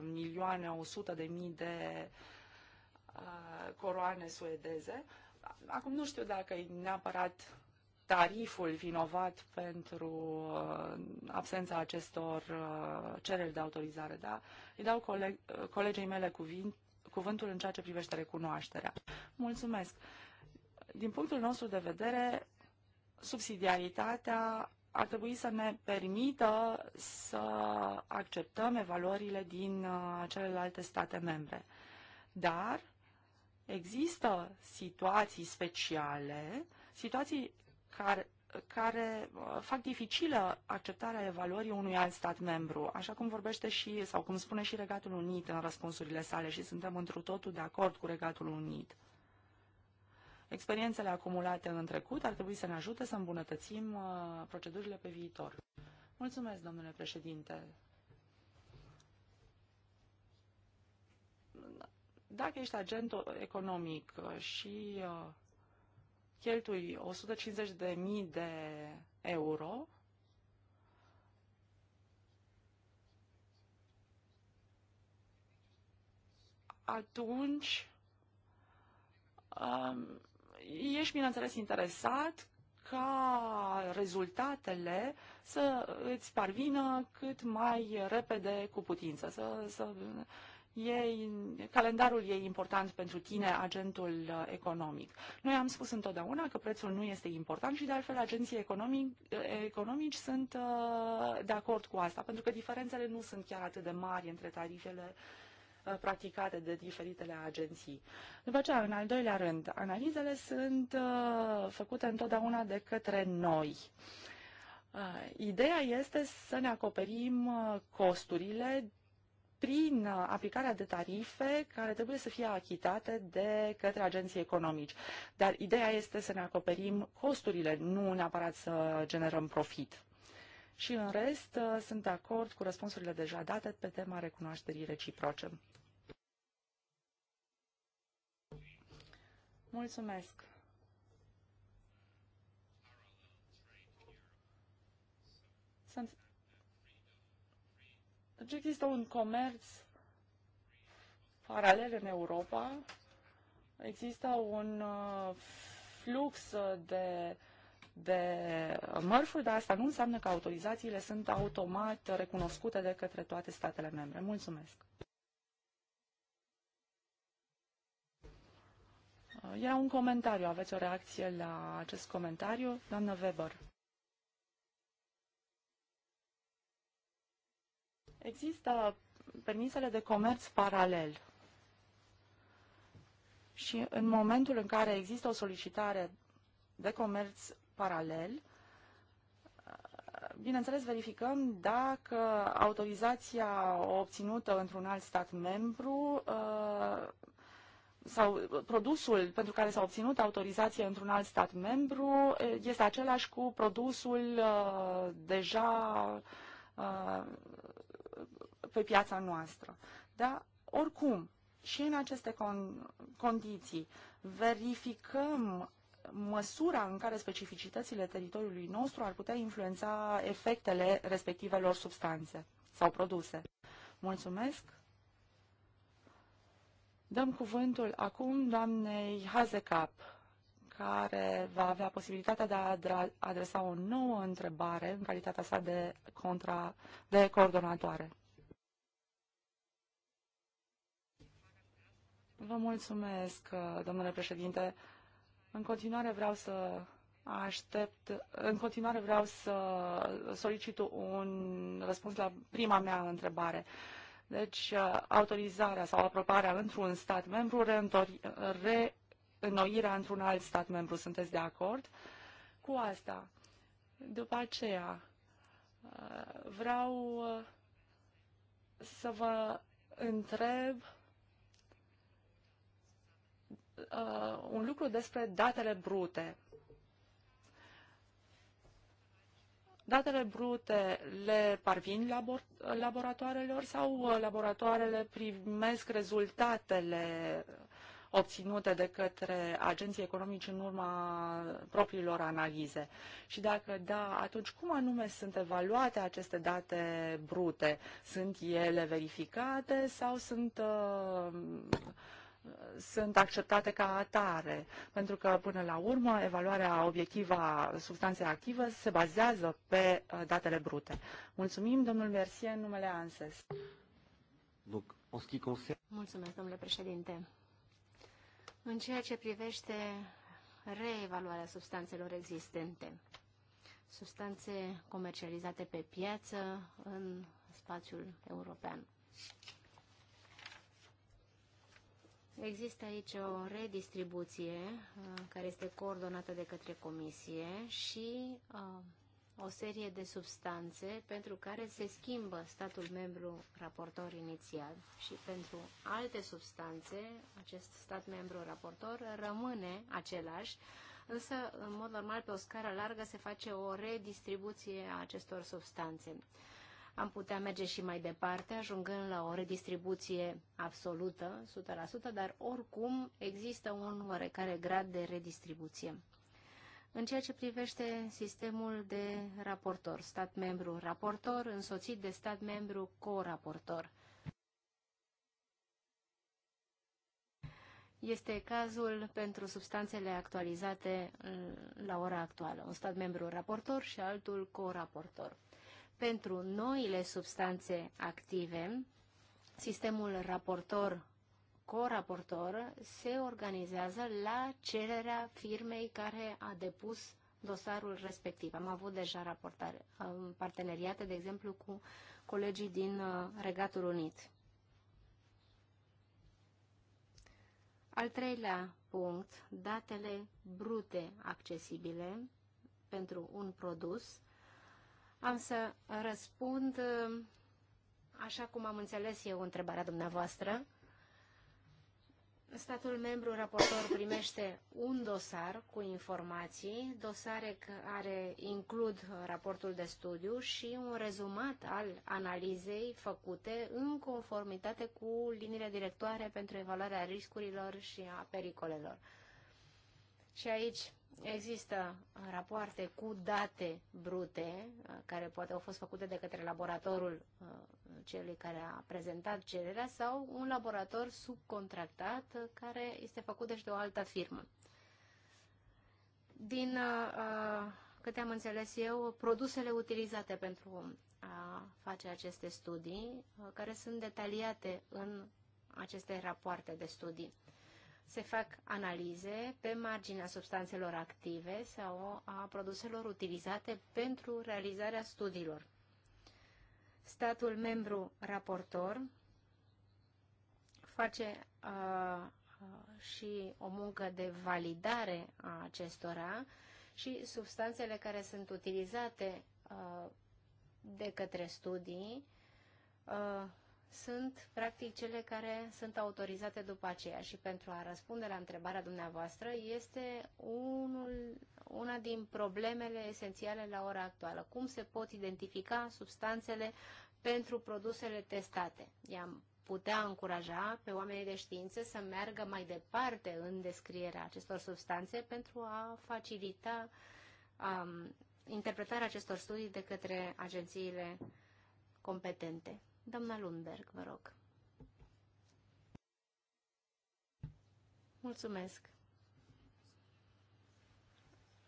milioane 100 de mii de coroane suedeze. Acum nu știu dacă e neapărat tariful vinovat pentru uh, absența acestor uh, cereri de autorizare, da? Îi dau coleg colegei mele cuvint, cuvântul în ceea ce privește recunoașterea. Mulțumesc. Din punctul nostru de vedere, subsidiaritatea ar trebui să ne permită să acceptăm evaluările din uh, celelalte state membre. Dar există situații speciale, situații care, care uh, fac dificilă acceptarea evaluării unui alt stat membru, așa cum vorbește și, sau cum spune și Regatul Unit în răspunsurile sale și suntem întru totul de acord cu Regatul Unit. Experiențele acumulate în trecut ar trebui să ne ajute să îmbunătățim uh, procedurile pe viitor. Mulțumesc, domnule președinte. Dacă ești agent economic uh, și uh, cheltui 150.000 de euro atunci um, ești, bineînțeles, interesat ca rezultatele să îți parvină cât mai repede cu putință, să, să E, calendarul e important pentru tine, agentul uh, economic. Noi am spus întotdeauna că prețul nu este important și de altfel agenții economic, uh, economici sunt uh, de acord cu asta, pentru că diferențele nu sunt chiar atât de mari între tarifele practicate de diferitele agenții. După aceea, în al doilea rând, analizele sunt făcute întotdeauna de către noi. Ideea este să ne acoperim costurile prin uh, aplicarea de tarife care trebuie să fie achitate de către agenții economici. Dar ideea este să ne acoperim costurile, nu neapărat să generăm profit. Și în rest, uh, sunt de acord cu răspunsurile deja date pe tema recunoașterii reciproce. Mulțumesc! Sunt deci există un comerț paralel în Europa, există un uh, flux de, de mărfuri, dar asta nu înseamnă că autorizațiile sunt automat recunoscute de către toate statele membre. Mulțumesc! Era uh, un comentariu. Aveți o reacție la acest comentariu? Doamnă Weber. Există permisele de comerț paralel. Și în momentul în care există o solicitare de comerț paralel, bineînțeles, verificăm dacă autorizația obținută într-un alt stat membru uh, sau produsul pentru care s-a obținut autorizație într-un alt stat membru este același cu produsul uh, deja uh, pe piața noastră. Dar, oricum, și în aceste con- condiții, verificăm măsura în care specificitățile teritoriului nostru ar putea influența efectele respectivelor substanțe sau produse. Mulțumesc! Dăm cuvântul acum doamnei Hazecap, care va avea posibilitatea de a adresa o nouă întrebare în calitatea sa de, contra, de coordonatoare. Vă mulțumesc, domnule președinte. În continuare vreau să aștept, în continuare vreau să solicit un răspuns la prima mea întrebare. Deci, autorizarea sau aprobarea într-un stat membru, reînnoirea într-un alt stat membru, sunteți de acord cu asta? După aceea, vreau să vă întreb uh, un lucru despre datele brute. Datele brute le parvin labor laboratoarelor sau uh, laboratoarele primesc rezultatele obținute de către agenții economici în urma propriilor analize. Și dacă da, atunci cum anume sunt evaluate aceste date brute? Sunt ele verificate sau sunt uh, sunt acceptate ca atare, pentru că până la urmă evaluarea obiectivă a substanței active se bazează pe uh, datele brute. Mulțumim, domnul Mersie, în numele ANSES. Mulțumesc, domnule președinte. În ceea ce privește reevaluarea substanțelor existente, substanțe comercializate pe piață în spațiul european. Există aici o redistribuție uh, care este coordonată de către comisie și uh, o serie de substanțe pentru care se schimbă statul membru raportor inițial și pentru alte substanțe acest stat membru raportor rămâne același, însă în mod normal pe o scară largă se face o redistribuție a acestor substanțe am putea merge și mai departe, ajungând la o redistribuție absolută, 100%, dar oricum există un oarecare grad de redistribuție. În ceea ce privește sistemul de raportor, stat membru raportor, însoțit de stat membru co-raportor, este cazul pentru substanțele actualizate mm, la ora actuală. Un stat membru raportor și altul co-raportor pentru noile substanțe active, sistemul raportor coraportor se organizează la cererea firmei care a depus dosarul respectiv. Am avut deja raportare, parteneriate, de exemplu, cu colegii din uh, Regatul Unit. Al treilea punct, datele brute accesibile pentru un produs am să răspund uh, așa cum am înțeles eu întrebarea dumneavoastră. Statul membru raportor primește un dosar cu informații, dosare care includ raportul de studiu și un rezumat al analizei făcute în conformitate cu liniile directoare pentru evaluarea riscurilor și a pericolelor. Și aici Există rapoarte cu date brute, uh, care poate au fost făcute de către laboratorul uh, celui care a prezentat cererea sau un laborator subcontractat uh, care este făcut deci, de o altă firmă. Din câte am înțeles eu, produsele utilizate pentru a face aceste studii, care sunt detaliate în aceste rapoarte de studii se fac analize pe marginea substanțelor active sau a produselor utilizate pentru realizarea studiilor. Statul membru raportor face uh, și o muncă de validare a acestora și substanțele care sunt utilizate uh, de către studii uh, sunt practic cele care sunt autorizate după aceea și pentru a răspunde la întrebarea dumneavoastră este unul, una din problemele esențiale la ora actuală. Cum se pot identifica substanțele pentru produsele testate? I-am putea încuraja pe oamenii de știință să meargă mai departe în descrierea acestor substanțe pentru a facilita um, interpretarea acestor studii de către agențiile competente. Doamna Lundberg, vă rog. Mulțumesc.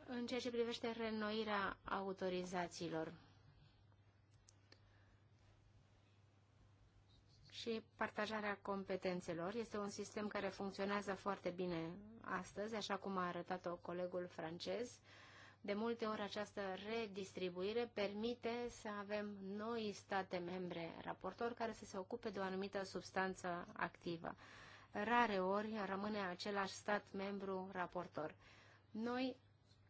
În ceea ce privește reînnoirea autorizațiilor și partajarea competențelor, este un sistem care funcționează foarte bine astăzi, așa cum a arătat-o colegul francez, de multe ori această redistribuire permite să avem noi state membre raportori care să se ocupe de o anumită substanță activă. Rare ori rămâne același stat membru raportor. Noi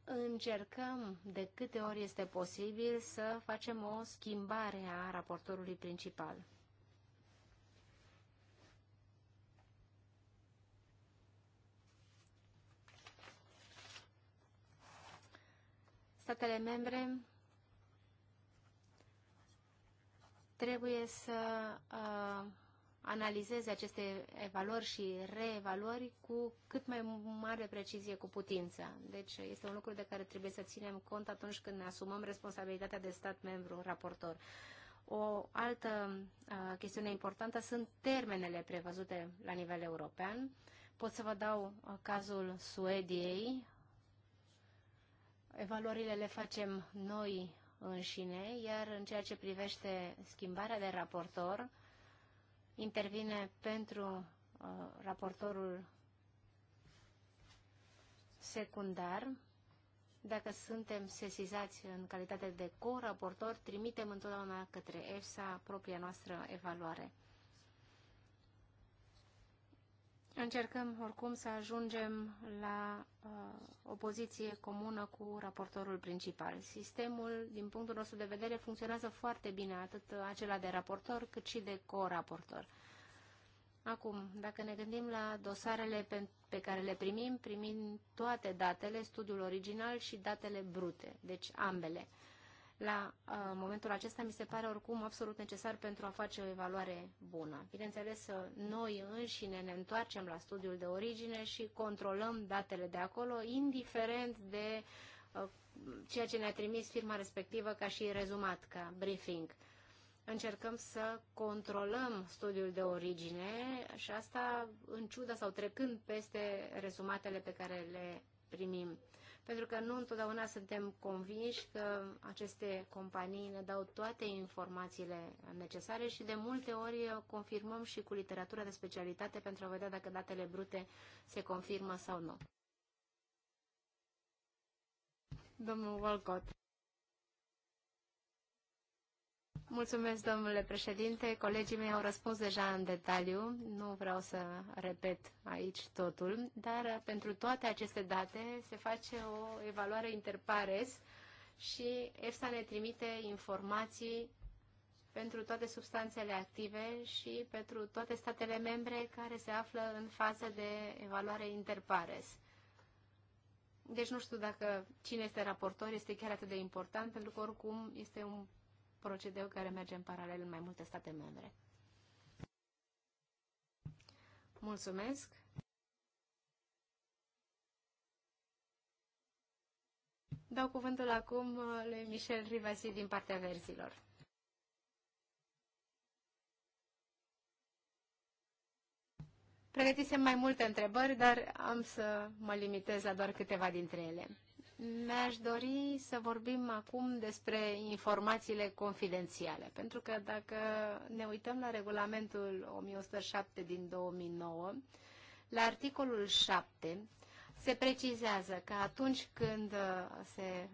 încercăm de câte ori este posibil să facem o schimbare a raportorului principal. statele membre trebuie să uh, analizeze aceste evaluări și reevaluări cu cât mai mare precizie cu putință. Deci este un lucru de care trebuie să ținem cont atunci când ne asumăm responsabilitatea de stat membru raportor. O altă uh, chestiune importantă sunt termenele prevăzute la nivel european. Pot să vă dau uh, cazul Suediei, Evaluările le facem noi înșine, iar în ceea ce privește schimbarea de raportor, intervine pentru uh, raportorul secundar. Dacă suntem sesizați în calitate de co-raportor, trimitem întotdeauna către EFSA propria noastră evaluare. Încercăm oricum să ajungem la uh, o poziție comună cu raportorul principal. Sistemul, din punctul nostru de vedere, funcționează foarte bine, atât acela de raportor cât și de co-raportor. Acum, dacă ne gândim la dosarele pe, pe care le primim, primim toate datele, studiul original și datele brute, deci ambele. Uh, la uh, momentul acesta mi se pare oricum absolut necesar pentru a face o evaluare bună. Bineînțeles, uh, noi înșine ne întoarcem la studiul de origine și controlăm datele de acolo, indiferent de uh, ceea ce ne-a trimis firma respectivă ca și rezumat, ca briefing încercăm să controlăm studiul de origine și asta în ciuda sau trecând peste rezumatele pe care le primim pentru că nu întotdeauna suntem convinși că aceste companii ne dau toate informațiile necesare și de multe ori confirmăm și cu literatura de specialitate pentru a vedea dacă datele brute se confirmă sau nu. Domnul Walcott. Mulțumesc, domnule președinte. Colegii mei au răspuns deja în detaliu. Nu vreau să repet aici totul, dar pentru toate aceste date se face o evaluare interpares și EFSA ne trimite informații pentru toate substanțele active și pentru toate statele membre care se află în fază de evaluare interpares. Deci nu știu dacă cine este raportor este chiar atât de important, pentru că oricum este un procedeu care merge în paralel în mai multe state membre. Mulțumesc! Dau cuvântul acum uh, lui Michel Rivasi din partea verzilor. Pregătisem mai multe întrebări, dar am să mă limitez la doar câteva dintre ele. Mi-aș dori să vorbim acum despre informațiile confidențiale, pentru că dacă ne uităm la regulamentul 1107 din 2009, la articolul 7 se precizează că atunci când se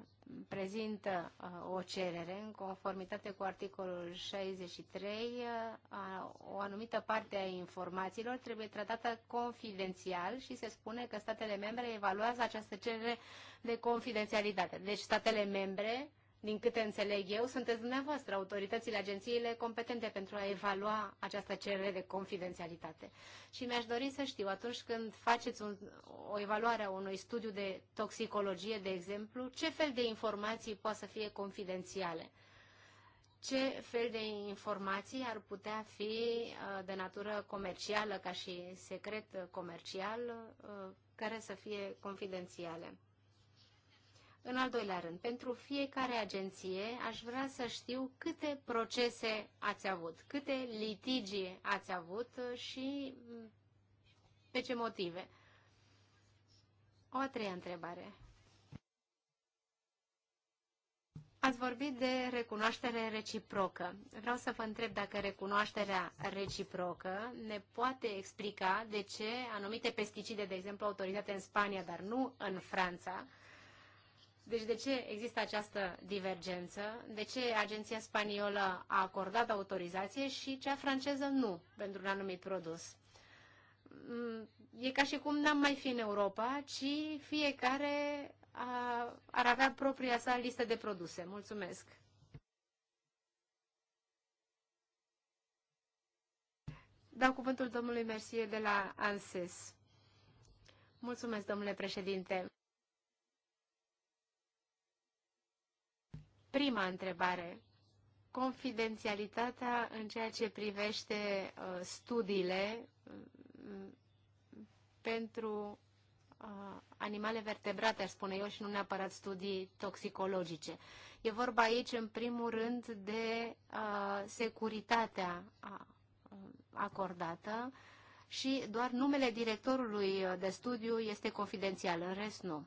prezintă uh, o cerere în conformitate cu articolul 63, uh, o anumită parte a informațiilor trebuie tratată confidențial și se spune că statele membre evaluează această cerere de confidențialitate. Deci statele membre din câte înțeleg eu, sunteți dumneavoastră autoritățile, agențiile competente pentru a evalua această cerere de confidențialitate. Și mi-aș dori să știu, atunci când faceți un, o evaluare a unui studiu de toxicologie, de exemplu, ce fel de informații poate să fie confidențiale? Ce fel de informații ar putea fi uh, de natură comercială, ca și secret comercial, uh, care să fie confidențiale? În al doilea rând, pentru fiecare agenție aș vrea să știu câte procese ați avut, câte litigi ați avut și mm, pe ce motive. O a treia întrebare. Ați vorbit de recunoaștere reciprocă. Vreau să vă întreb dacă recunoașterea reciprocă ne poate explica de ce anumite pesticide, de exemplu, autorizate în Spania, dar nu în Franța, deci de ce există această divergență? De ce agenția spaniolă a acordat autorizație și cea franceză nu pentru un anumit produs? Mm, e ca și cum n-am mai fi în Europa, ci fiecare ar avea propria sa listă de produse. Mulțumesc! Dau cuvântul domnului Mercier de la ANSES. Mulțumesc, domnule președinte. Prima întrebare. Confidențialitatea în ceea ce privește uh, studiile uh, pentru uh, animale vertebrate, aș spune eu, și nu neapărat studii toxicologice. E vorba aici, în primul rând, de uh, securitatea uh, acordată și doar numele directorului de studiu este confidențial, în rest nu.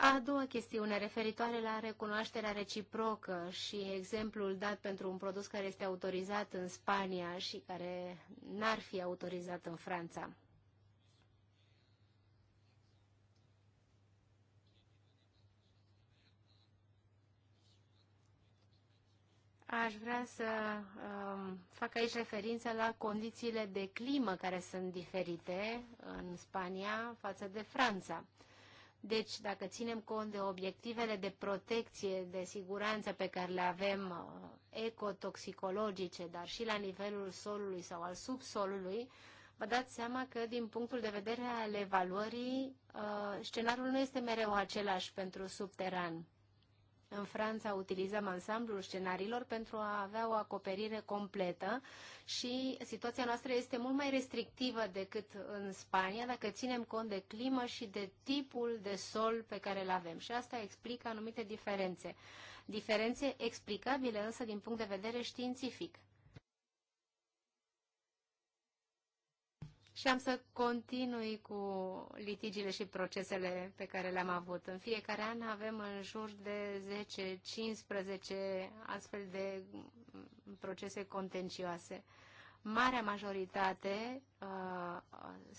A doua chestiune, referitoare la recunoașterea reciprocă și exemplul dat pentru un produs care este autorizat în Spania și care n-ar fi autorizat în Franța. Aș vrea să um, fac aici referință la condițiile de climă care sunt diferite în Spania față de Franța. Deci, dacă ținem cont de obiectivele de protecție, de siguranță pe care le avem uh, ecotoxicologice, dar și la nivelul solului sau al subsolului, vă dați seama că din punctul de vedere al evaluării, uh, scenariul nu este mereu același pentru subteran. În Franța utilizăm ansamblul scenariilor pentru a avea o acoperire completă și situația noastră este mult mai restrictivă decât în Spania dacă ținem cont de climă și de tipul de sol pe care îl avem. Și asta explică anumite diferențe. Diferențe explicabile însă din punct de vedere științific. și am să continui cu litigiile și procesele pe care le-am avut. În fiecare an avem în jur de 10-15 astfel de procese contencioase marea majoritate uh,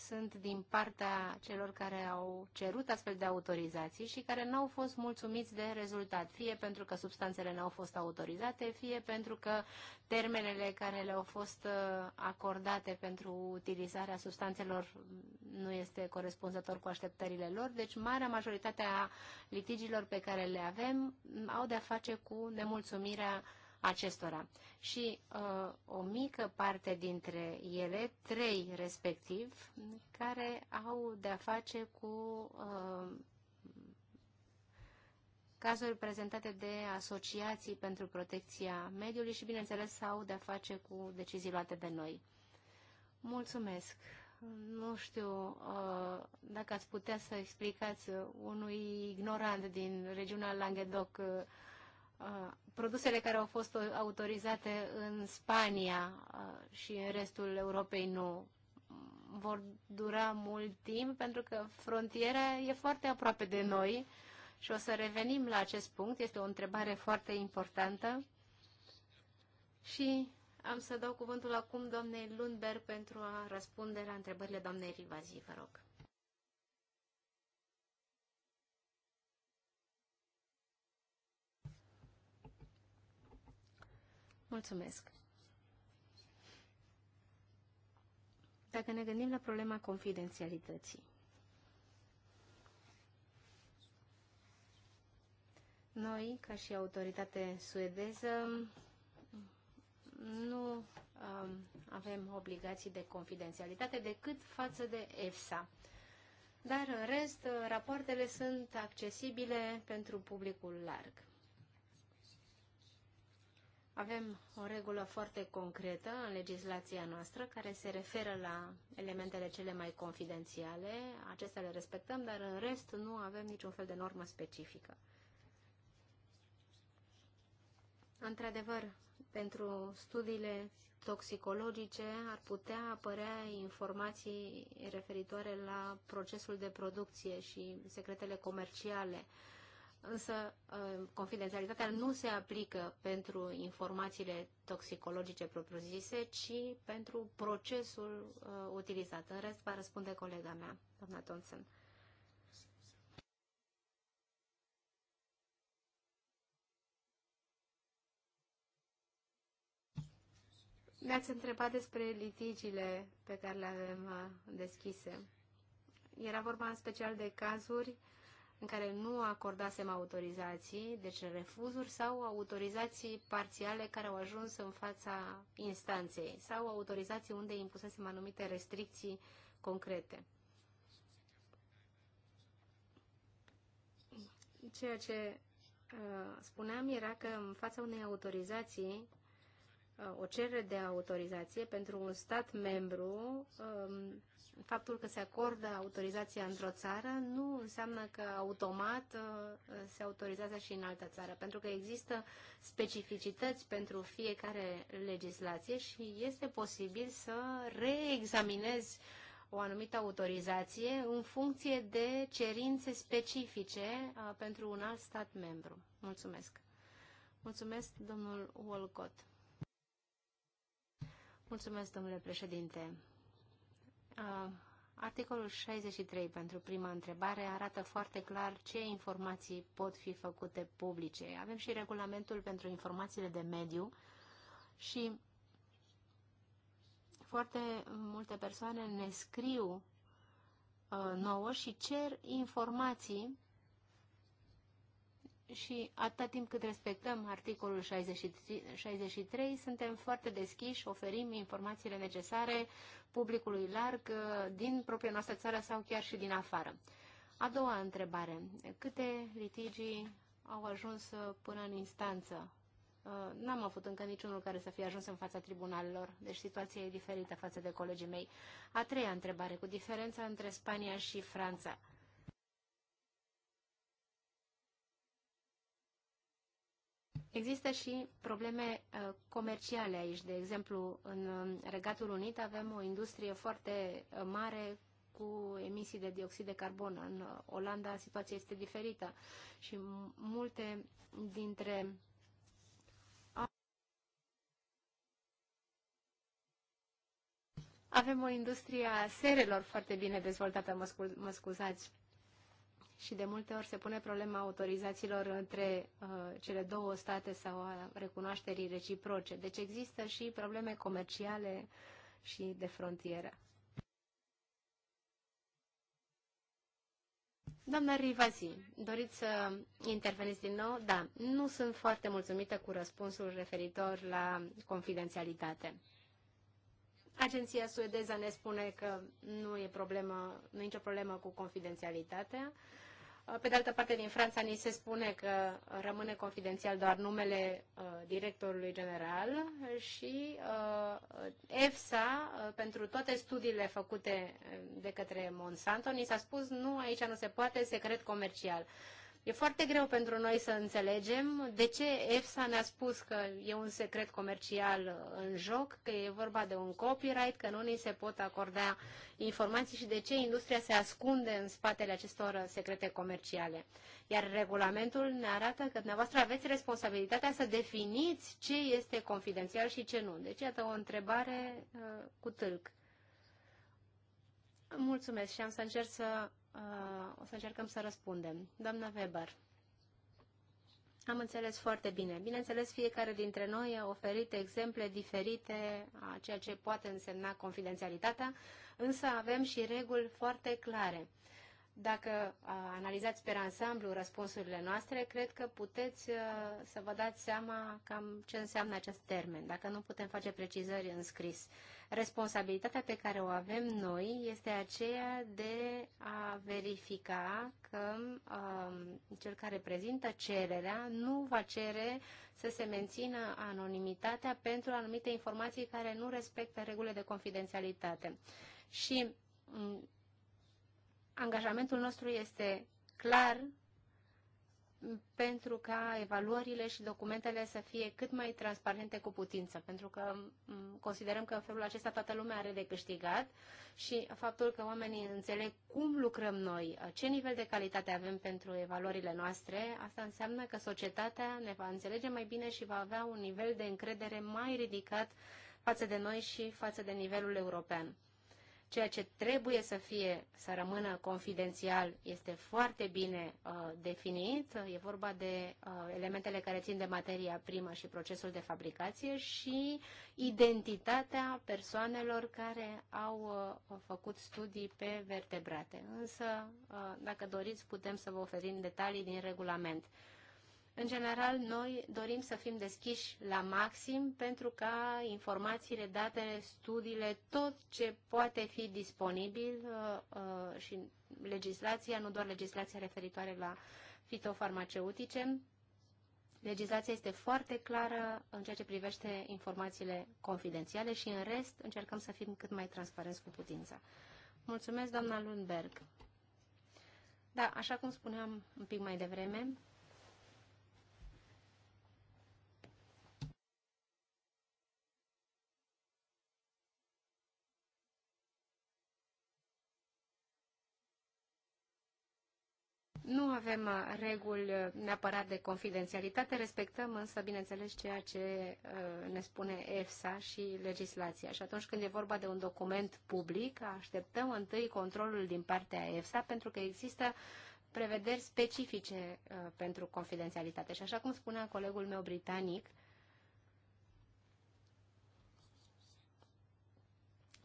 sunt din partea celor care au cerut astfel de autorizații și care n-au fost mulțumiți de rezultat, fie pentru că substanțele n-au fost autorizate, fie pentru că termenele care le-au fost uh, acordate pentru utilizarea substanțelor nu este corespunzător cu așteptările lor. Deci, marea majoritate a litigilor pe care le avem au de-a face cu nemulțumirea uh, acestora. Și uh, o mică parte dintre ele, trei respectiv, care au de-a face cu uh, cazuri prezentate de asociații pentru protecția mediului și, bineînțeles, au de-a face cu decizii luate de noi. Mulțumesc! Nu știu uh, dacă ați putea să explicați unui ignorant din regiunea Languedoc uh, produsele care au fost autorizate în Spania și în restul Europei nu vor dura mult timp pentru că frontiera e foarte aproape de noi și o să revenim la acest punct. Este o întrebare foarte importantă și am să dau cuvântul acum doamnei Lundberg pentru a răspunde la întrebările doamnei Rivazi, vă rog. Mulțumesc! Dacă ne gândim la problema confidențialității, noi, ca și autoritate suedeză, nu um, avem obligații de confidențialitate decât față de EFSA. Dar, în rest, rapoartele sunt accesibile pentru publicul larg. Avem o regulă foarte concretă în legislația noastră care se referă la elementele cele mai confidențiale. Acestea le respectăm, dar în rest nu avem niciun fel de normă specifică. Într-adevăr, pentru studiile toxicologice ar putea apărea informații referitoare la procesul de producție și secretele comerciale însă ă, confidențialitatea nu se aplică pentru informațiile toxicologice propriu-zise, ci pentru procesul ă, utilizat. În rest, va răspunde colega mea, doamna Thompson. Mi-ați întrebat despre litigiile pe care le avem ă, deschise. Era vorba în special de cazuri în care nu acordasem autorizații, deci refuzuri, sau autorizații parțiale care au ajuns în fața instanței, sau autorizații unde impusesem anumite restricții concrete. Ceea ce uh, spuneam era că în fața unei autorizații Uh, o cerere de autorizație pentru un stat membru, um, faptul că se acordă autorizația într-o țară nu înseamnă că automat uh, se autorizează și în altă țară, pentru că există specificități pentru fiecare legislație și este posibil să reexaminezi o anumită autorizație în funcție de cerințe specifice uh, pentru un alt stat membru. Mulțumesc. Mulțumesc, domnul Wolcott. Mulțumesc, domnule președinte. Articolul 63 pentru prima întrebare arată foarte clar ce informații pot fi făcute publice. Avem și regulamentul pentru informațiile de mediu și foarte multe persoane ne scriu uh, nouă și cer informații și atâta timp cât respectăm articolul 63, 63, suntem foarte deschiși, oferim informațiile necesare publicului larg uh, din propria noastră țară sau chiar și din afară. A doua întrebare. Câte litigii au ajuns până în instanță? Uh, n-am avut încă niciunul care să fie ajuns în fața tribunalelor, deci situația e diferită față de colegii mei. A treia întrebare, cu diferența între Spania și Franța. Există și probleme uh, comerciale aici. De exemplu, în um, Regatul Unit avem o industrie foarte uh, mare cu emisii de dioxid de carbon. În uh, Olanda situația este diferită și multe dintre Avem o industrie a serelor foarte bine dezvoltată, mă, scu- mă scuzați și de multe ori se pune problema autorizațiilor între uh, cele două state sau a recunoașterii reciproce. Deci există și probleme comerciale și de frontieră. Doamna Rivazi, doriți să interveniți din nou? Da, nu sunt foarte mulțumită cu răspunsul referitor la confidențialitate. Agenția suedeză ne spune că nu e problemă, nu e nicio problemă cu confidențialitatea. Uh, pe de altă parte, din Franța ni se spune că rămâne confidențial doar numele uh, directorului general și uh, EFSA, uh, pentru toate studiile făcute uh, de către Monsanto, ni s-a spus nu, aici nu se poate, secret comercial. Uh, E foarte greu pentru noi să înțelegem de ce EFSA ne-a spus că e un secret comercial uh, în joc, că e vorba de un copyright, că nu ni se pot acorda informații și de ce industria se ascunde în spatele acestor uh, secrete comerciale. Iar regulamentul ne arată că dumneavoastră aveți responsabilitatea să definiți ce este confidențial și ce nu. Deci, iată o întrebare uh, cu tâlc. Mulțumesc și am să încerc să uh, o să încercăm să răspundem. Doamna Weber. Am înțeles foarte bine. Bineînțeles, fiecare dintre noi a oferit exemple diferite a ceea ce poate însemna confidențialitatea, însă avem și reguli foarte clare. Dacă analizați pe ansamblu răspunsurile noastre, cred că puteți să vă dați seama cam ce înseamnă acest termen, dacă nu putem face precizări în scris responsabilitatea pe care o avem noi este aceea de a verifica că uh, cel care prezintă cererea nu va cere să se mențină anonimitatea pentru anumite informații care nu respectă regulile de confidențialitate. Și um, angajamentul nostru este clar pentru ca evaluările și documentele să fie cât mai transparente cu putință, pentru că considerăm că în felul acesta toată lumea are de câștigat și faptul că oamenii înțeleg cum lucrăm noi, ce nivel de calitate avem pentru evaluările noastre, asta înseamnă că societatea ne va înțelege mai bine și va avea un nivel de încredere mai ridicat față de noi și față de nivelul european. Ceea ce trebuie să fie, să rămână confidențial, este foarte bine uh, definit. E vorba de uh, elementele care țin de materia primă și procesul de fabricație și identitatea persoanelor care au uh, făcut studii pe vertebrate. Însă, uh, dacă doriți, putem să vă oferim detalii din regulament. În general, noi dorim să fim deschiși la maxim pentru ca informațiile, datele, studiile, tot ce poate fi disponibil uh, uh, și legislația, nu doar legislația referitoare la fitofarmaceutice, Legislația este foarte clară în ceea ce privește informațiile confidențiale și în rest încercăm să fim cât mai transparenți cu putința. Mulțumesc, doamna Lundberg. Da, așa cum spuneam un pic mai devreme, avem uh, reguli uh, neapărat de confidențialitate, respectăm însă, bineînțeles, ceea ce uh, ne spune EFSA și legislația. Și atunci când e vorba de un document public, așteptăm întâi controlul din partea EFSA, pentru că există prevederi specifice pentru confidențialitate. Și așa cum spunea colegul meu britanic,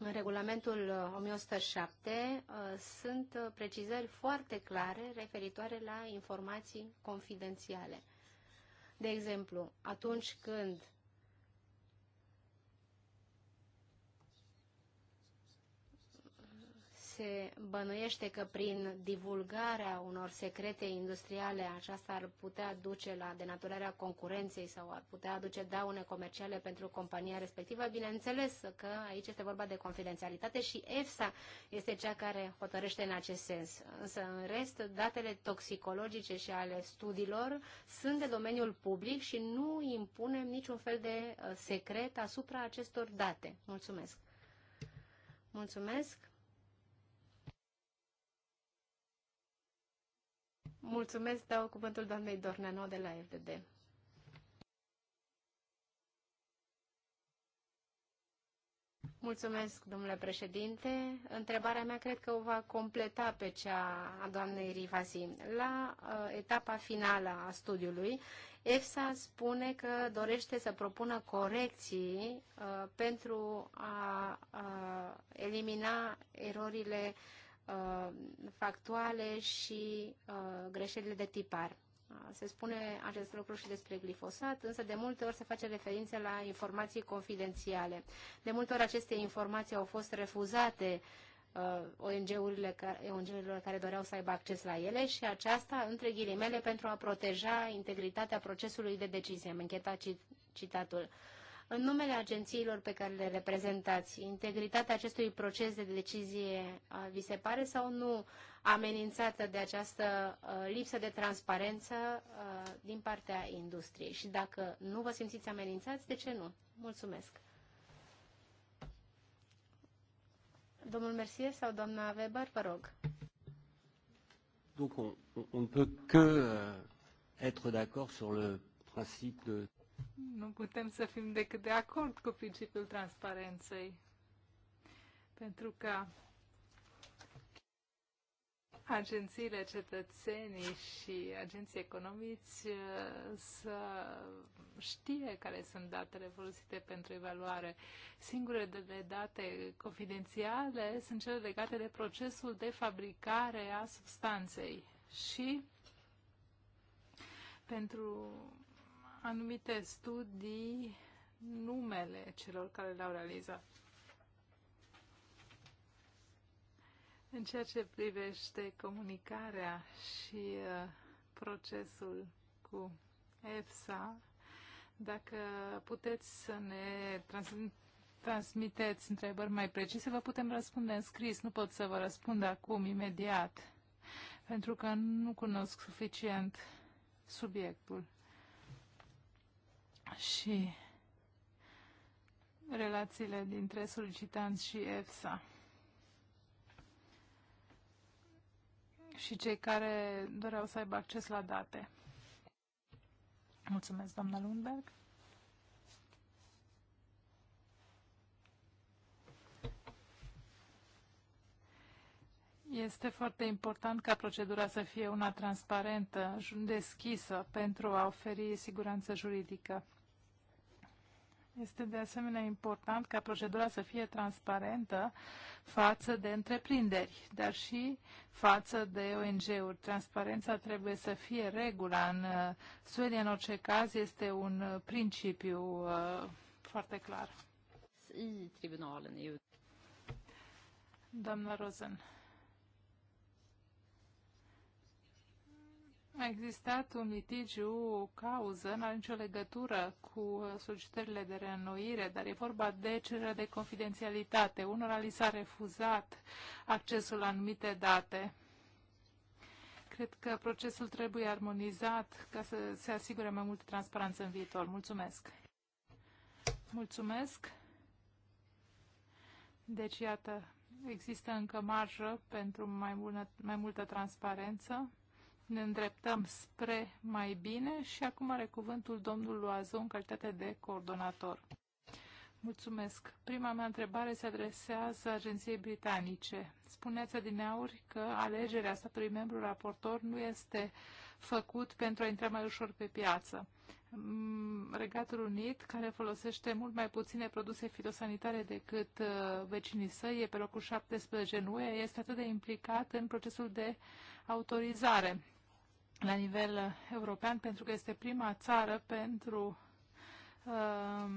în regulamentul 1107 uh, uh, sunt uh, precizări foarte clare referitoare la informații confidențiale. De exemplu, atunci când se bănuiește că prin divulgarea unor secrete industriale aceasta ar putea duce la denaturarea concurenței sau ar putea aduce daune comerciale pentru compania respectivă, bineînțeles că aici este vorba de confidențialitate și EFSA este cea care hotărăște în acest sens. Însă, în rest, datele toxicologice și ale studiilor sunt de domeniul public și nu impunem niciun fel de uh, secret asupra acestor date. Mulțumesc! Mulțumesc! Mulțumesc, dau cuvântul doamnei Dorneanu de la FDD. Mulțumesc, domnule președinte. Întrebarea mea cred că o va completa pe cea a doamnei Rivasi. La uh, etapa finală a studiului, EFSA spune că dorește să propună corecții uh, pentru a uh, elimina erorile uh, Uh, factuale și uh, greșelile de tipar. Uh, se spune acest lucru și despre glifosat, însă de multe ori se face referință la informații confidențiale. De multe ori aceste informații au fost refuzate ong care, urilor care doreau să aibă acces la ele și aceasta, între ghilimele, pentru a proteja integritatea procesului de decizie. Am încheiat citatul. În numele agențiilor pe care le reprezentați, integritatea acestui proces de decizie vi se pare sau nu amenințată de această lipsă de transparență din partea industriei? Și dacă nu vă simțiți amenințați, de ce nu? Mulțumesc! Domnul Mercier sau doamna Weber, vă rog. Donc on, on peut que euh, être d'accord sur le principe de nu putem să fim decât de acord cu principiul transparenței. Pentru că agențiile, cetățenii și agenții economici uh, să știe care sunt datele folosite pentru evaluare. Singurele date confidențiale sunt cele legate de procesul de fabricare a substanței și pentru anumite studii numele celor care le-au realizat. În ceea ce privește comunicarea și uh, procesul cu EFSA, dacă puteți să ne trans transmiteți întrebări mai precise, vă putem răspunde în scris. Nu pot să vă răspund acum, imediat, pentru că nu cunosc suficient subiectul și relațiile dintre solicitanți și EFSA. și cei care doreau să aibă acces la date. Mulțumesc, doamna Lundberg. Este foarte important ca procedura să fie una transparentă, deschisă, pentru a oferi siguranță juridică. Este de asemenea important ca procedura să fie transparentă față de întreprinderi, dar și față de ONG-uri. Transparența trebuie să fie regula în uh, Suedia, în orice caz, este un uh, principiu uh, foarte clar. Doamna Rosen. A existat un litigiu, o cauză, n-are nicio legătură cu solicitările de reînnoire, dar e vorba de cererea de confidențialitate. Unora li s-a refuzat accesul la anumite date. Cred că procesul trebuie armonizat ca să se asigure mai multă transparență în viitor. Mulțumesc! Mulțumesc! Deci, iată, există încă marjă pentru mai, bună, mai multă transparență ne îndreptăm spre mai bine și acum are cuvântul domnul Loazo în calitate de coordonator. Mulțumesc. Prima mea întrebare se adresează agenției britanice. Spuneați adineauri că alegerea statului membru raportor nu este făcut pentru a intra mai ușor pe piață. Mm, Regatul Unit, care folosește mult mai puține produse fitosanitare decât uh, vecinii săi, e pe locul 17 în UE, este atât de implicat în procesul de autorizare la nivel uh, european, pentru că este prima țară pentru um,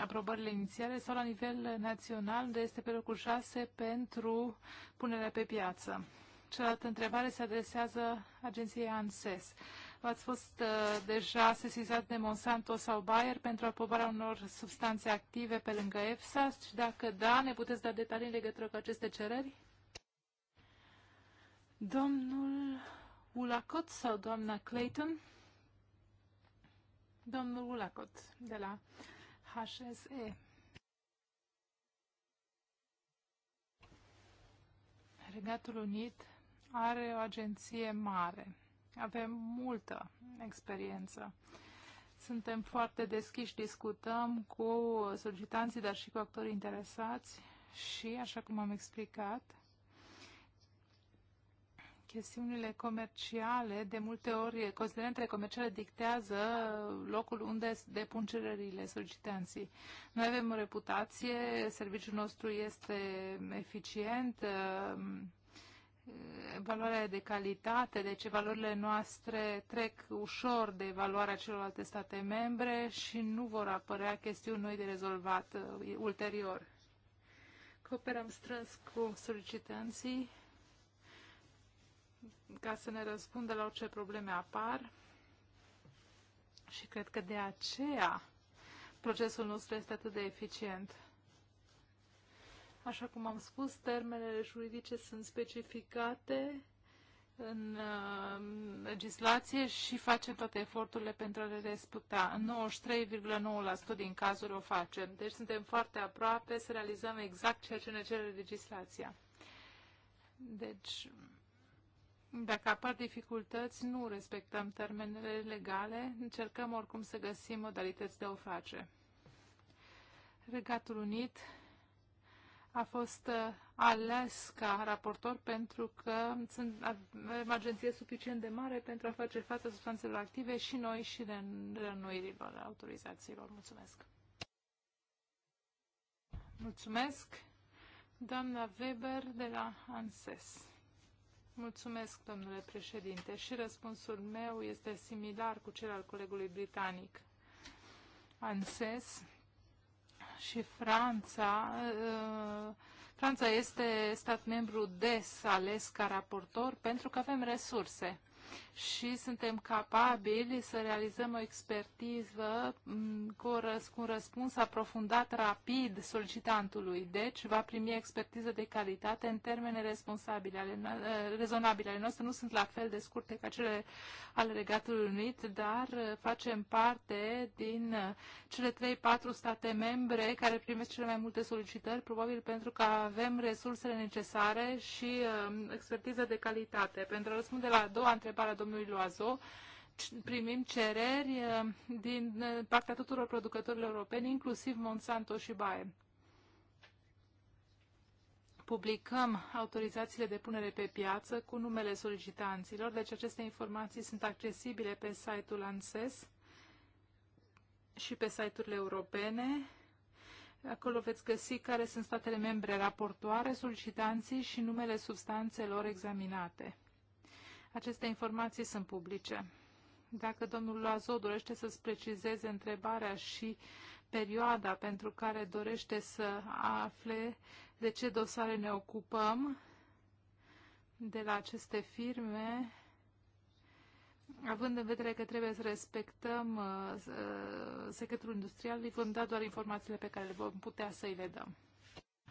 aprobările inițiale sau la nivel național, de este pe locul 6 pentru punerea pe piață. Cealaltă întrebare se adresează agenției ANSES. V-ați fost uh, deja sesizat de Monsanto sau Bayer pentru aprobarea unor substanțe active pe lângă EFSA și dacă da, ne puteți da detalii în legătură cu aceste cereri? Domnul Ulacot sau doamna Clayton? Domnul Ulacot de la HSE. Regatul Unit are o agenție mare. Avem multă experiență. Suntem foarte deschiși, discutăm cu solicitanții, dar și cu actorii interesați și, așa cum am explicat, chestiunile comerciale, de multe ori considerentele comerciale dictează locul unde depun cererile solicitanții. Noi avem o reputație, serviciul nostru este eficient, ehm, valoarea de calitate, deci valorile noastre trec ușor de valoarea celorlalte state membre și nu vor apărea chestiuni noi de rezolvat eh, ulterior. Cooperăm strâns cu solicitanții ca să ne răspundă la orice probleme apar și cred că de aceea procesul nostru este atât de eficient. Așa cum am spus, termenele juridice sunt specificate în uh, legislație și facem toate eforturile pentru a le respecta. 93,9% din cazuri o facem. Deci suntem foarte aproape să realizăm exact ceea ce ne cere legislația. Deci dacă apar dificultăți, nu respectăm termenele legale, încercăm oricum să găsim modalități de o face. Regatul Unit a fost uh, ales ca raportor pentru că sunt, avem agenție suficient de mare pentru a face față substanțelor active și noi și de renuirilor autorizațiilor. Mulțumesc! Mulțumesc, doamna Weber de la ANSES. Mulțumesc, domnule președinte. Și răspunsul meu este similar cu cel al colegului britanic. ANSES și Franța. Uh, Franța este stat membru des ales ca raportor pentru că avem resurse și suntem capabili să realizăm o expertiză mm, cu un răspuns aprofundat rapid solicitantului. Deci va primi expertiză de calitate în termene responsabile, ale, eh, rezonabile. Ale noastre nu sunt la fel de scurte ca cele ale Regatului Unit, dar eh, facem parte din eh, cele 3-4 state membre care primesc cele mai multe solicitări, probabil pentru că avem resursele necesare și expertiză de calitate. Pentru a răspunde la a doua întrebare, întrebarea domnului Loazo, primim cereri eh, din eh, partea tuturor producătorilor europeni, inclusiv Monsanto și Bayer. Publicăm autorizațiile de punere pe piață cu numele solicitanților, deci aceste informații sunt accesibile pe site-ul ANSES și pe site-urile europene. Acolo veți găsi care sunt statele membre raportoare, solicitanții și numele substanțelor examinate. Aceste informații sunt publice. Dacă domnul Lazo dorește să-ți precizeze întrebarea și perioada pentru care dorește să afle de ce dosare ne ocupăm de la aceste firme, având în vedere că trebuie să respectăm uh, uh secretul industrial, îi vom da doar informațiile pe care le vom putea să îi le dăm.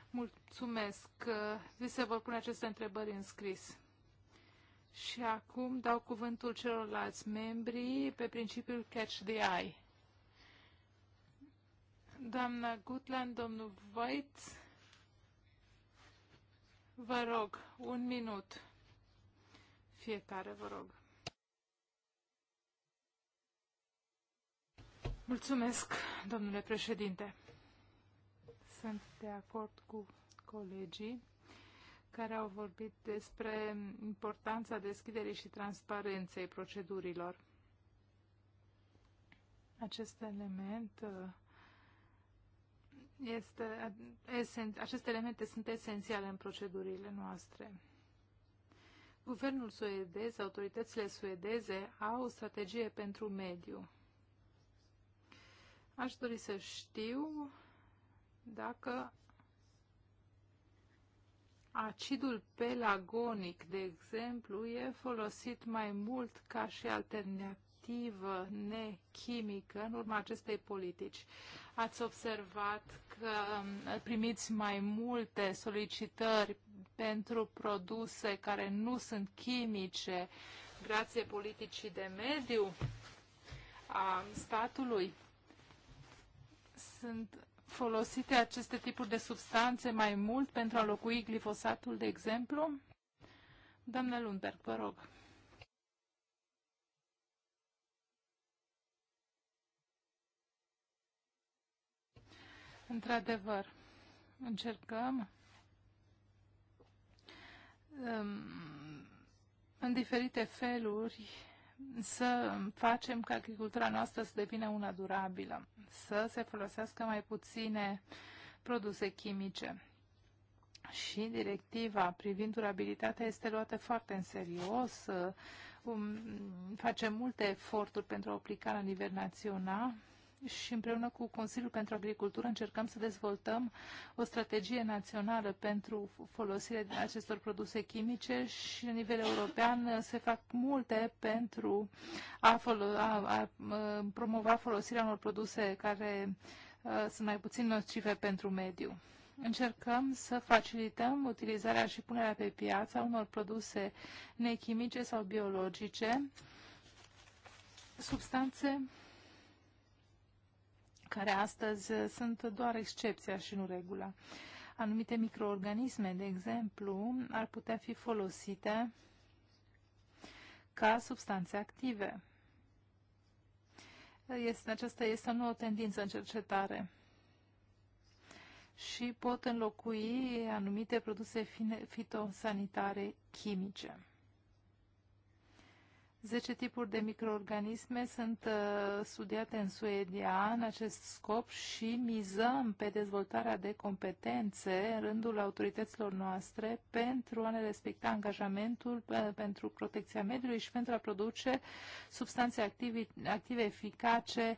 Mulțumesc. Uh, vi se vor pune aceste întrebări în scris. Și acum dau cuvântul celorlalți membri pe principiul catch the eye. Doamna Gutland, domnul Voit, vă rog, un minut. Fiecare, vă rog. Mulțumesc, domnule președinte. Sunt de acord cu colegii care au vorbit despre importanța deschiderii și transparenței procedurilor. Acest element uh, este, esen, aceste elemente sunt esențiale în procedurile noastre. Guvernul suedez, autoritățile suedeze au o strategie pentru mediu. Aș dori să știu dacă Acidul pelagonic, de exemplu, e folosit mai mult ca și alternativă nechimică în urma acestei politici. Ați observat că um, primiți mai multe solicitări pentru produse care nu sunt chimice, grație politicii de mediu a statului. Sunt folosite aceste tipuri de substanțe mai mult pentru a locui glifosatul, de exemplu? Doamna Lundberg, vă rog. Într-adevăr, încercăm um, în diferite feluri să facem ca agricultura noastră să devină una durabilă, să se folosească mai puține produse chimice. Și directiva privind durabilitatea este luată foarte în serios. Facem um, face multe eforturi pentru a aplica la nivel național și împreună cu Consiliul pentru Agricultură încercăm să dezvoltăm o strategie națională pentru folosirea acestor produse chimice și la nivel european se fac multe pentru a, folo- a, a promova folosirea unor produse care a, sunt mai puțin nocive pentru mediu încercăm să facilităm utilizarea și punerea pe piață a unor produse nechimice sau biologice, substanțe care astăzi uh, sunt doar excepția și nu regula. Anumite microorganisme, de exemplu, ar putea fi folosite ca substanțe active. Este, aceasta este o nouă tendință în cercetare și pot înlocui anumite produse fitosanitare chimice. 10 tipuri de microorganisme sunt uh, studiate în Suedia în acest scop și mizăm pe dezvoltarea de competențe în rândul autorităților noastre pentru a ne respecta angajamentul uh, pentru protecția mediului și pentru a produce substanțe active, active eficace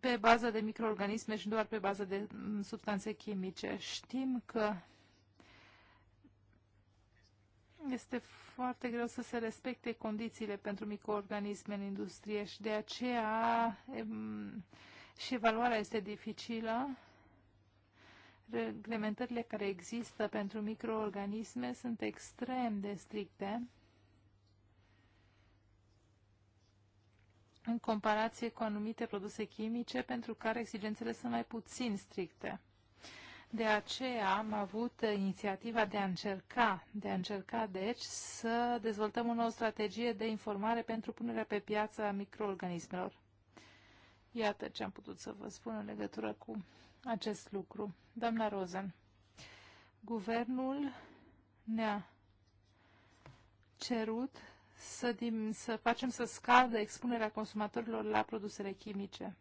pe bază de microorganisme și nu doar pe bază de mm, substanțe chimice. Știm că este foarte greu să se respecte condițiile pentru microorganisme în industrie și de aceea și evaluarea este dificilă. Reglementările care există pentru microorganisme sunt extrem de stricte în comparație cu anumite produse chimice pentru care exigențele sunt mai puțin stricte. De aceea am avut inițiativa de a încerca, de a încerca deci să dezvoltăm o nouă strategie de informare pentru punerea pe piață a microorganismelor. Iată ce am putut să vă spun în legătură cu acest lucru. Doamna Rozen, guvernul ne-a cerut să, dim, să facem să scadă expunerea consumatorilor la produsele chimice.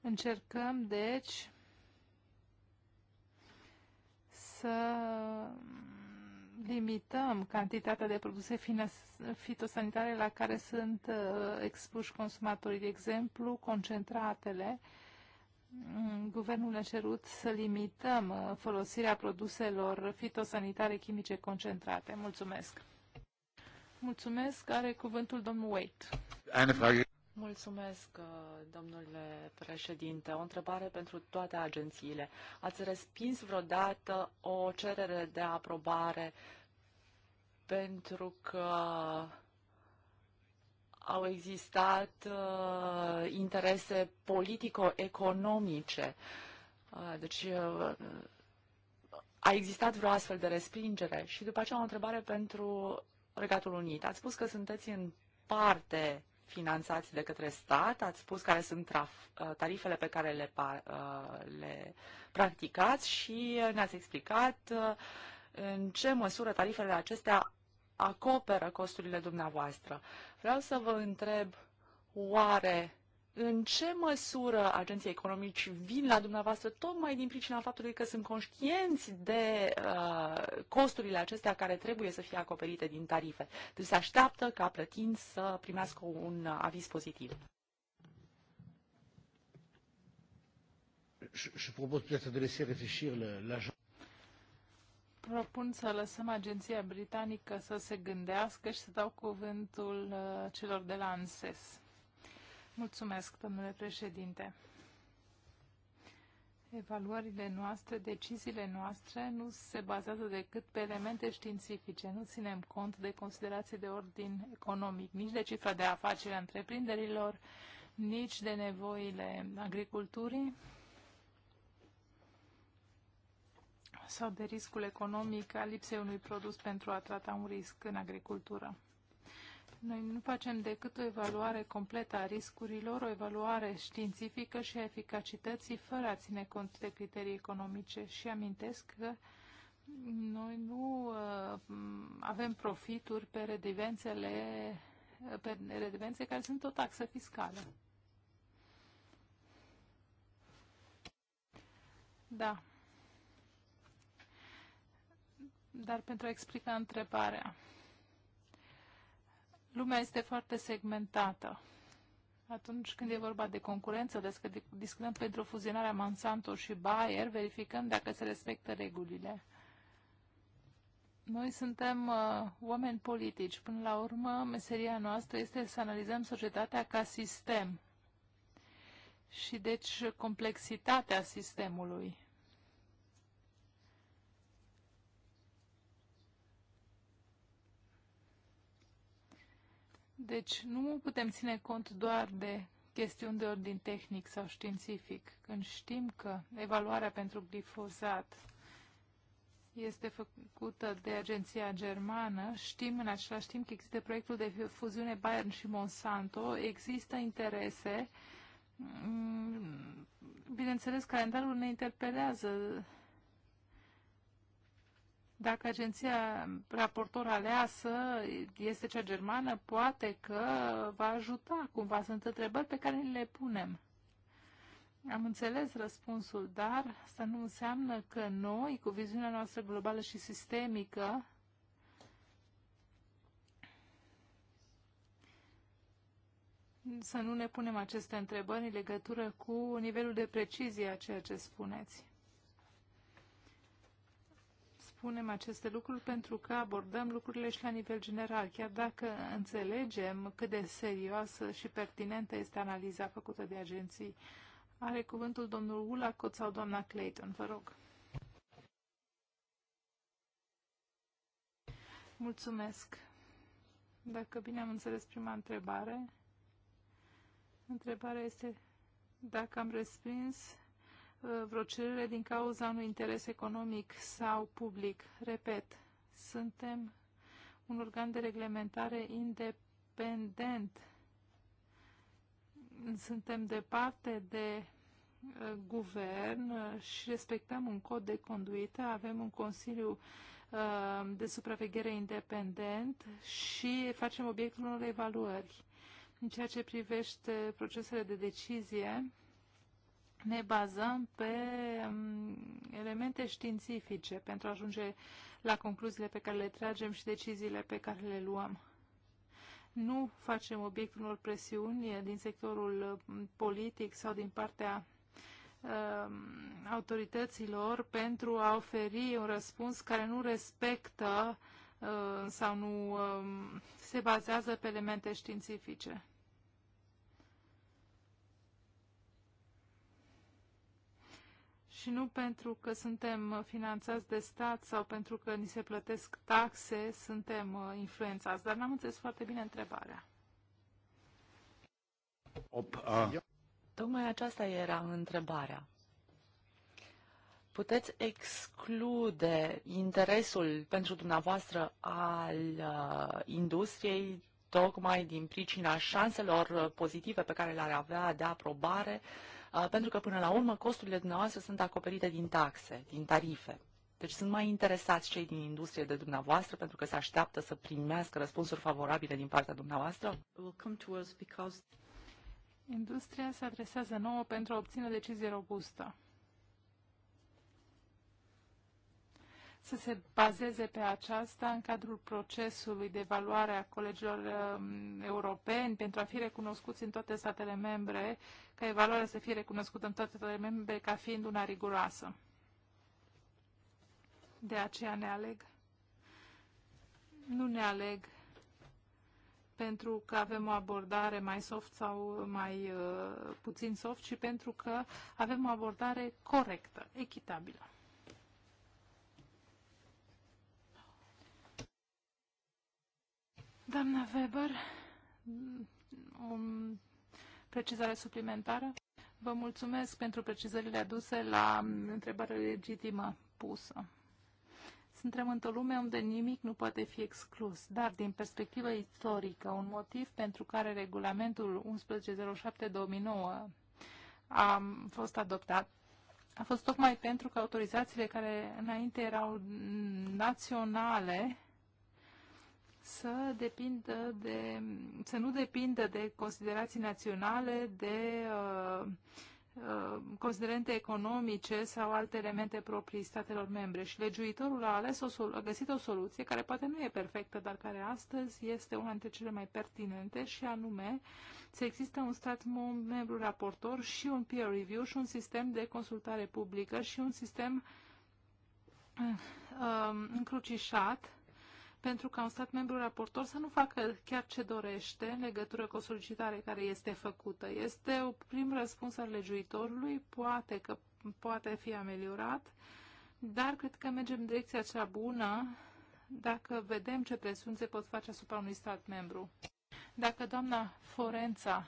Încercăm, deci, să limităm cantitatea de produse fitosanitare la care sunt uh, expuși consumatorii. De exemplu, concentratele. Mm, guvernul a cerut să limităm uh, folosirea produselor fitosanitare chimice concentrate. Mulțumesc. Mulțumesc. Are cuvântul domnul Wait. Mulțumesc, uh, domnule președinte. O întrebare pentru toate agențiile. Ați respins vreodată o cerere de aprobare pentru că au existat uh, interese politico-economice. Uh, deci uh, a existat vreo astfel de respingere? Și după aceea o întrebare pentru Regatul Unit. Ați spus că sunteți în parte finanțați de către stat, ați spus care sunt uh, tarifele pe care le, uh, le practicați și ne-ați explicat uh, în ce măsură tarifele acestea acoperă costurile dumneavoastră. Vreau să vă întreb oare în ce măsură agenții economici vin la dumneavoastră tocmai din pricina faptului că sunt conștienți de uh, costurile acestea care trebuie să fie acoperite din tarife. Deci se așteaptă ca plătind să primească un aviz pozitiv. Propun să lăsăm agenția britanică să se gândească și să dau cuvântul uh, celor de la ANSES. Mulțumesc, domnule președinte. Evaluările noastre, deciziile noastre nu se bazează decât pe elemente științifice. Nu ținem cont de considerații de ordin economic, nici de cifra de afaceri a întreprinderilor, nici de nevoile agriculturii sau de riscul economic al lipsei unui produs pentru a trata un risc în agricultură. Noi nu facem decât o evaluare completă a riscurilor, o evaluare științifică și a eficacității fără a ține cont de criterii economice și amintesc că noi nu uh, avem profituri pe redivențele pe redivențe care sunt o taxă fiscală. Da. Dar pentru a explica întrebarea lumea este foarte segmentată. Atunci când e vorba de concurență, despre discutăm pentru fuzionarea Monsanto și Bayer, verificăm dacă se respectă regulile. Noi suntem uh, oameni politici. Până la urmă, meseria noastră este să analizăm societatea ca sistem. Și deci complexitatea sistemului. Deci nu putem ține cont doar de chestiuni de ordin tehnic sau științific. Când știm că evaluarea pentru glifozat este făcută de agenția germană, știm în același timp că există proiectul de fuziune Bayern și Monsanto, există interese. Mm, bineînțeles, calendarul ne interpelează dacă agenția raportor aleasă este cea germană, poate că va ajuta cumva. Sunt întrebări pe care le punem. Am înțeles răspunsul, dar asta nu înseamnă că noi, cu viziunea noastră globală și sistemică, să nu ne punem aceste întrebări în legătură cu nivelul de precizie a ceea ce spuneți spunem aceste lucruri pentru că abordăm lucrurile și la nivel general, chiar dacă înțelegem cât de serioasă și pertinentă este analiza făcută de agenții. Are cuvântul domnul Ulacot sau doamna Clayton, vă rog. Mulțumesc. Dacă bine am înțeles prima întrebare, întrebarea este dacă am respins vreo cerere din cauza unui interes economic sau public. Repet, suntem un organ de reglementare independent. Suntem departe de uh, guvern uh, și respectăm un cod de conduită, avem un consiliu uh, de supraveghere independent și facem obiectul unor evaluări. În ceea ce privește procesele de decizie, ne bazăm pe mm, elemente științifice pentru a ajunge la concluziile pe care le tragem și deciziile pe care le luăm. Nu facem obiectul unor presiuni din sectorul mm, politic sau din partea mm, autorităților pentru a oferi un răspuns care nu respectă sau nu se bazează pe elemente științifice. și nu pentru că suntem finanțați de stat sau pentru că ni se plătesc taxe, suntem uh, influențați. Dar n-am înțeles foarte bine întrebarea. Opa. Tocmai aceasta era întrebarea. Puteți exclude interesul pentru dumneavoastră al uh, industriei tocmai din pricina șanselor uh, pozitive pe care le-ar avea de aprobare uh, pentru că până la urmă costurile dumneavoastră sunt acoperite din taxe, din tarife. Deci sunt mai interesați cei din industrie de dumneavoastră pentru că se așteaptă să primească răspunsuri favorabile din partea dumneavoastră? Industria se adresează nouă pentru a obține decizie robustă. Să se bazeze pe aceasta în cadrul procesului de evaluare a colegilor um, europeni pentru a fi recunoscuți în toate statele membre ca evaluarea să fie recunoscută în toate statele membre ca fiind una riguroasă. De aceea ne aleg. Nu ne aleg pentru că avem o abordare mai soft sau mai uh, puțin soft, ci pentru că avem o abordare corectă, echitabilă. Doamna Weber, um, Precizare suplimentară? Vă mulțumesc pentru precizările aduse la întrebarea legitimă pusă. Suntem într-o lume unde nimic nu poate fi exclus, dar din perspectivă istorică, un motiv pentru care regulamentul 1107-2009 a fost adoptat a fost tocmai pentru că autorizațiile care înainte erau naționale să depindă de, să nu depindă de considerații naționale, de uh, uh, considerente economice sau alte elemente proprii statelor membre. Și legiuitorul a, ales o a găsit o soluție care poate nu e perfectă, dar care astăzi este una dintre cele mai pertinente și anume să există un stat membru raportor și un peer review și un sistem de consultare publică și un sistem uh, uh încrucișat pentru ca un stat membru raportor să nu facă chiar ce dorește în legătură cu o solicitare care este făcută. Este un prim răspuns al legiuitorului, poate că poate fi ameliorat, dar cred că mergem în direcția cea bună dacă vedem ce presiuni se pot face asupra unui stat membru. Dacă doamna Forența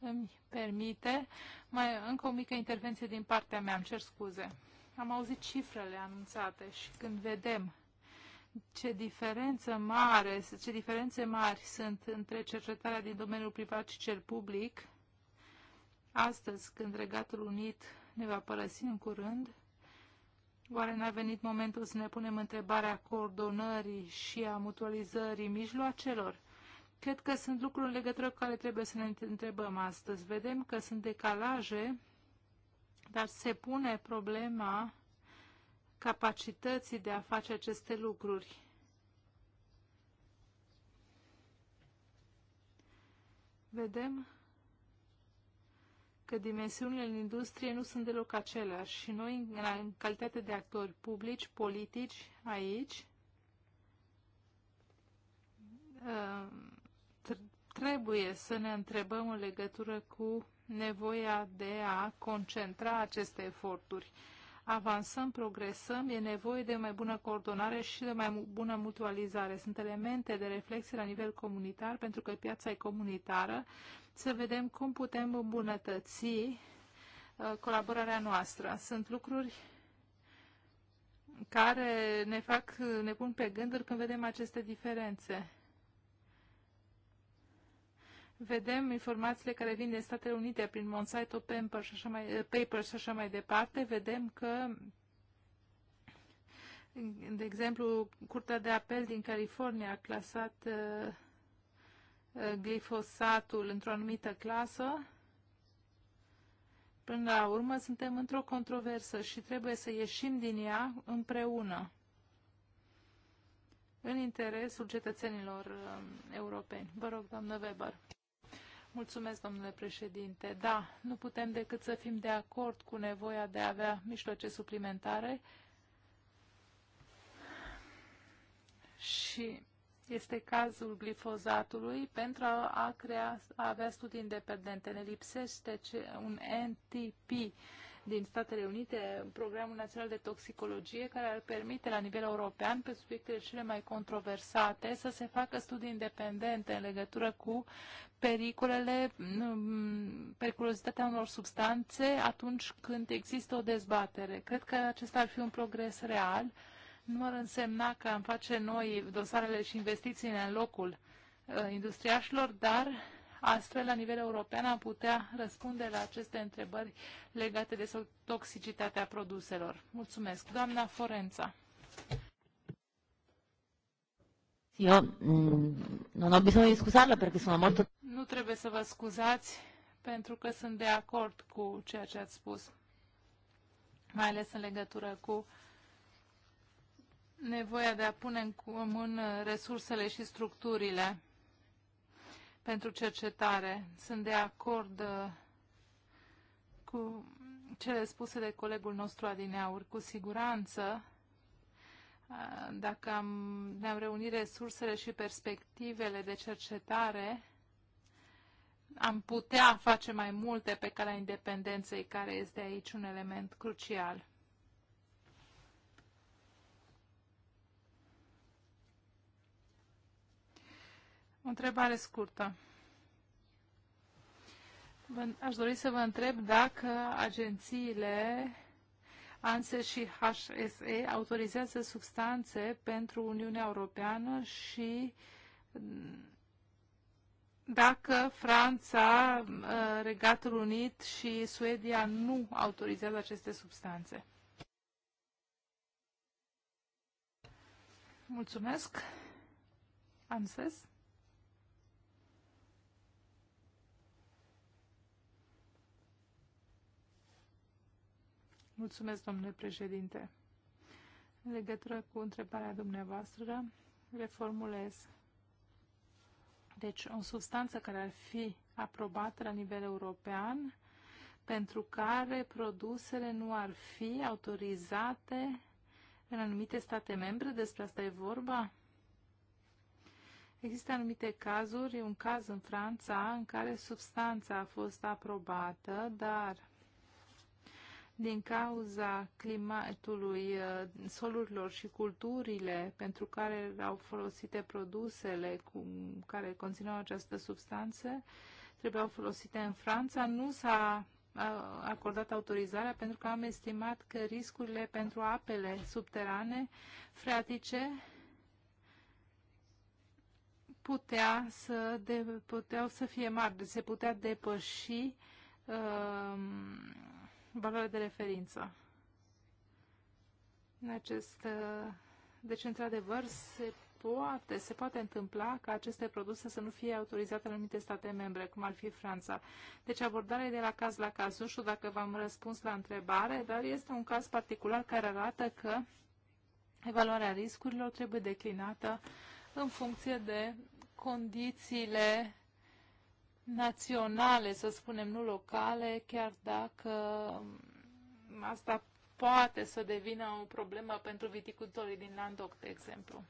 îmi permite, mai încă o mică intervenție din partea mea, îmi cer scuze. Am auzit cifrele anunțate și când vedem ce diferență mare, ce diferențe mari sunt între cercetarea din domeniul privat și cel public. Astăzi, când Regatul Unit ne va părăsi în curând, oare n-a venit momentul să ne punem întrebarea coordonării și a mutualizării mijloacelor? Cred că sunt lucruri în legătură cu care trebuie să ne întrebăm astăzi. Vedem că sunt decalaje, dar se pune problema capacității de a face aceste lucruri. Vedem că dimensiunile în industrie nu sunt deloc aceleași și noi, în calitate de actori publici, politici, aici, uh, trebuie să ne întrebăm în legătură cu nevoia de a concentra aceste eforturi avansăm, progresăm, e nevoie de mai bună coordonare și de mai bună mutualizare. Sunt elemente de reflexie la nivel comunitar, pentru că piața e comunitară, să vedem cum putem îmbunătăți uh, colaborarea noastră. Sunt lucruri care ne fac, ne pun pe gânduri când vedem aceste diferențe vedem informațiile care vin din Statele Unite prin Monsanto Papers și așa mai, eh, papers și așa mai departe, vedem că de exemplu, Curtea de Apel din California a clasat eh, eh, glifosatul într-o anumită clasă. Până la urmă, suntem într-o controversă și trebuie să ieșim din ea împreună în interesul cetățenilor europeni. Vă rog, doamnă Weber. Mulțumesc, domnule președinte. Da, nu putem decât să fim de acord cu nevoia de a avea mijloace suplimentare și este cazul glifozatului pentru a, crea, a avea studii independente. Ne lipsește ce, un NTP din Statele Unite programul național de toxicologie care ar permite la nivel european pe subiectele cele mai controversate să se facă studii independente în legătură cu pericolele, mm, periculozitatea unor substanțe atunci când există o dezbatere. Cred că acesta ar fi un progres real. Nu ar însemna că am face noi dosarele și investițiile în locul uh, industriașilor, dar Astfel, la nivel european, am putea răspunde la aceste întrebări legate de toxicitatea produselor. Mulțumesc. Doamna Forența. Eu mm, Nu trebuie să vă scuzați pentru că sunt de acord cu ceea ce ați spus, mai ales în legătură cu nevoia de a pune în comun resursele și structurile pentru cercetare. Sunt de acord uh, cu cele spuse de colegul nostru Adineaur. Cu siguranță, uh, dacă am, ne-am reunit resursele și perspectivele de cercetare, am putea face mai multe pe calea independenței, care este aici un element crucial. O întrebare scurtă. Aș dori să vă întreb dacă agențiile ANSE și HSE autorizează substanțe pentru Uniunea Europeană și mm, dacă Franța, uh, Regatul Unit și Suedia nu autorizează aceste substanțe. Mulțumesc. ANSES. Mulțumesc, domnule președinte. În legătură cu întrebarea dumneavoastră, reformulez. Deci, o substanță care ar fi aprobată la nivel european, pentru care produsele nu ar fi autorizate în anumite state membre? Despre asta e vorba? Există anumite cazuri, e un caz în Franța în care substanța a fost aprobată, dar din cauza climatului, uh, solurilor și culturile pentru care au folosite produsele cu, care conțineau această substanță, trebuiau folosite în Franța, nu s-a uh, acordat autorizarea pentru că am estimat că riscurile pentru apele subterane freatice putea să de, puteau să fie mari, se putea depăși uh, valoare de referință. În acest, uh, deci, într-adevăr, se poate, se poate întâmpla ca aceste produse să nu fie autorizate în anumite state membre, cum ar fi Franța. Deci abordarea e de la caz la caz. Nu știu dacă v-am răspuns la întrebare, dar este un caz particular care arată că evaluarea riscurilor trebuie declinată în funcție de condițiile naționale, să spunem, nu locale, chiar dacă um, asta poate să devină o problemă pentru viticultorii din Landoc, de exemplu.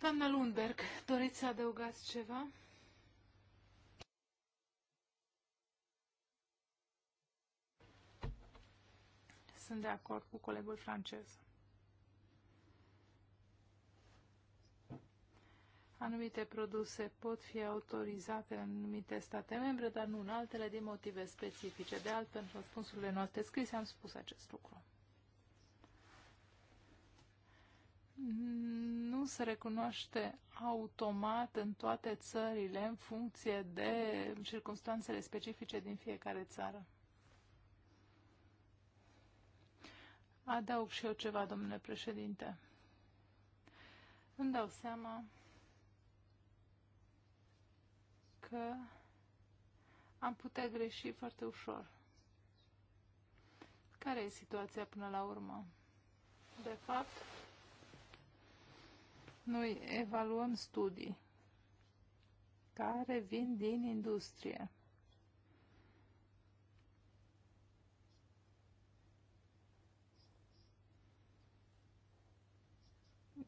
Doamna Lundberg, doriți să adăugați ceva? Sunt de acord cu colegul francez. Anumite produse pot fi autorizate în anumite state membre, dar nu în altele, din motive specifice. De altfel, în răspunsurile noastre scrise am spus acest lucru. Nu se recunoaște automat în toate țările în funcție de circunstanțele specifice din fiecare țară. Adaug și eu ceva, domnule președinte. Îmi dau seama că am putea greși foarte ușor. Care e situația până la urmă? De fapt, noi evaluăm studii care vin din industrie.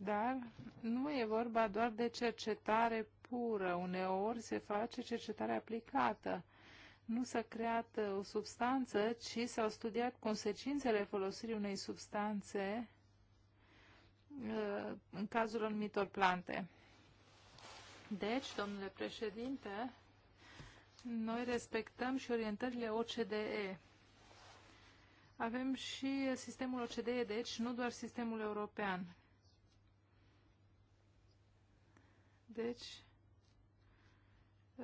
Dar nu e vorba doar de cercetare pură. Uneori se face cercetare aplicată. Nu s-a creat uh, o substanță, ci s-au studiat consecințele folosirii unei substanțe uh, în cazul anumitor plante. Deci, domnule președinte, noi respectăm și orientările OCDE. Avem și sistemul OCDE, deci nu doar sistemul european. Deci,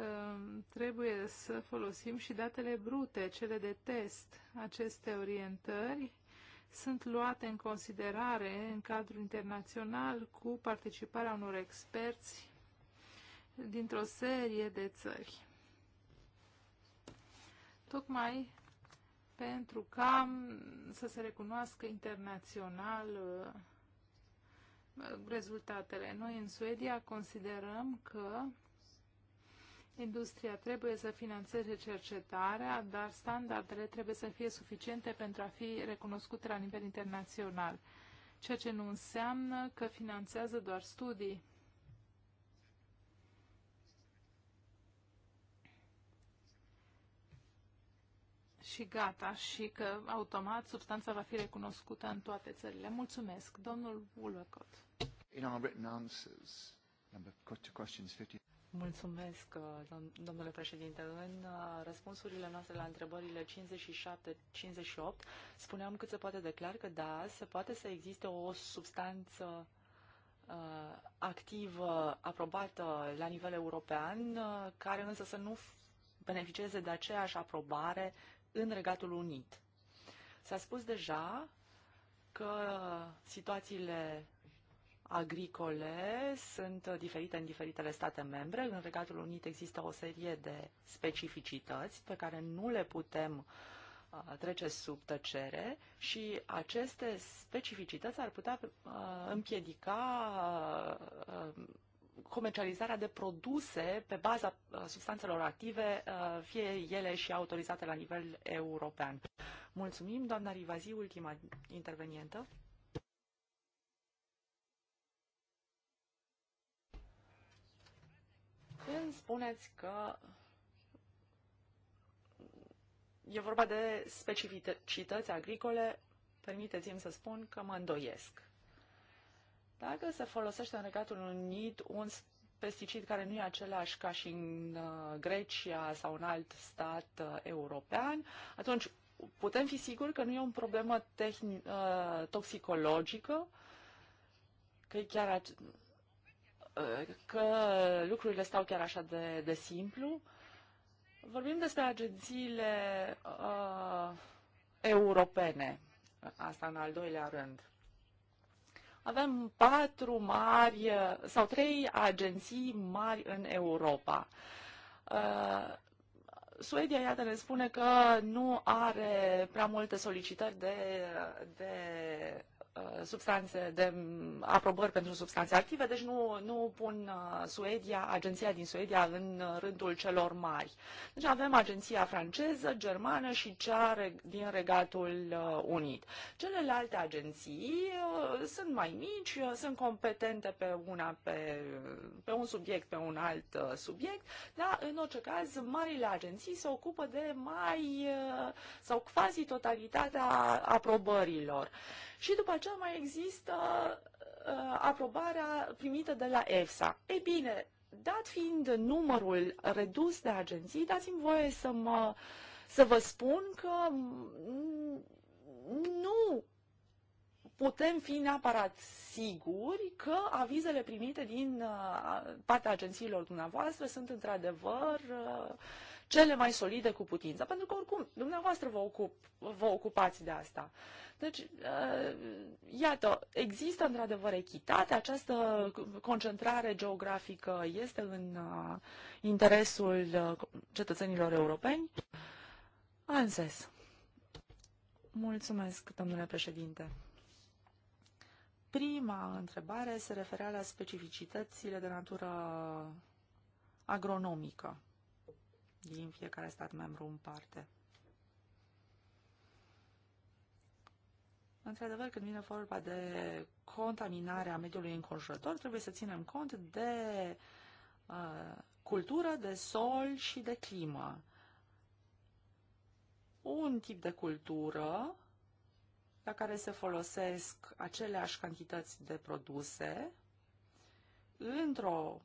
Ehm, trebuie să folosim și datele brute, cele de test. Aceste orientări sunt luate în considerare în cadrul internațional cu participarea unor experți dintr-o serie de țări. Tocmai pentru ca să se recunoască internațional ehm, rezultatele. Noi în Suedia considerăm că Industria trebuie să financeze cercetarea, dar standardele trebuie să fie suficiente pentru a fi recunoscute la nivel internațional, ceea ce nu înseamnă că finanțează doar studii. și gata și că automat substanța va fi recunoscută în toate țările. Mulțumesc, domnul Ulocot. In our written answers, number questions 50. Mulțumesc, uh, domnule președinte. În uh, răspunsurile noastre la întrebările 57-58 spuneam cât se poate declar că da, se poate să existe o substanță uh, activă aprobată la nivel european, uh, care însă să nu beneficieze de aceeași aprobare în Regatul Unit. S-a spus deja că situațiile agricole sunt diferite în diferitele state membre. În Regatul Unit există o serie de specificități pe care nu le putem uh, trece sub tăcere și aceste specificități ar putea uh, împiedica uh, comercializarea de produse pe baza substanțelor active, fie ele și autorizate la nivel european. Mulțumim, doamna Rivazi, ultima intervenientă. Când spuneți că e vorba de specificități agricole, permiteți-mi să spun că mă îndoiesc. Dacă se folosește în Regatul Unit un pesticid care nu e același ca și în uh, Grecia sau în alt stat uh, european, atunci putem fi siguri că nu e o problemă tehn- uh, toxicologică, că e chiar că lucrurile stau chiar așa de, de simplu. Vorbim despre agențiile uh, europene, asta în al doilea rând. Avem patru mari uh, sau trei agenții mari în Europa. Uh, Suedia, iată, ne spune că nu are prea multe solicitări de, de Uh, substanțe, de aprobări pentru substanțe active, deci nu, nu pun uh, Suedia, agenția din Suedia în uh, rândul celor mari. Deci avem agenția franceză, germană și cea din Regatul Unit. Celelalte agenții sunt mai mici, sunt competente pe una, pe, pe un subiect, pe un alt subiect, dar în orice caz marile agenții se ocupă de mai sau quasi totalitatea aprobărilor și după aceea mai există uh, aprobarea primită de la EFSA. Ei bine, dat fiind numărul redus de agenții, dați-mi voie să, mă, să vă spun că nu putem fi neapărat siguri că avizele primite din uh, partea agențiilor dumneavoastră sunt într-adevăr uh, cele mai solide cu putință, pentru că oricum dumneavoastră vă, ocup, vă ocupați de asta. Deci, uh, iată, există într-adevăr echitate, această concentrare geografică este în uh, interesul uh, cetățenilor europeni. ANSES. Mulțumesc, domnule președinte. Prima întrebare se referea la specificitățile de natură agronomică din fiecare stat membru în parte. Într-adevăr, când vine vorba de contaminarea mediului înconjurător, trebuie să ținem cont de uh, cultură, de sol și de climă. Un tip de cultură la care se folosesc aceleași cantități de produse într-o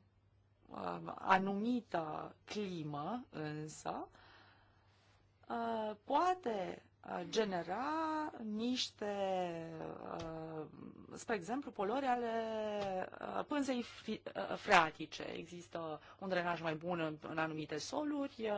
Uh, anumită climă, însă, uh, poate uh, genera niște, spre exemplu, polori ale pânzei freatice. Există un drenaj mai bun în anumite soluri,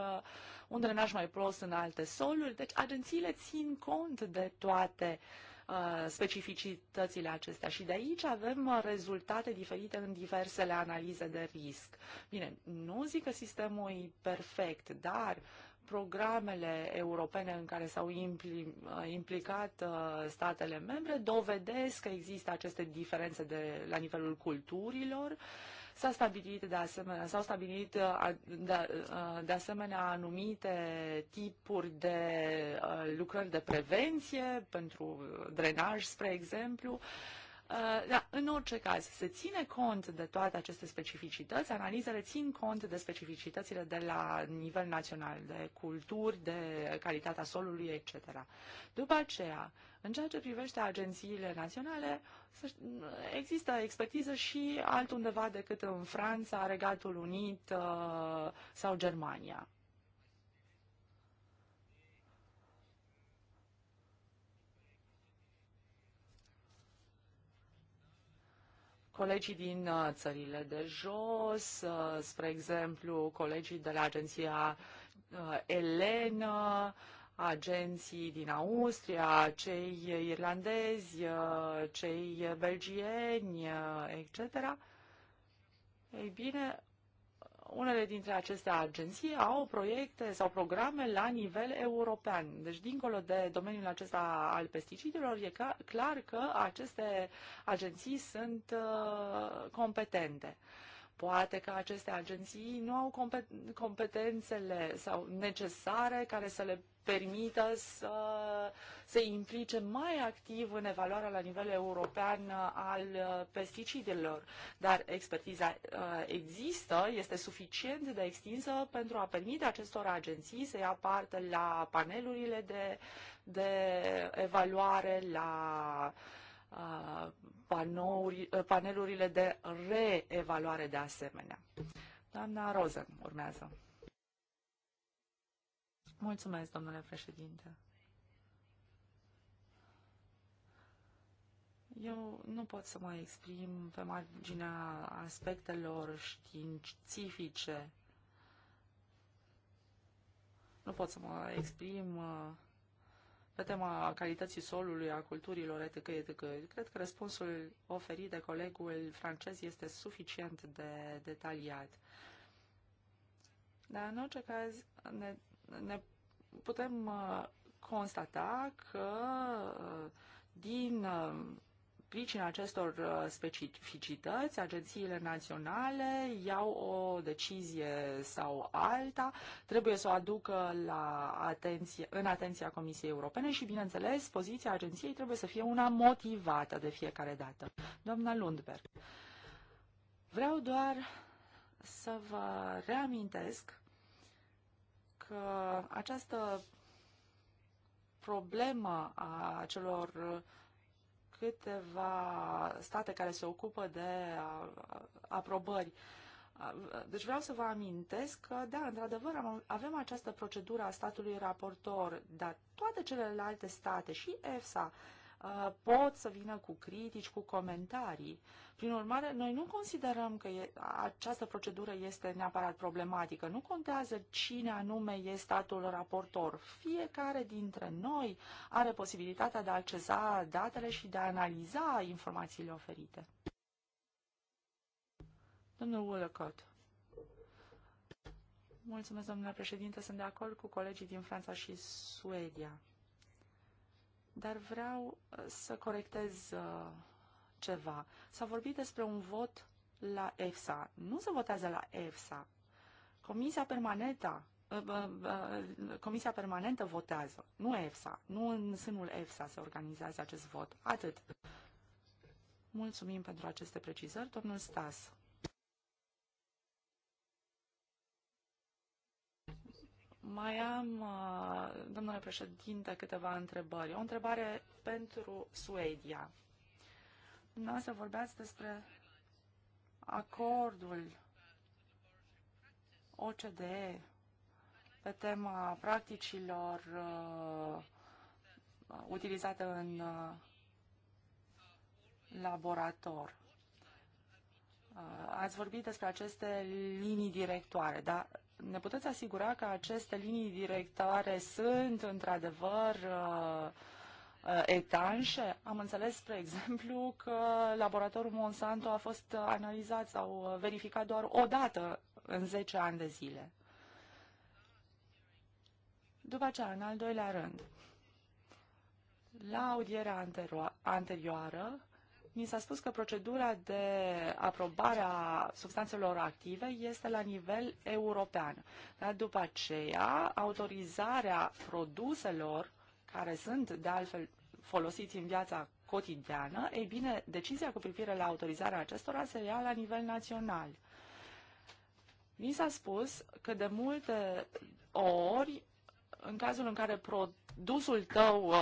un drenaj mai prost în alte soluri. Deci agențiile țin cont de toate uh, Uh, specificitățile acestea și de aici avem uh, rezultate diferite în diversele analize de risc. Bine, nu zic că sistemul e perfect, dar programele europene în care s-au uh, implicat statele membre dovedesc că există aceste diferențe de, la nivelul culturilor, S-a stabilit de asemenea, s-au stabilit uh, uh, de, asemenea anumite tipuri de uh, lucrări de prevenție pentru drenaj, spre exemplu, Uh, Dar, în orice caz, se ține cont de toate aceste specificități, analizele țin cont de specificitățile de la nivel național, de culturi, de calitatea solului, etc. După aceea, în ceea ce privește agențiile naționale, există expertiză și altundeva decât în Franța, Regatul Unit uh, sau Germania. colegii din uh, țările de jos, uh, spre exemplu, colegii de la agenția uh, Elena, agenții din Austria, cei irlandezi, cei belgieni, etc. Ei bine, unele dintre aceste agenții au proiecte sau programe la nivel european. Deci, dincolo de domeniul acesta al pesticidelor, e clar că aceste agenții sunt uh, competente. Poate că aceste agenții nu au competențele sau necesare care să le permită să se implice mai activ în evaluarea la nivel european uh, al uh, pesticidelor. Dar expertiza uh, există, este suficient de extinsă pentru a permite acestor agenții să ia parte la panelurile de, de evaluare, la uh, Uh, panouri, uh, panelurile de reevaluare de asemenea. Doamna Roză urmează. Mulțumesc, domnule președinte. Eu nu pot să mă exprim pe marginea aspectelor științifice. Nu pot să mă exprim uh, pe tema calității solului, a culturilor, etc., etc. Cred că răspunsul oferit de colegul francez este suficient de detaliat. Dar, în orice caz, ne, ne putem uh, constata că uh, din uh, pricina acestor uh, specificități, agențiile naționale iau o decizie sau alta, trebuie să o aducă la atenție, în atenția Comisiei Europene și, bineînțeles, poziția agenției trebuie să fie una motivată de fiecare dată. Doamna Lundberg, vreau doar să vă reamintesc că această problemă a celor uh, câteva state care se ocupă de aprobări. Deci vreau să vă amintesc că, da, într-adevăr, avem această procedură a statului raportor, dar toate celelalte state și EFSA Uh, pot să vină cu critici, cu comentarii. Prin urmare, noi nu considerăm că e, această procedură este neapărat problematică. Nu contează cine anume e statul raportor. Fiecare dintre noi are posibilitatea de a accesa datele și de a analiza informațiile oferite. Domnul Willcott. Mulțumesc, domnule președinte. Sunt de acord cu colegii din Franța și Suedia. Dar vreau uh, să corectez uh, ceva. S-a vorbit despre un vot la EFSA. Nu se votează la EFSA. Comisia permanentă, uh, Comisia permanentă votează, nu EFSA. Nu în sânul EFSA se organizează acest vot. Atât. Mulțumim pentru aceste precizări, domnul Stas. Mai am, uh, domnule președinte, câteva întrebări. O întrebare pentru Suedia. Dumneavoastră vorbeați despre acordul OCDE pe tema practicilor uh, utilizate în uh, laborator. Uh, ați vorbit despre aceste linii directoare, dar ne puteți asigura că aceste linii directoare sunt într-adevăr uh, uh, etanșe? Am înțeles, spre exemplu, că laboratorul Monsanto a fost analizat sau verificat doar o dată în 10 ani de zile. După aceea, în al doilea rând, la audierea anterioară, ni s-a spus că procedura de aprobare a substanțelor active este la nivel european. Dar după aceea, autorizarea produselor care sunt de altfel folosiți în viața cotidiană, ei bine, decizia cu privire la autorizarea acestora se ia la nivel național. Mi s-a spus că de multe ori, în cazul în care produsul Dusul tău uh,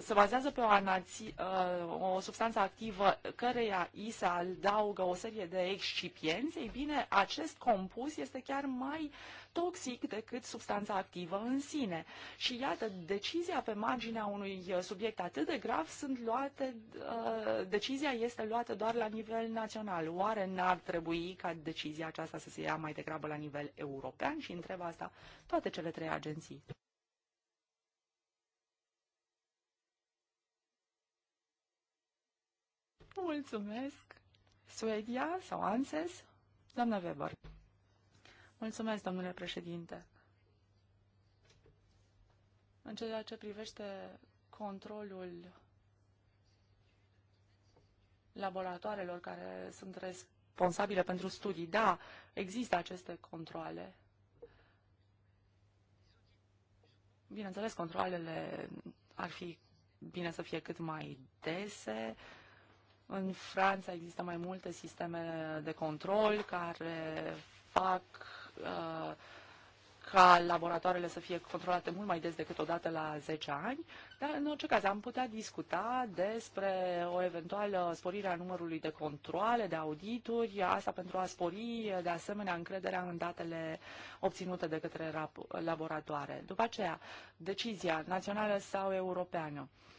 se bazează pe o, anați, uh, o substanță activă căreia i se adaugă o serie de excipienți, ei bine, acest compus este chiar mai toxic decât substanța activă în sine. Și iată, decizia pe marginea unui uh, subiect atât de grav sunt luate, uh, decizia este luată doar la nivel național. Oare n-ar trebui ca decizia aceasta să se ia mai degrabă la nivel european? Și întreb asta toate cele trei agenții. Mulțumesc! Suedia sau ANSES? Doamna Weber. Mulțumesc, domnule președinte. În ceea ce privește controlul laboratoarelor care sunt responsabile pentru studii, da, există aceste controle. Bineînțeles, controlele ar fi bine să fie cât mai dese, uh, în Franța există mai multe sisteme de control care fac uh, ca laboratoarele să fie controlate mult mai des decât o dată la 10 ani, dar în orice caz am putea discuta despre o eventuală sporire a numărului de controle, de audituri, asta pentru a spori de asemenea încrederea în datele obținute de către laboratoare. După aceea, decizia națională sau europeană. Uh,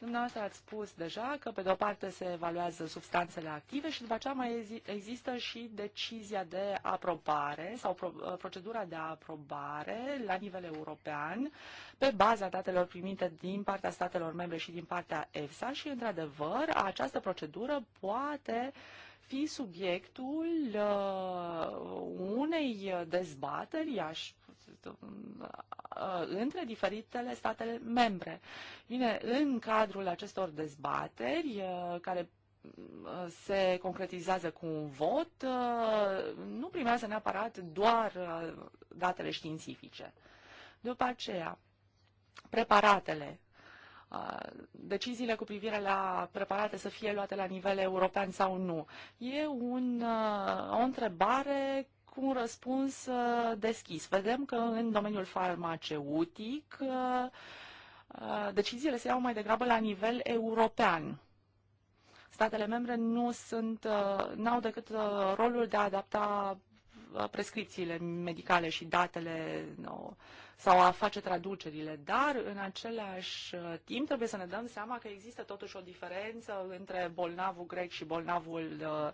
Dumneavoastră ați spus deja că, pe de o parte, se evaluează substanțele active și după aceea mai există și decizia de aprobare sau pro uh, procedura de aprobare la nivel european pe baza datelor primite din partea statelor membre și din partea EFSA și, într-adevăr, această procedură poate fi subiectul uh, unei dezbateri, aș Uh, între diferitele statele membre. Bine, în cadrul acestor dezbateri, uh, care uh, se concretizează cu un vot, nu primează neapărat doar datele științifice. După aceea, preparatele deciziile cu privire la preparate să fie luate la nivel european sau nu. E un, o întrebare cu un răspuns uh, deschis. Vedem că în domeniul farmaceutic uh, uh, deciziile se iau mai degrabă la nivel european. Statele membre nu sunt, n-au decât rolul de a adapta prescripțiile medicale și datele sau a face traducerile, dar în același timp trebuie să ne dăm seama că există totuși o diferență între bolnavul grec și bolnavul uh,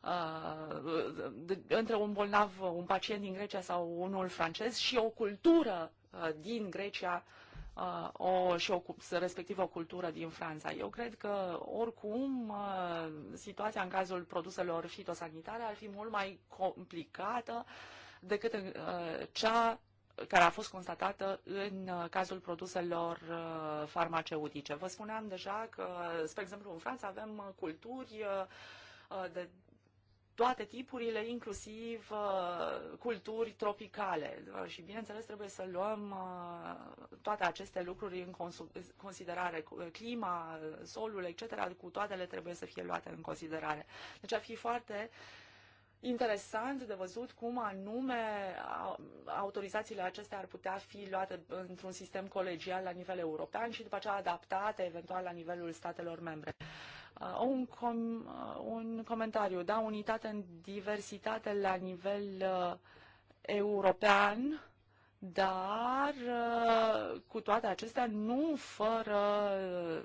Uh, între un bolnav, un pacient din Grecia sau unul francez și o cultură uh, din Grecia uh, o, și o, respectiv o cultură din Franța. Eu cred că, oricum, situația în cazul produselor fitosanitare ar fi mult mai complicată decât cea care a fost constatată în cazul produselor farmaceutice. Vă spuneam deja că, spre exemplu, în Franța avem culturi de toate tipurile, inclusiv uh, culturi tropicale. Uh, și, bineînțeles, trebuie să luăm uh, toate aceste lucruri în considerare. Clima, solul, etc., cu toate le trebuie să fie luate în considerare. Deci ar fi foarte interesant de văzut cum anume autorizațiile acestea ar putea fi luate într-un sistem colegial la nivel european și după aceea adaptate eventual la nivelul statelor membre. Uh, un, com, uh, un comentariu, da, unitate în diversitate la nivel uh, european dar uh, cu toate acestea nu fără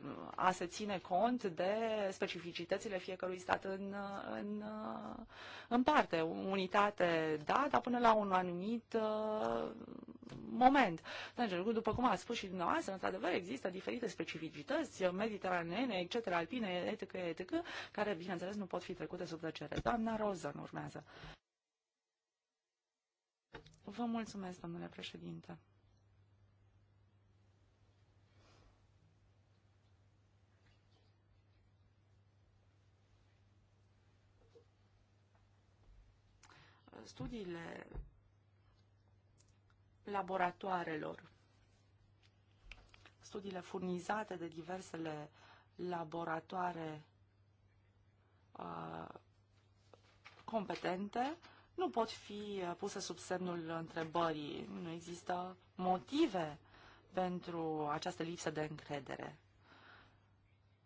uh, a se ține cont de specificitățile fiecărui stat în, uh, în, în parte. Unitate, da, dar până la un anumit moment. după cum a spus și dumneavoastră, într-adevăr există diferite specificități mediteranene, etc., alpine, etc., etc., care, bineînțeles, nu pot fi trecute sub tăcere. Doamna Roză urmează. Vă mulțumesc, domnule președinte. Studiile laboratoarelor, studiile furnizate de diversele laboratoare uh, competente, nu pot fi uh, puse sub semnul întrebării. Nu există motive pentru această lipsă de încredere.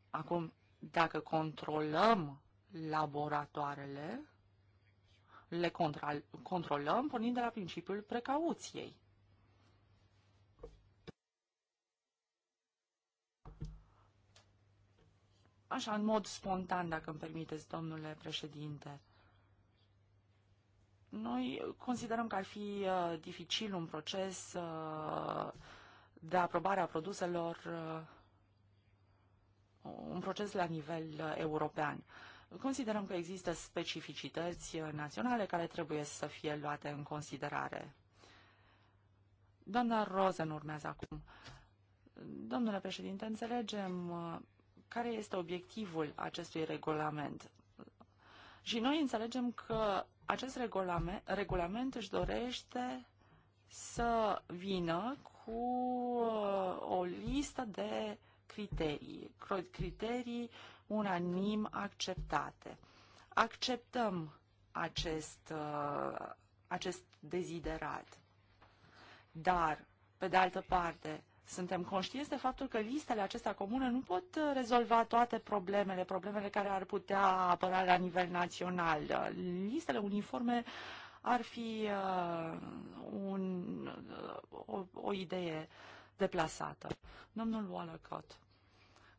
Acum, dacă controlăm laboratoarele, le controlăm pornind de la principiul precauției. Așa, în mod spontan, dacă îmi permiteți, domnule președinte. Noi considerăm că ar fi uh, dificil un proces uh, de aprobare a produselor, uh, un proces la nivel european. Considerăm că există specificități naționale care trebuie să fie luate în considerare. Doamna Rosen urmează acum. Domnule președinte, înțelegem care este obiectivul acestui regulament. Și noi înțelegem că acest regulament, regulament își dorește să vină cu uh, o listă de criterii, criterii unanim acceptate. Acceptăm acest, uh, acest deziderat, dar, pe de altă parte, suntem conștienți de faptul că listele acestea comune nu pot rezolva toate problemele, problemele care ar putea apăra la nivel național. Listele uniforme ar fi uh, un, uh, o, o idee deplasată. Domnul Wallacott,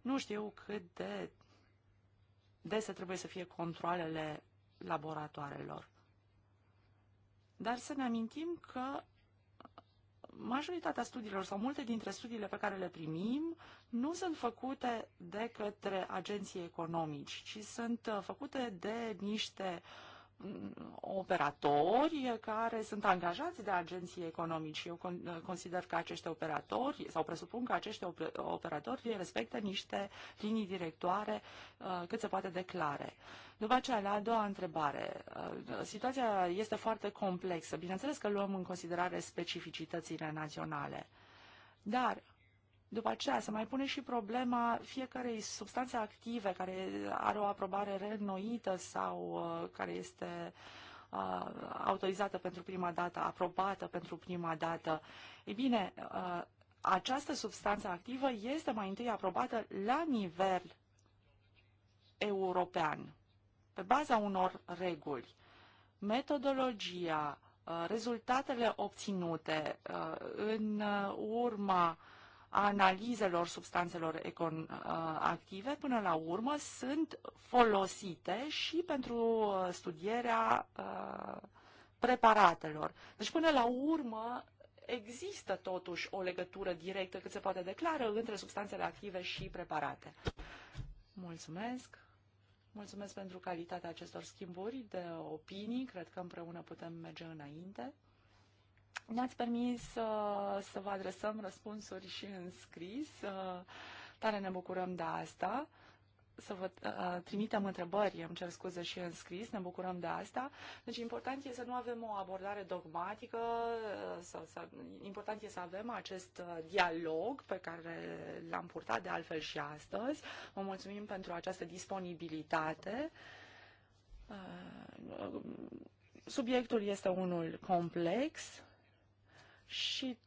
nu știu cât de dese trebuie să fie controlele laboratoarelor. Dar să ne amintim că majoritatea studiilor sau multe dintre studiile pe care le primim nu sunt făcute de către agenții economici, ci sunt uh, făcute de niște uh, operatori care sunt angajați de agenții economici. Eu consider că acești operatori, sau presupun că acești operatori respectă niște linii directoare uh, cât se poate declare. După aceea, la a doua întrebare, uh, situația este foarte complexă. Bineînțeles că luăm în considerare specificitățile naționale, dar după aceea se mai pune și problema fiecarei substanțe active care are o aprobare reînnoită sau uh, care este uh, autorizată pentru prima dată, aprobată pentru prima dată. Ei bine, uh, această substanță activă este mai întâi aprobată la nivel european, pe baza unor reguli. Metodologia, uh, rezultatele obținute uh, în uh, urma analizelor substanțelor econ, uh, active, până la urmă, sunt folosite și pentru uh, studierea uh, preparatelor. Deci, până la urmă, există totuși o legătură directă, cât se poate declară, între substanțele active și preparate. Mulțumesc! Mulțumesc pentru calitatea acestor schimburi de opinii. Cred că împreună putem merge înainte. Ne-ați permis uh, să vă adresăm răspunsuri și în scris. Uh, tare ne bucurăm de asta să vă uh, trimitem întrebări, îmi cer scuze și în scris, ne bucurăm de asta. Deci important este să nu avem o abordare dogmatică, uh, sau, sau, important este să avem acest dialog pe care l-am purtat de altfel și astăzi. Vă mulțumim pentru această disponibilitate. Uh, um, subiectul este unul complex, și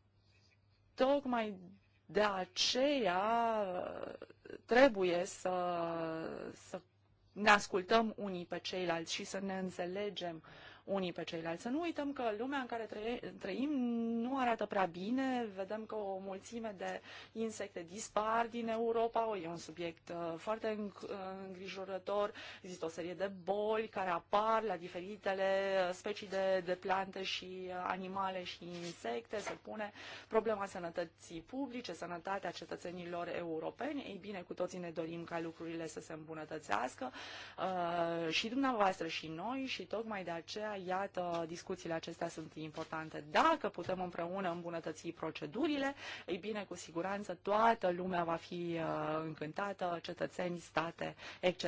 tocmai de aceea trebuie să, să ne ascultăm unii pe ceilalți și să ne înțelegem unii pe ceilalți. Să nu uităm că lumea în care trăim nu arată prea bine, vedem că o mulțime de insecte dispar din Europa, e un subiect uh, foarte uh, îngrijorător, există o serie de boli care apar la diferitele uh, specii de, de plante și animale și insecte, se pune problema sănătății publice, sănătatea cetățenilor europeni. Ei bine, cu toții ne dorim ca lucrurile să se îmbunătățească și dumneavoastră și noi și tocmai de aceea iată, discuțiile acestea sunt importante. Dacă putem împreună îmbunătăți procedurile, ei bine, cu siguranță toată lumea va fi uh, încântată, cetățeni, state, etc.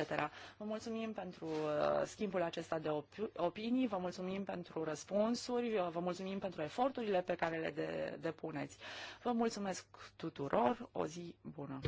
Vă mulțumim pentru uh, schimbul acesta de opinii, vă mulțumim pentru răspunsuri, vă mulțumim pentru eforturile pe care le depuneți. Vă mulțumesc tuturor, o zi bună!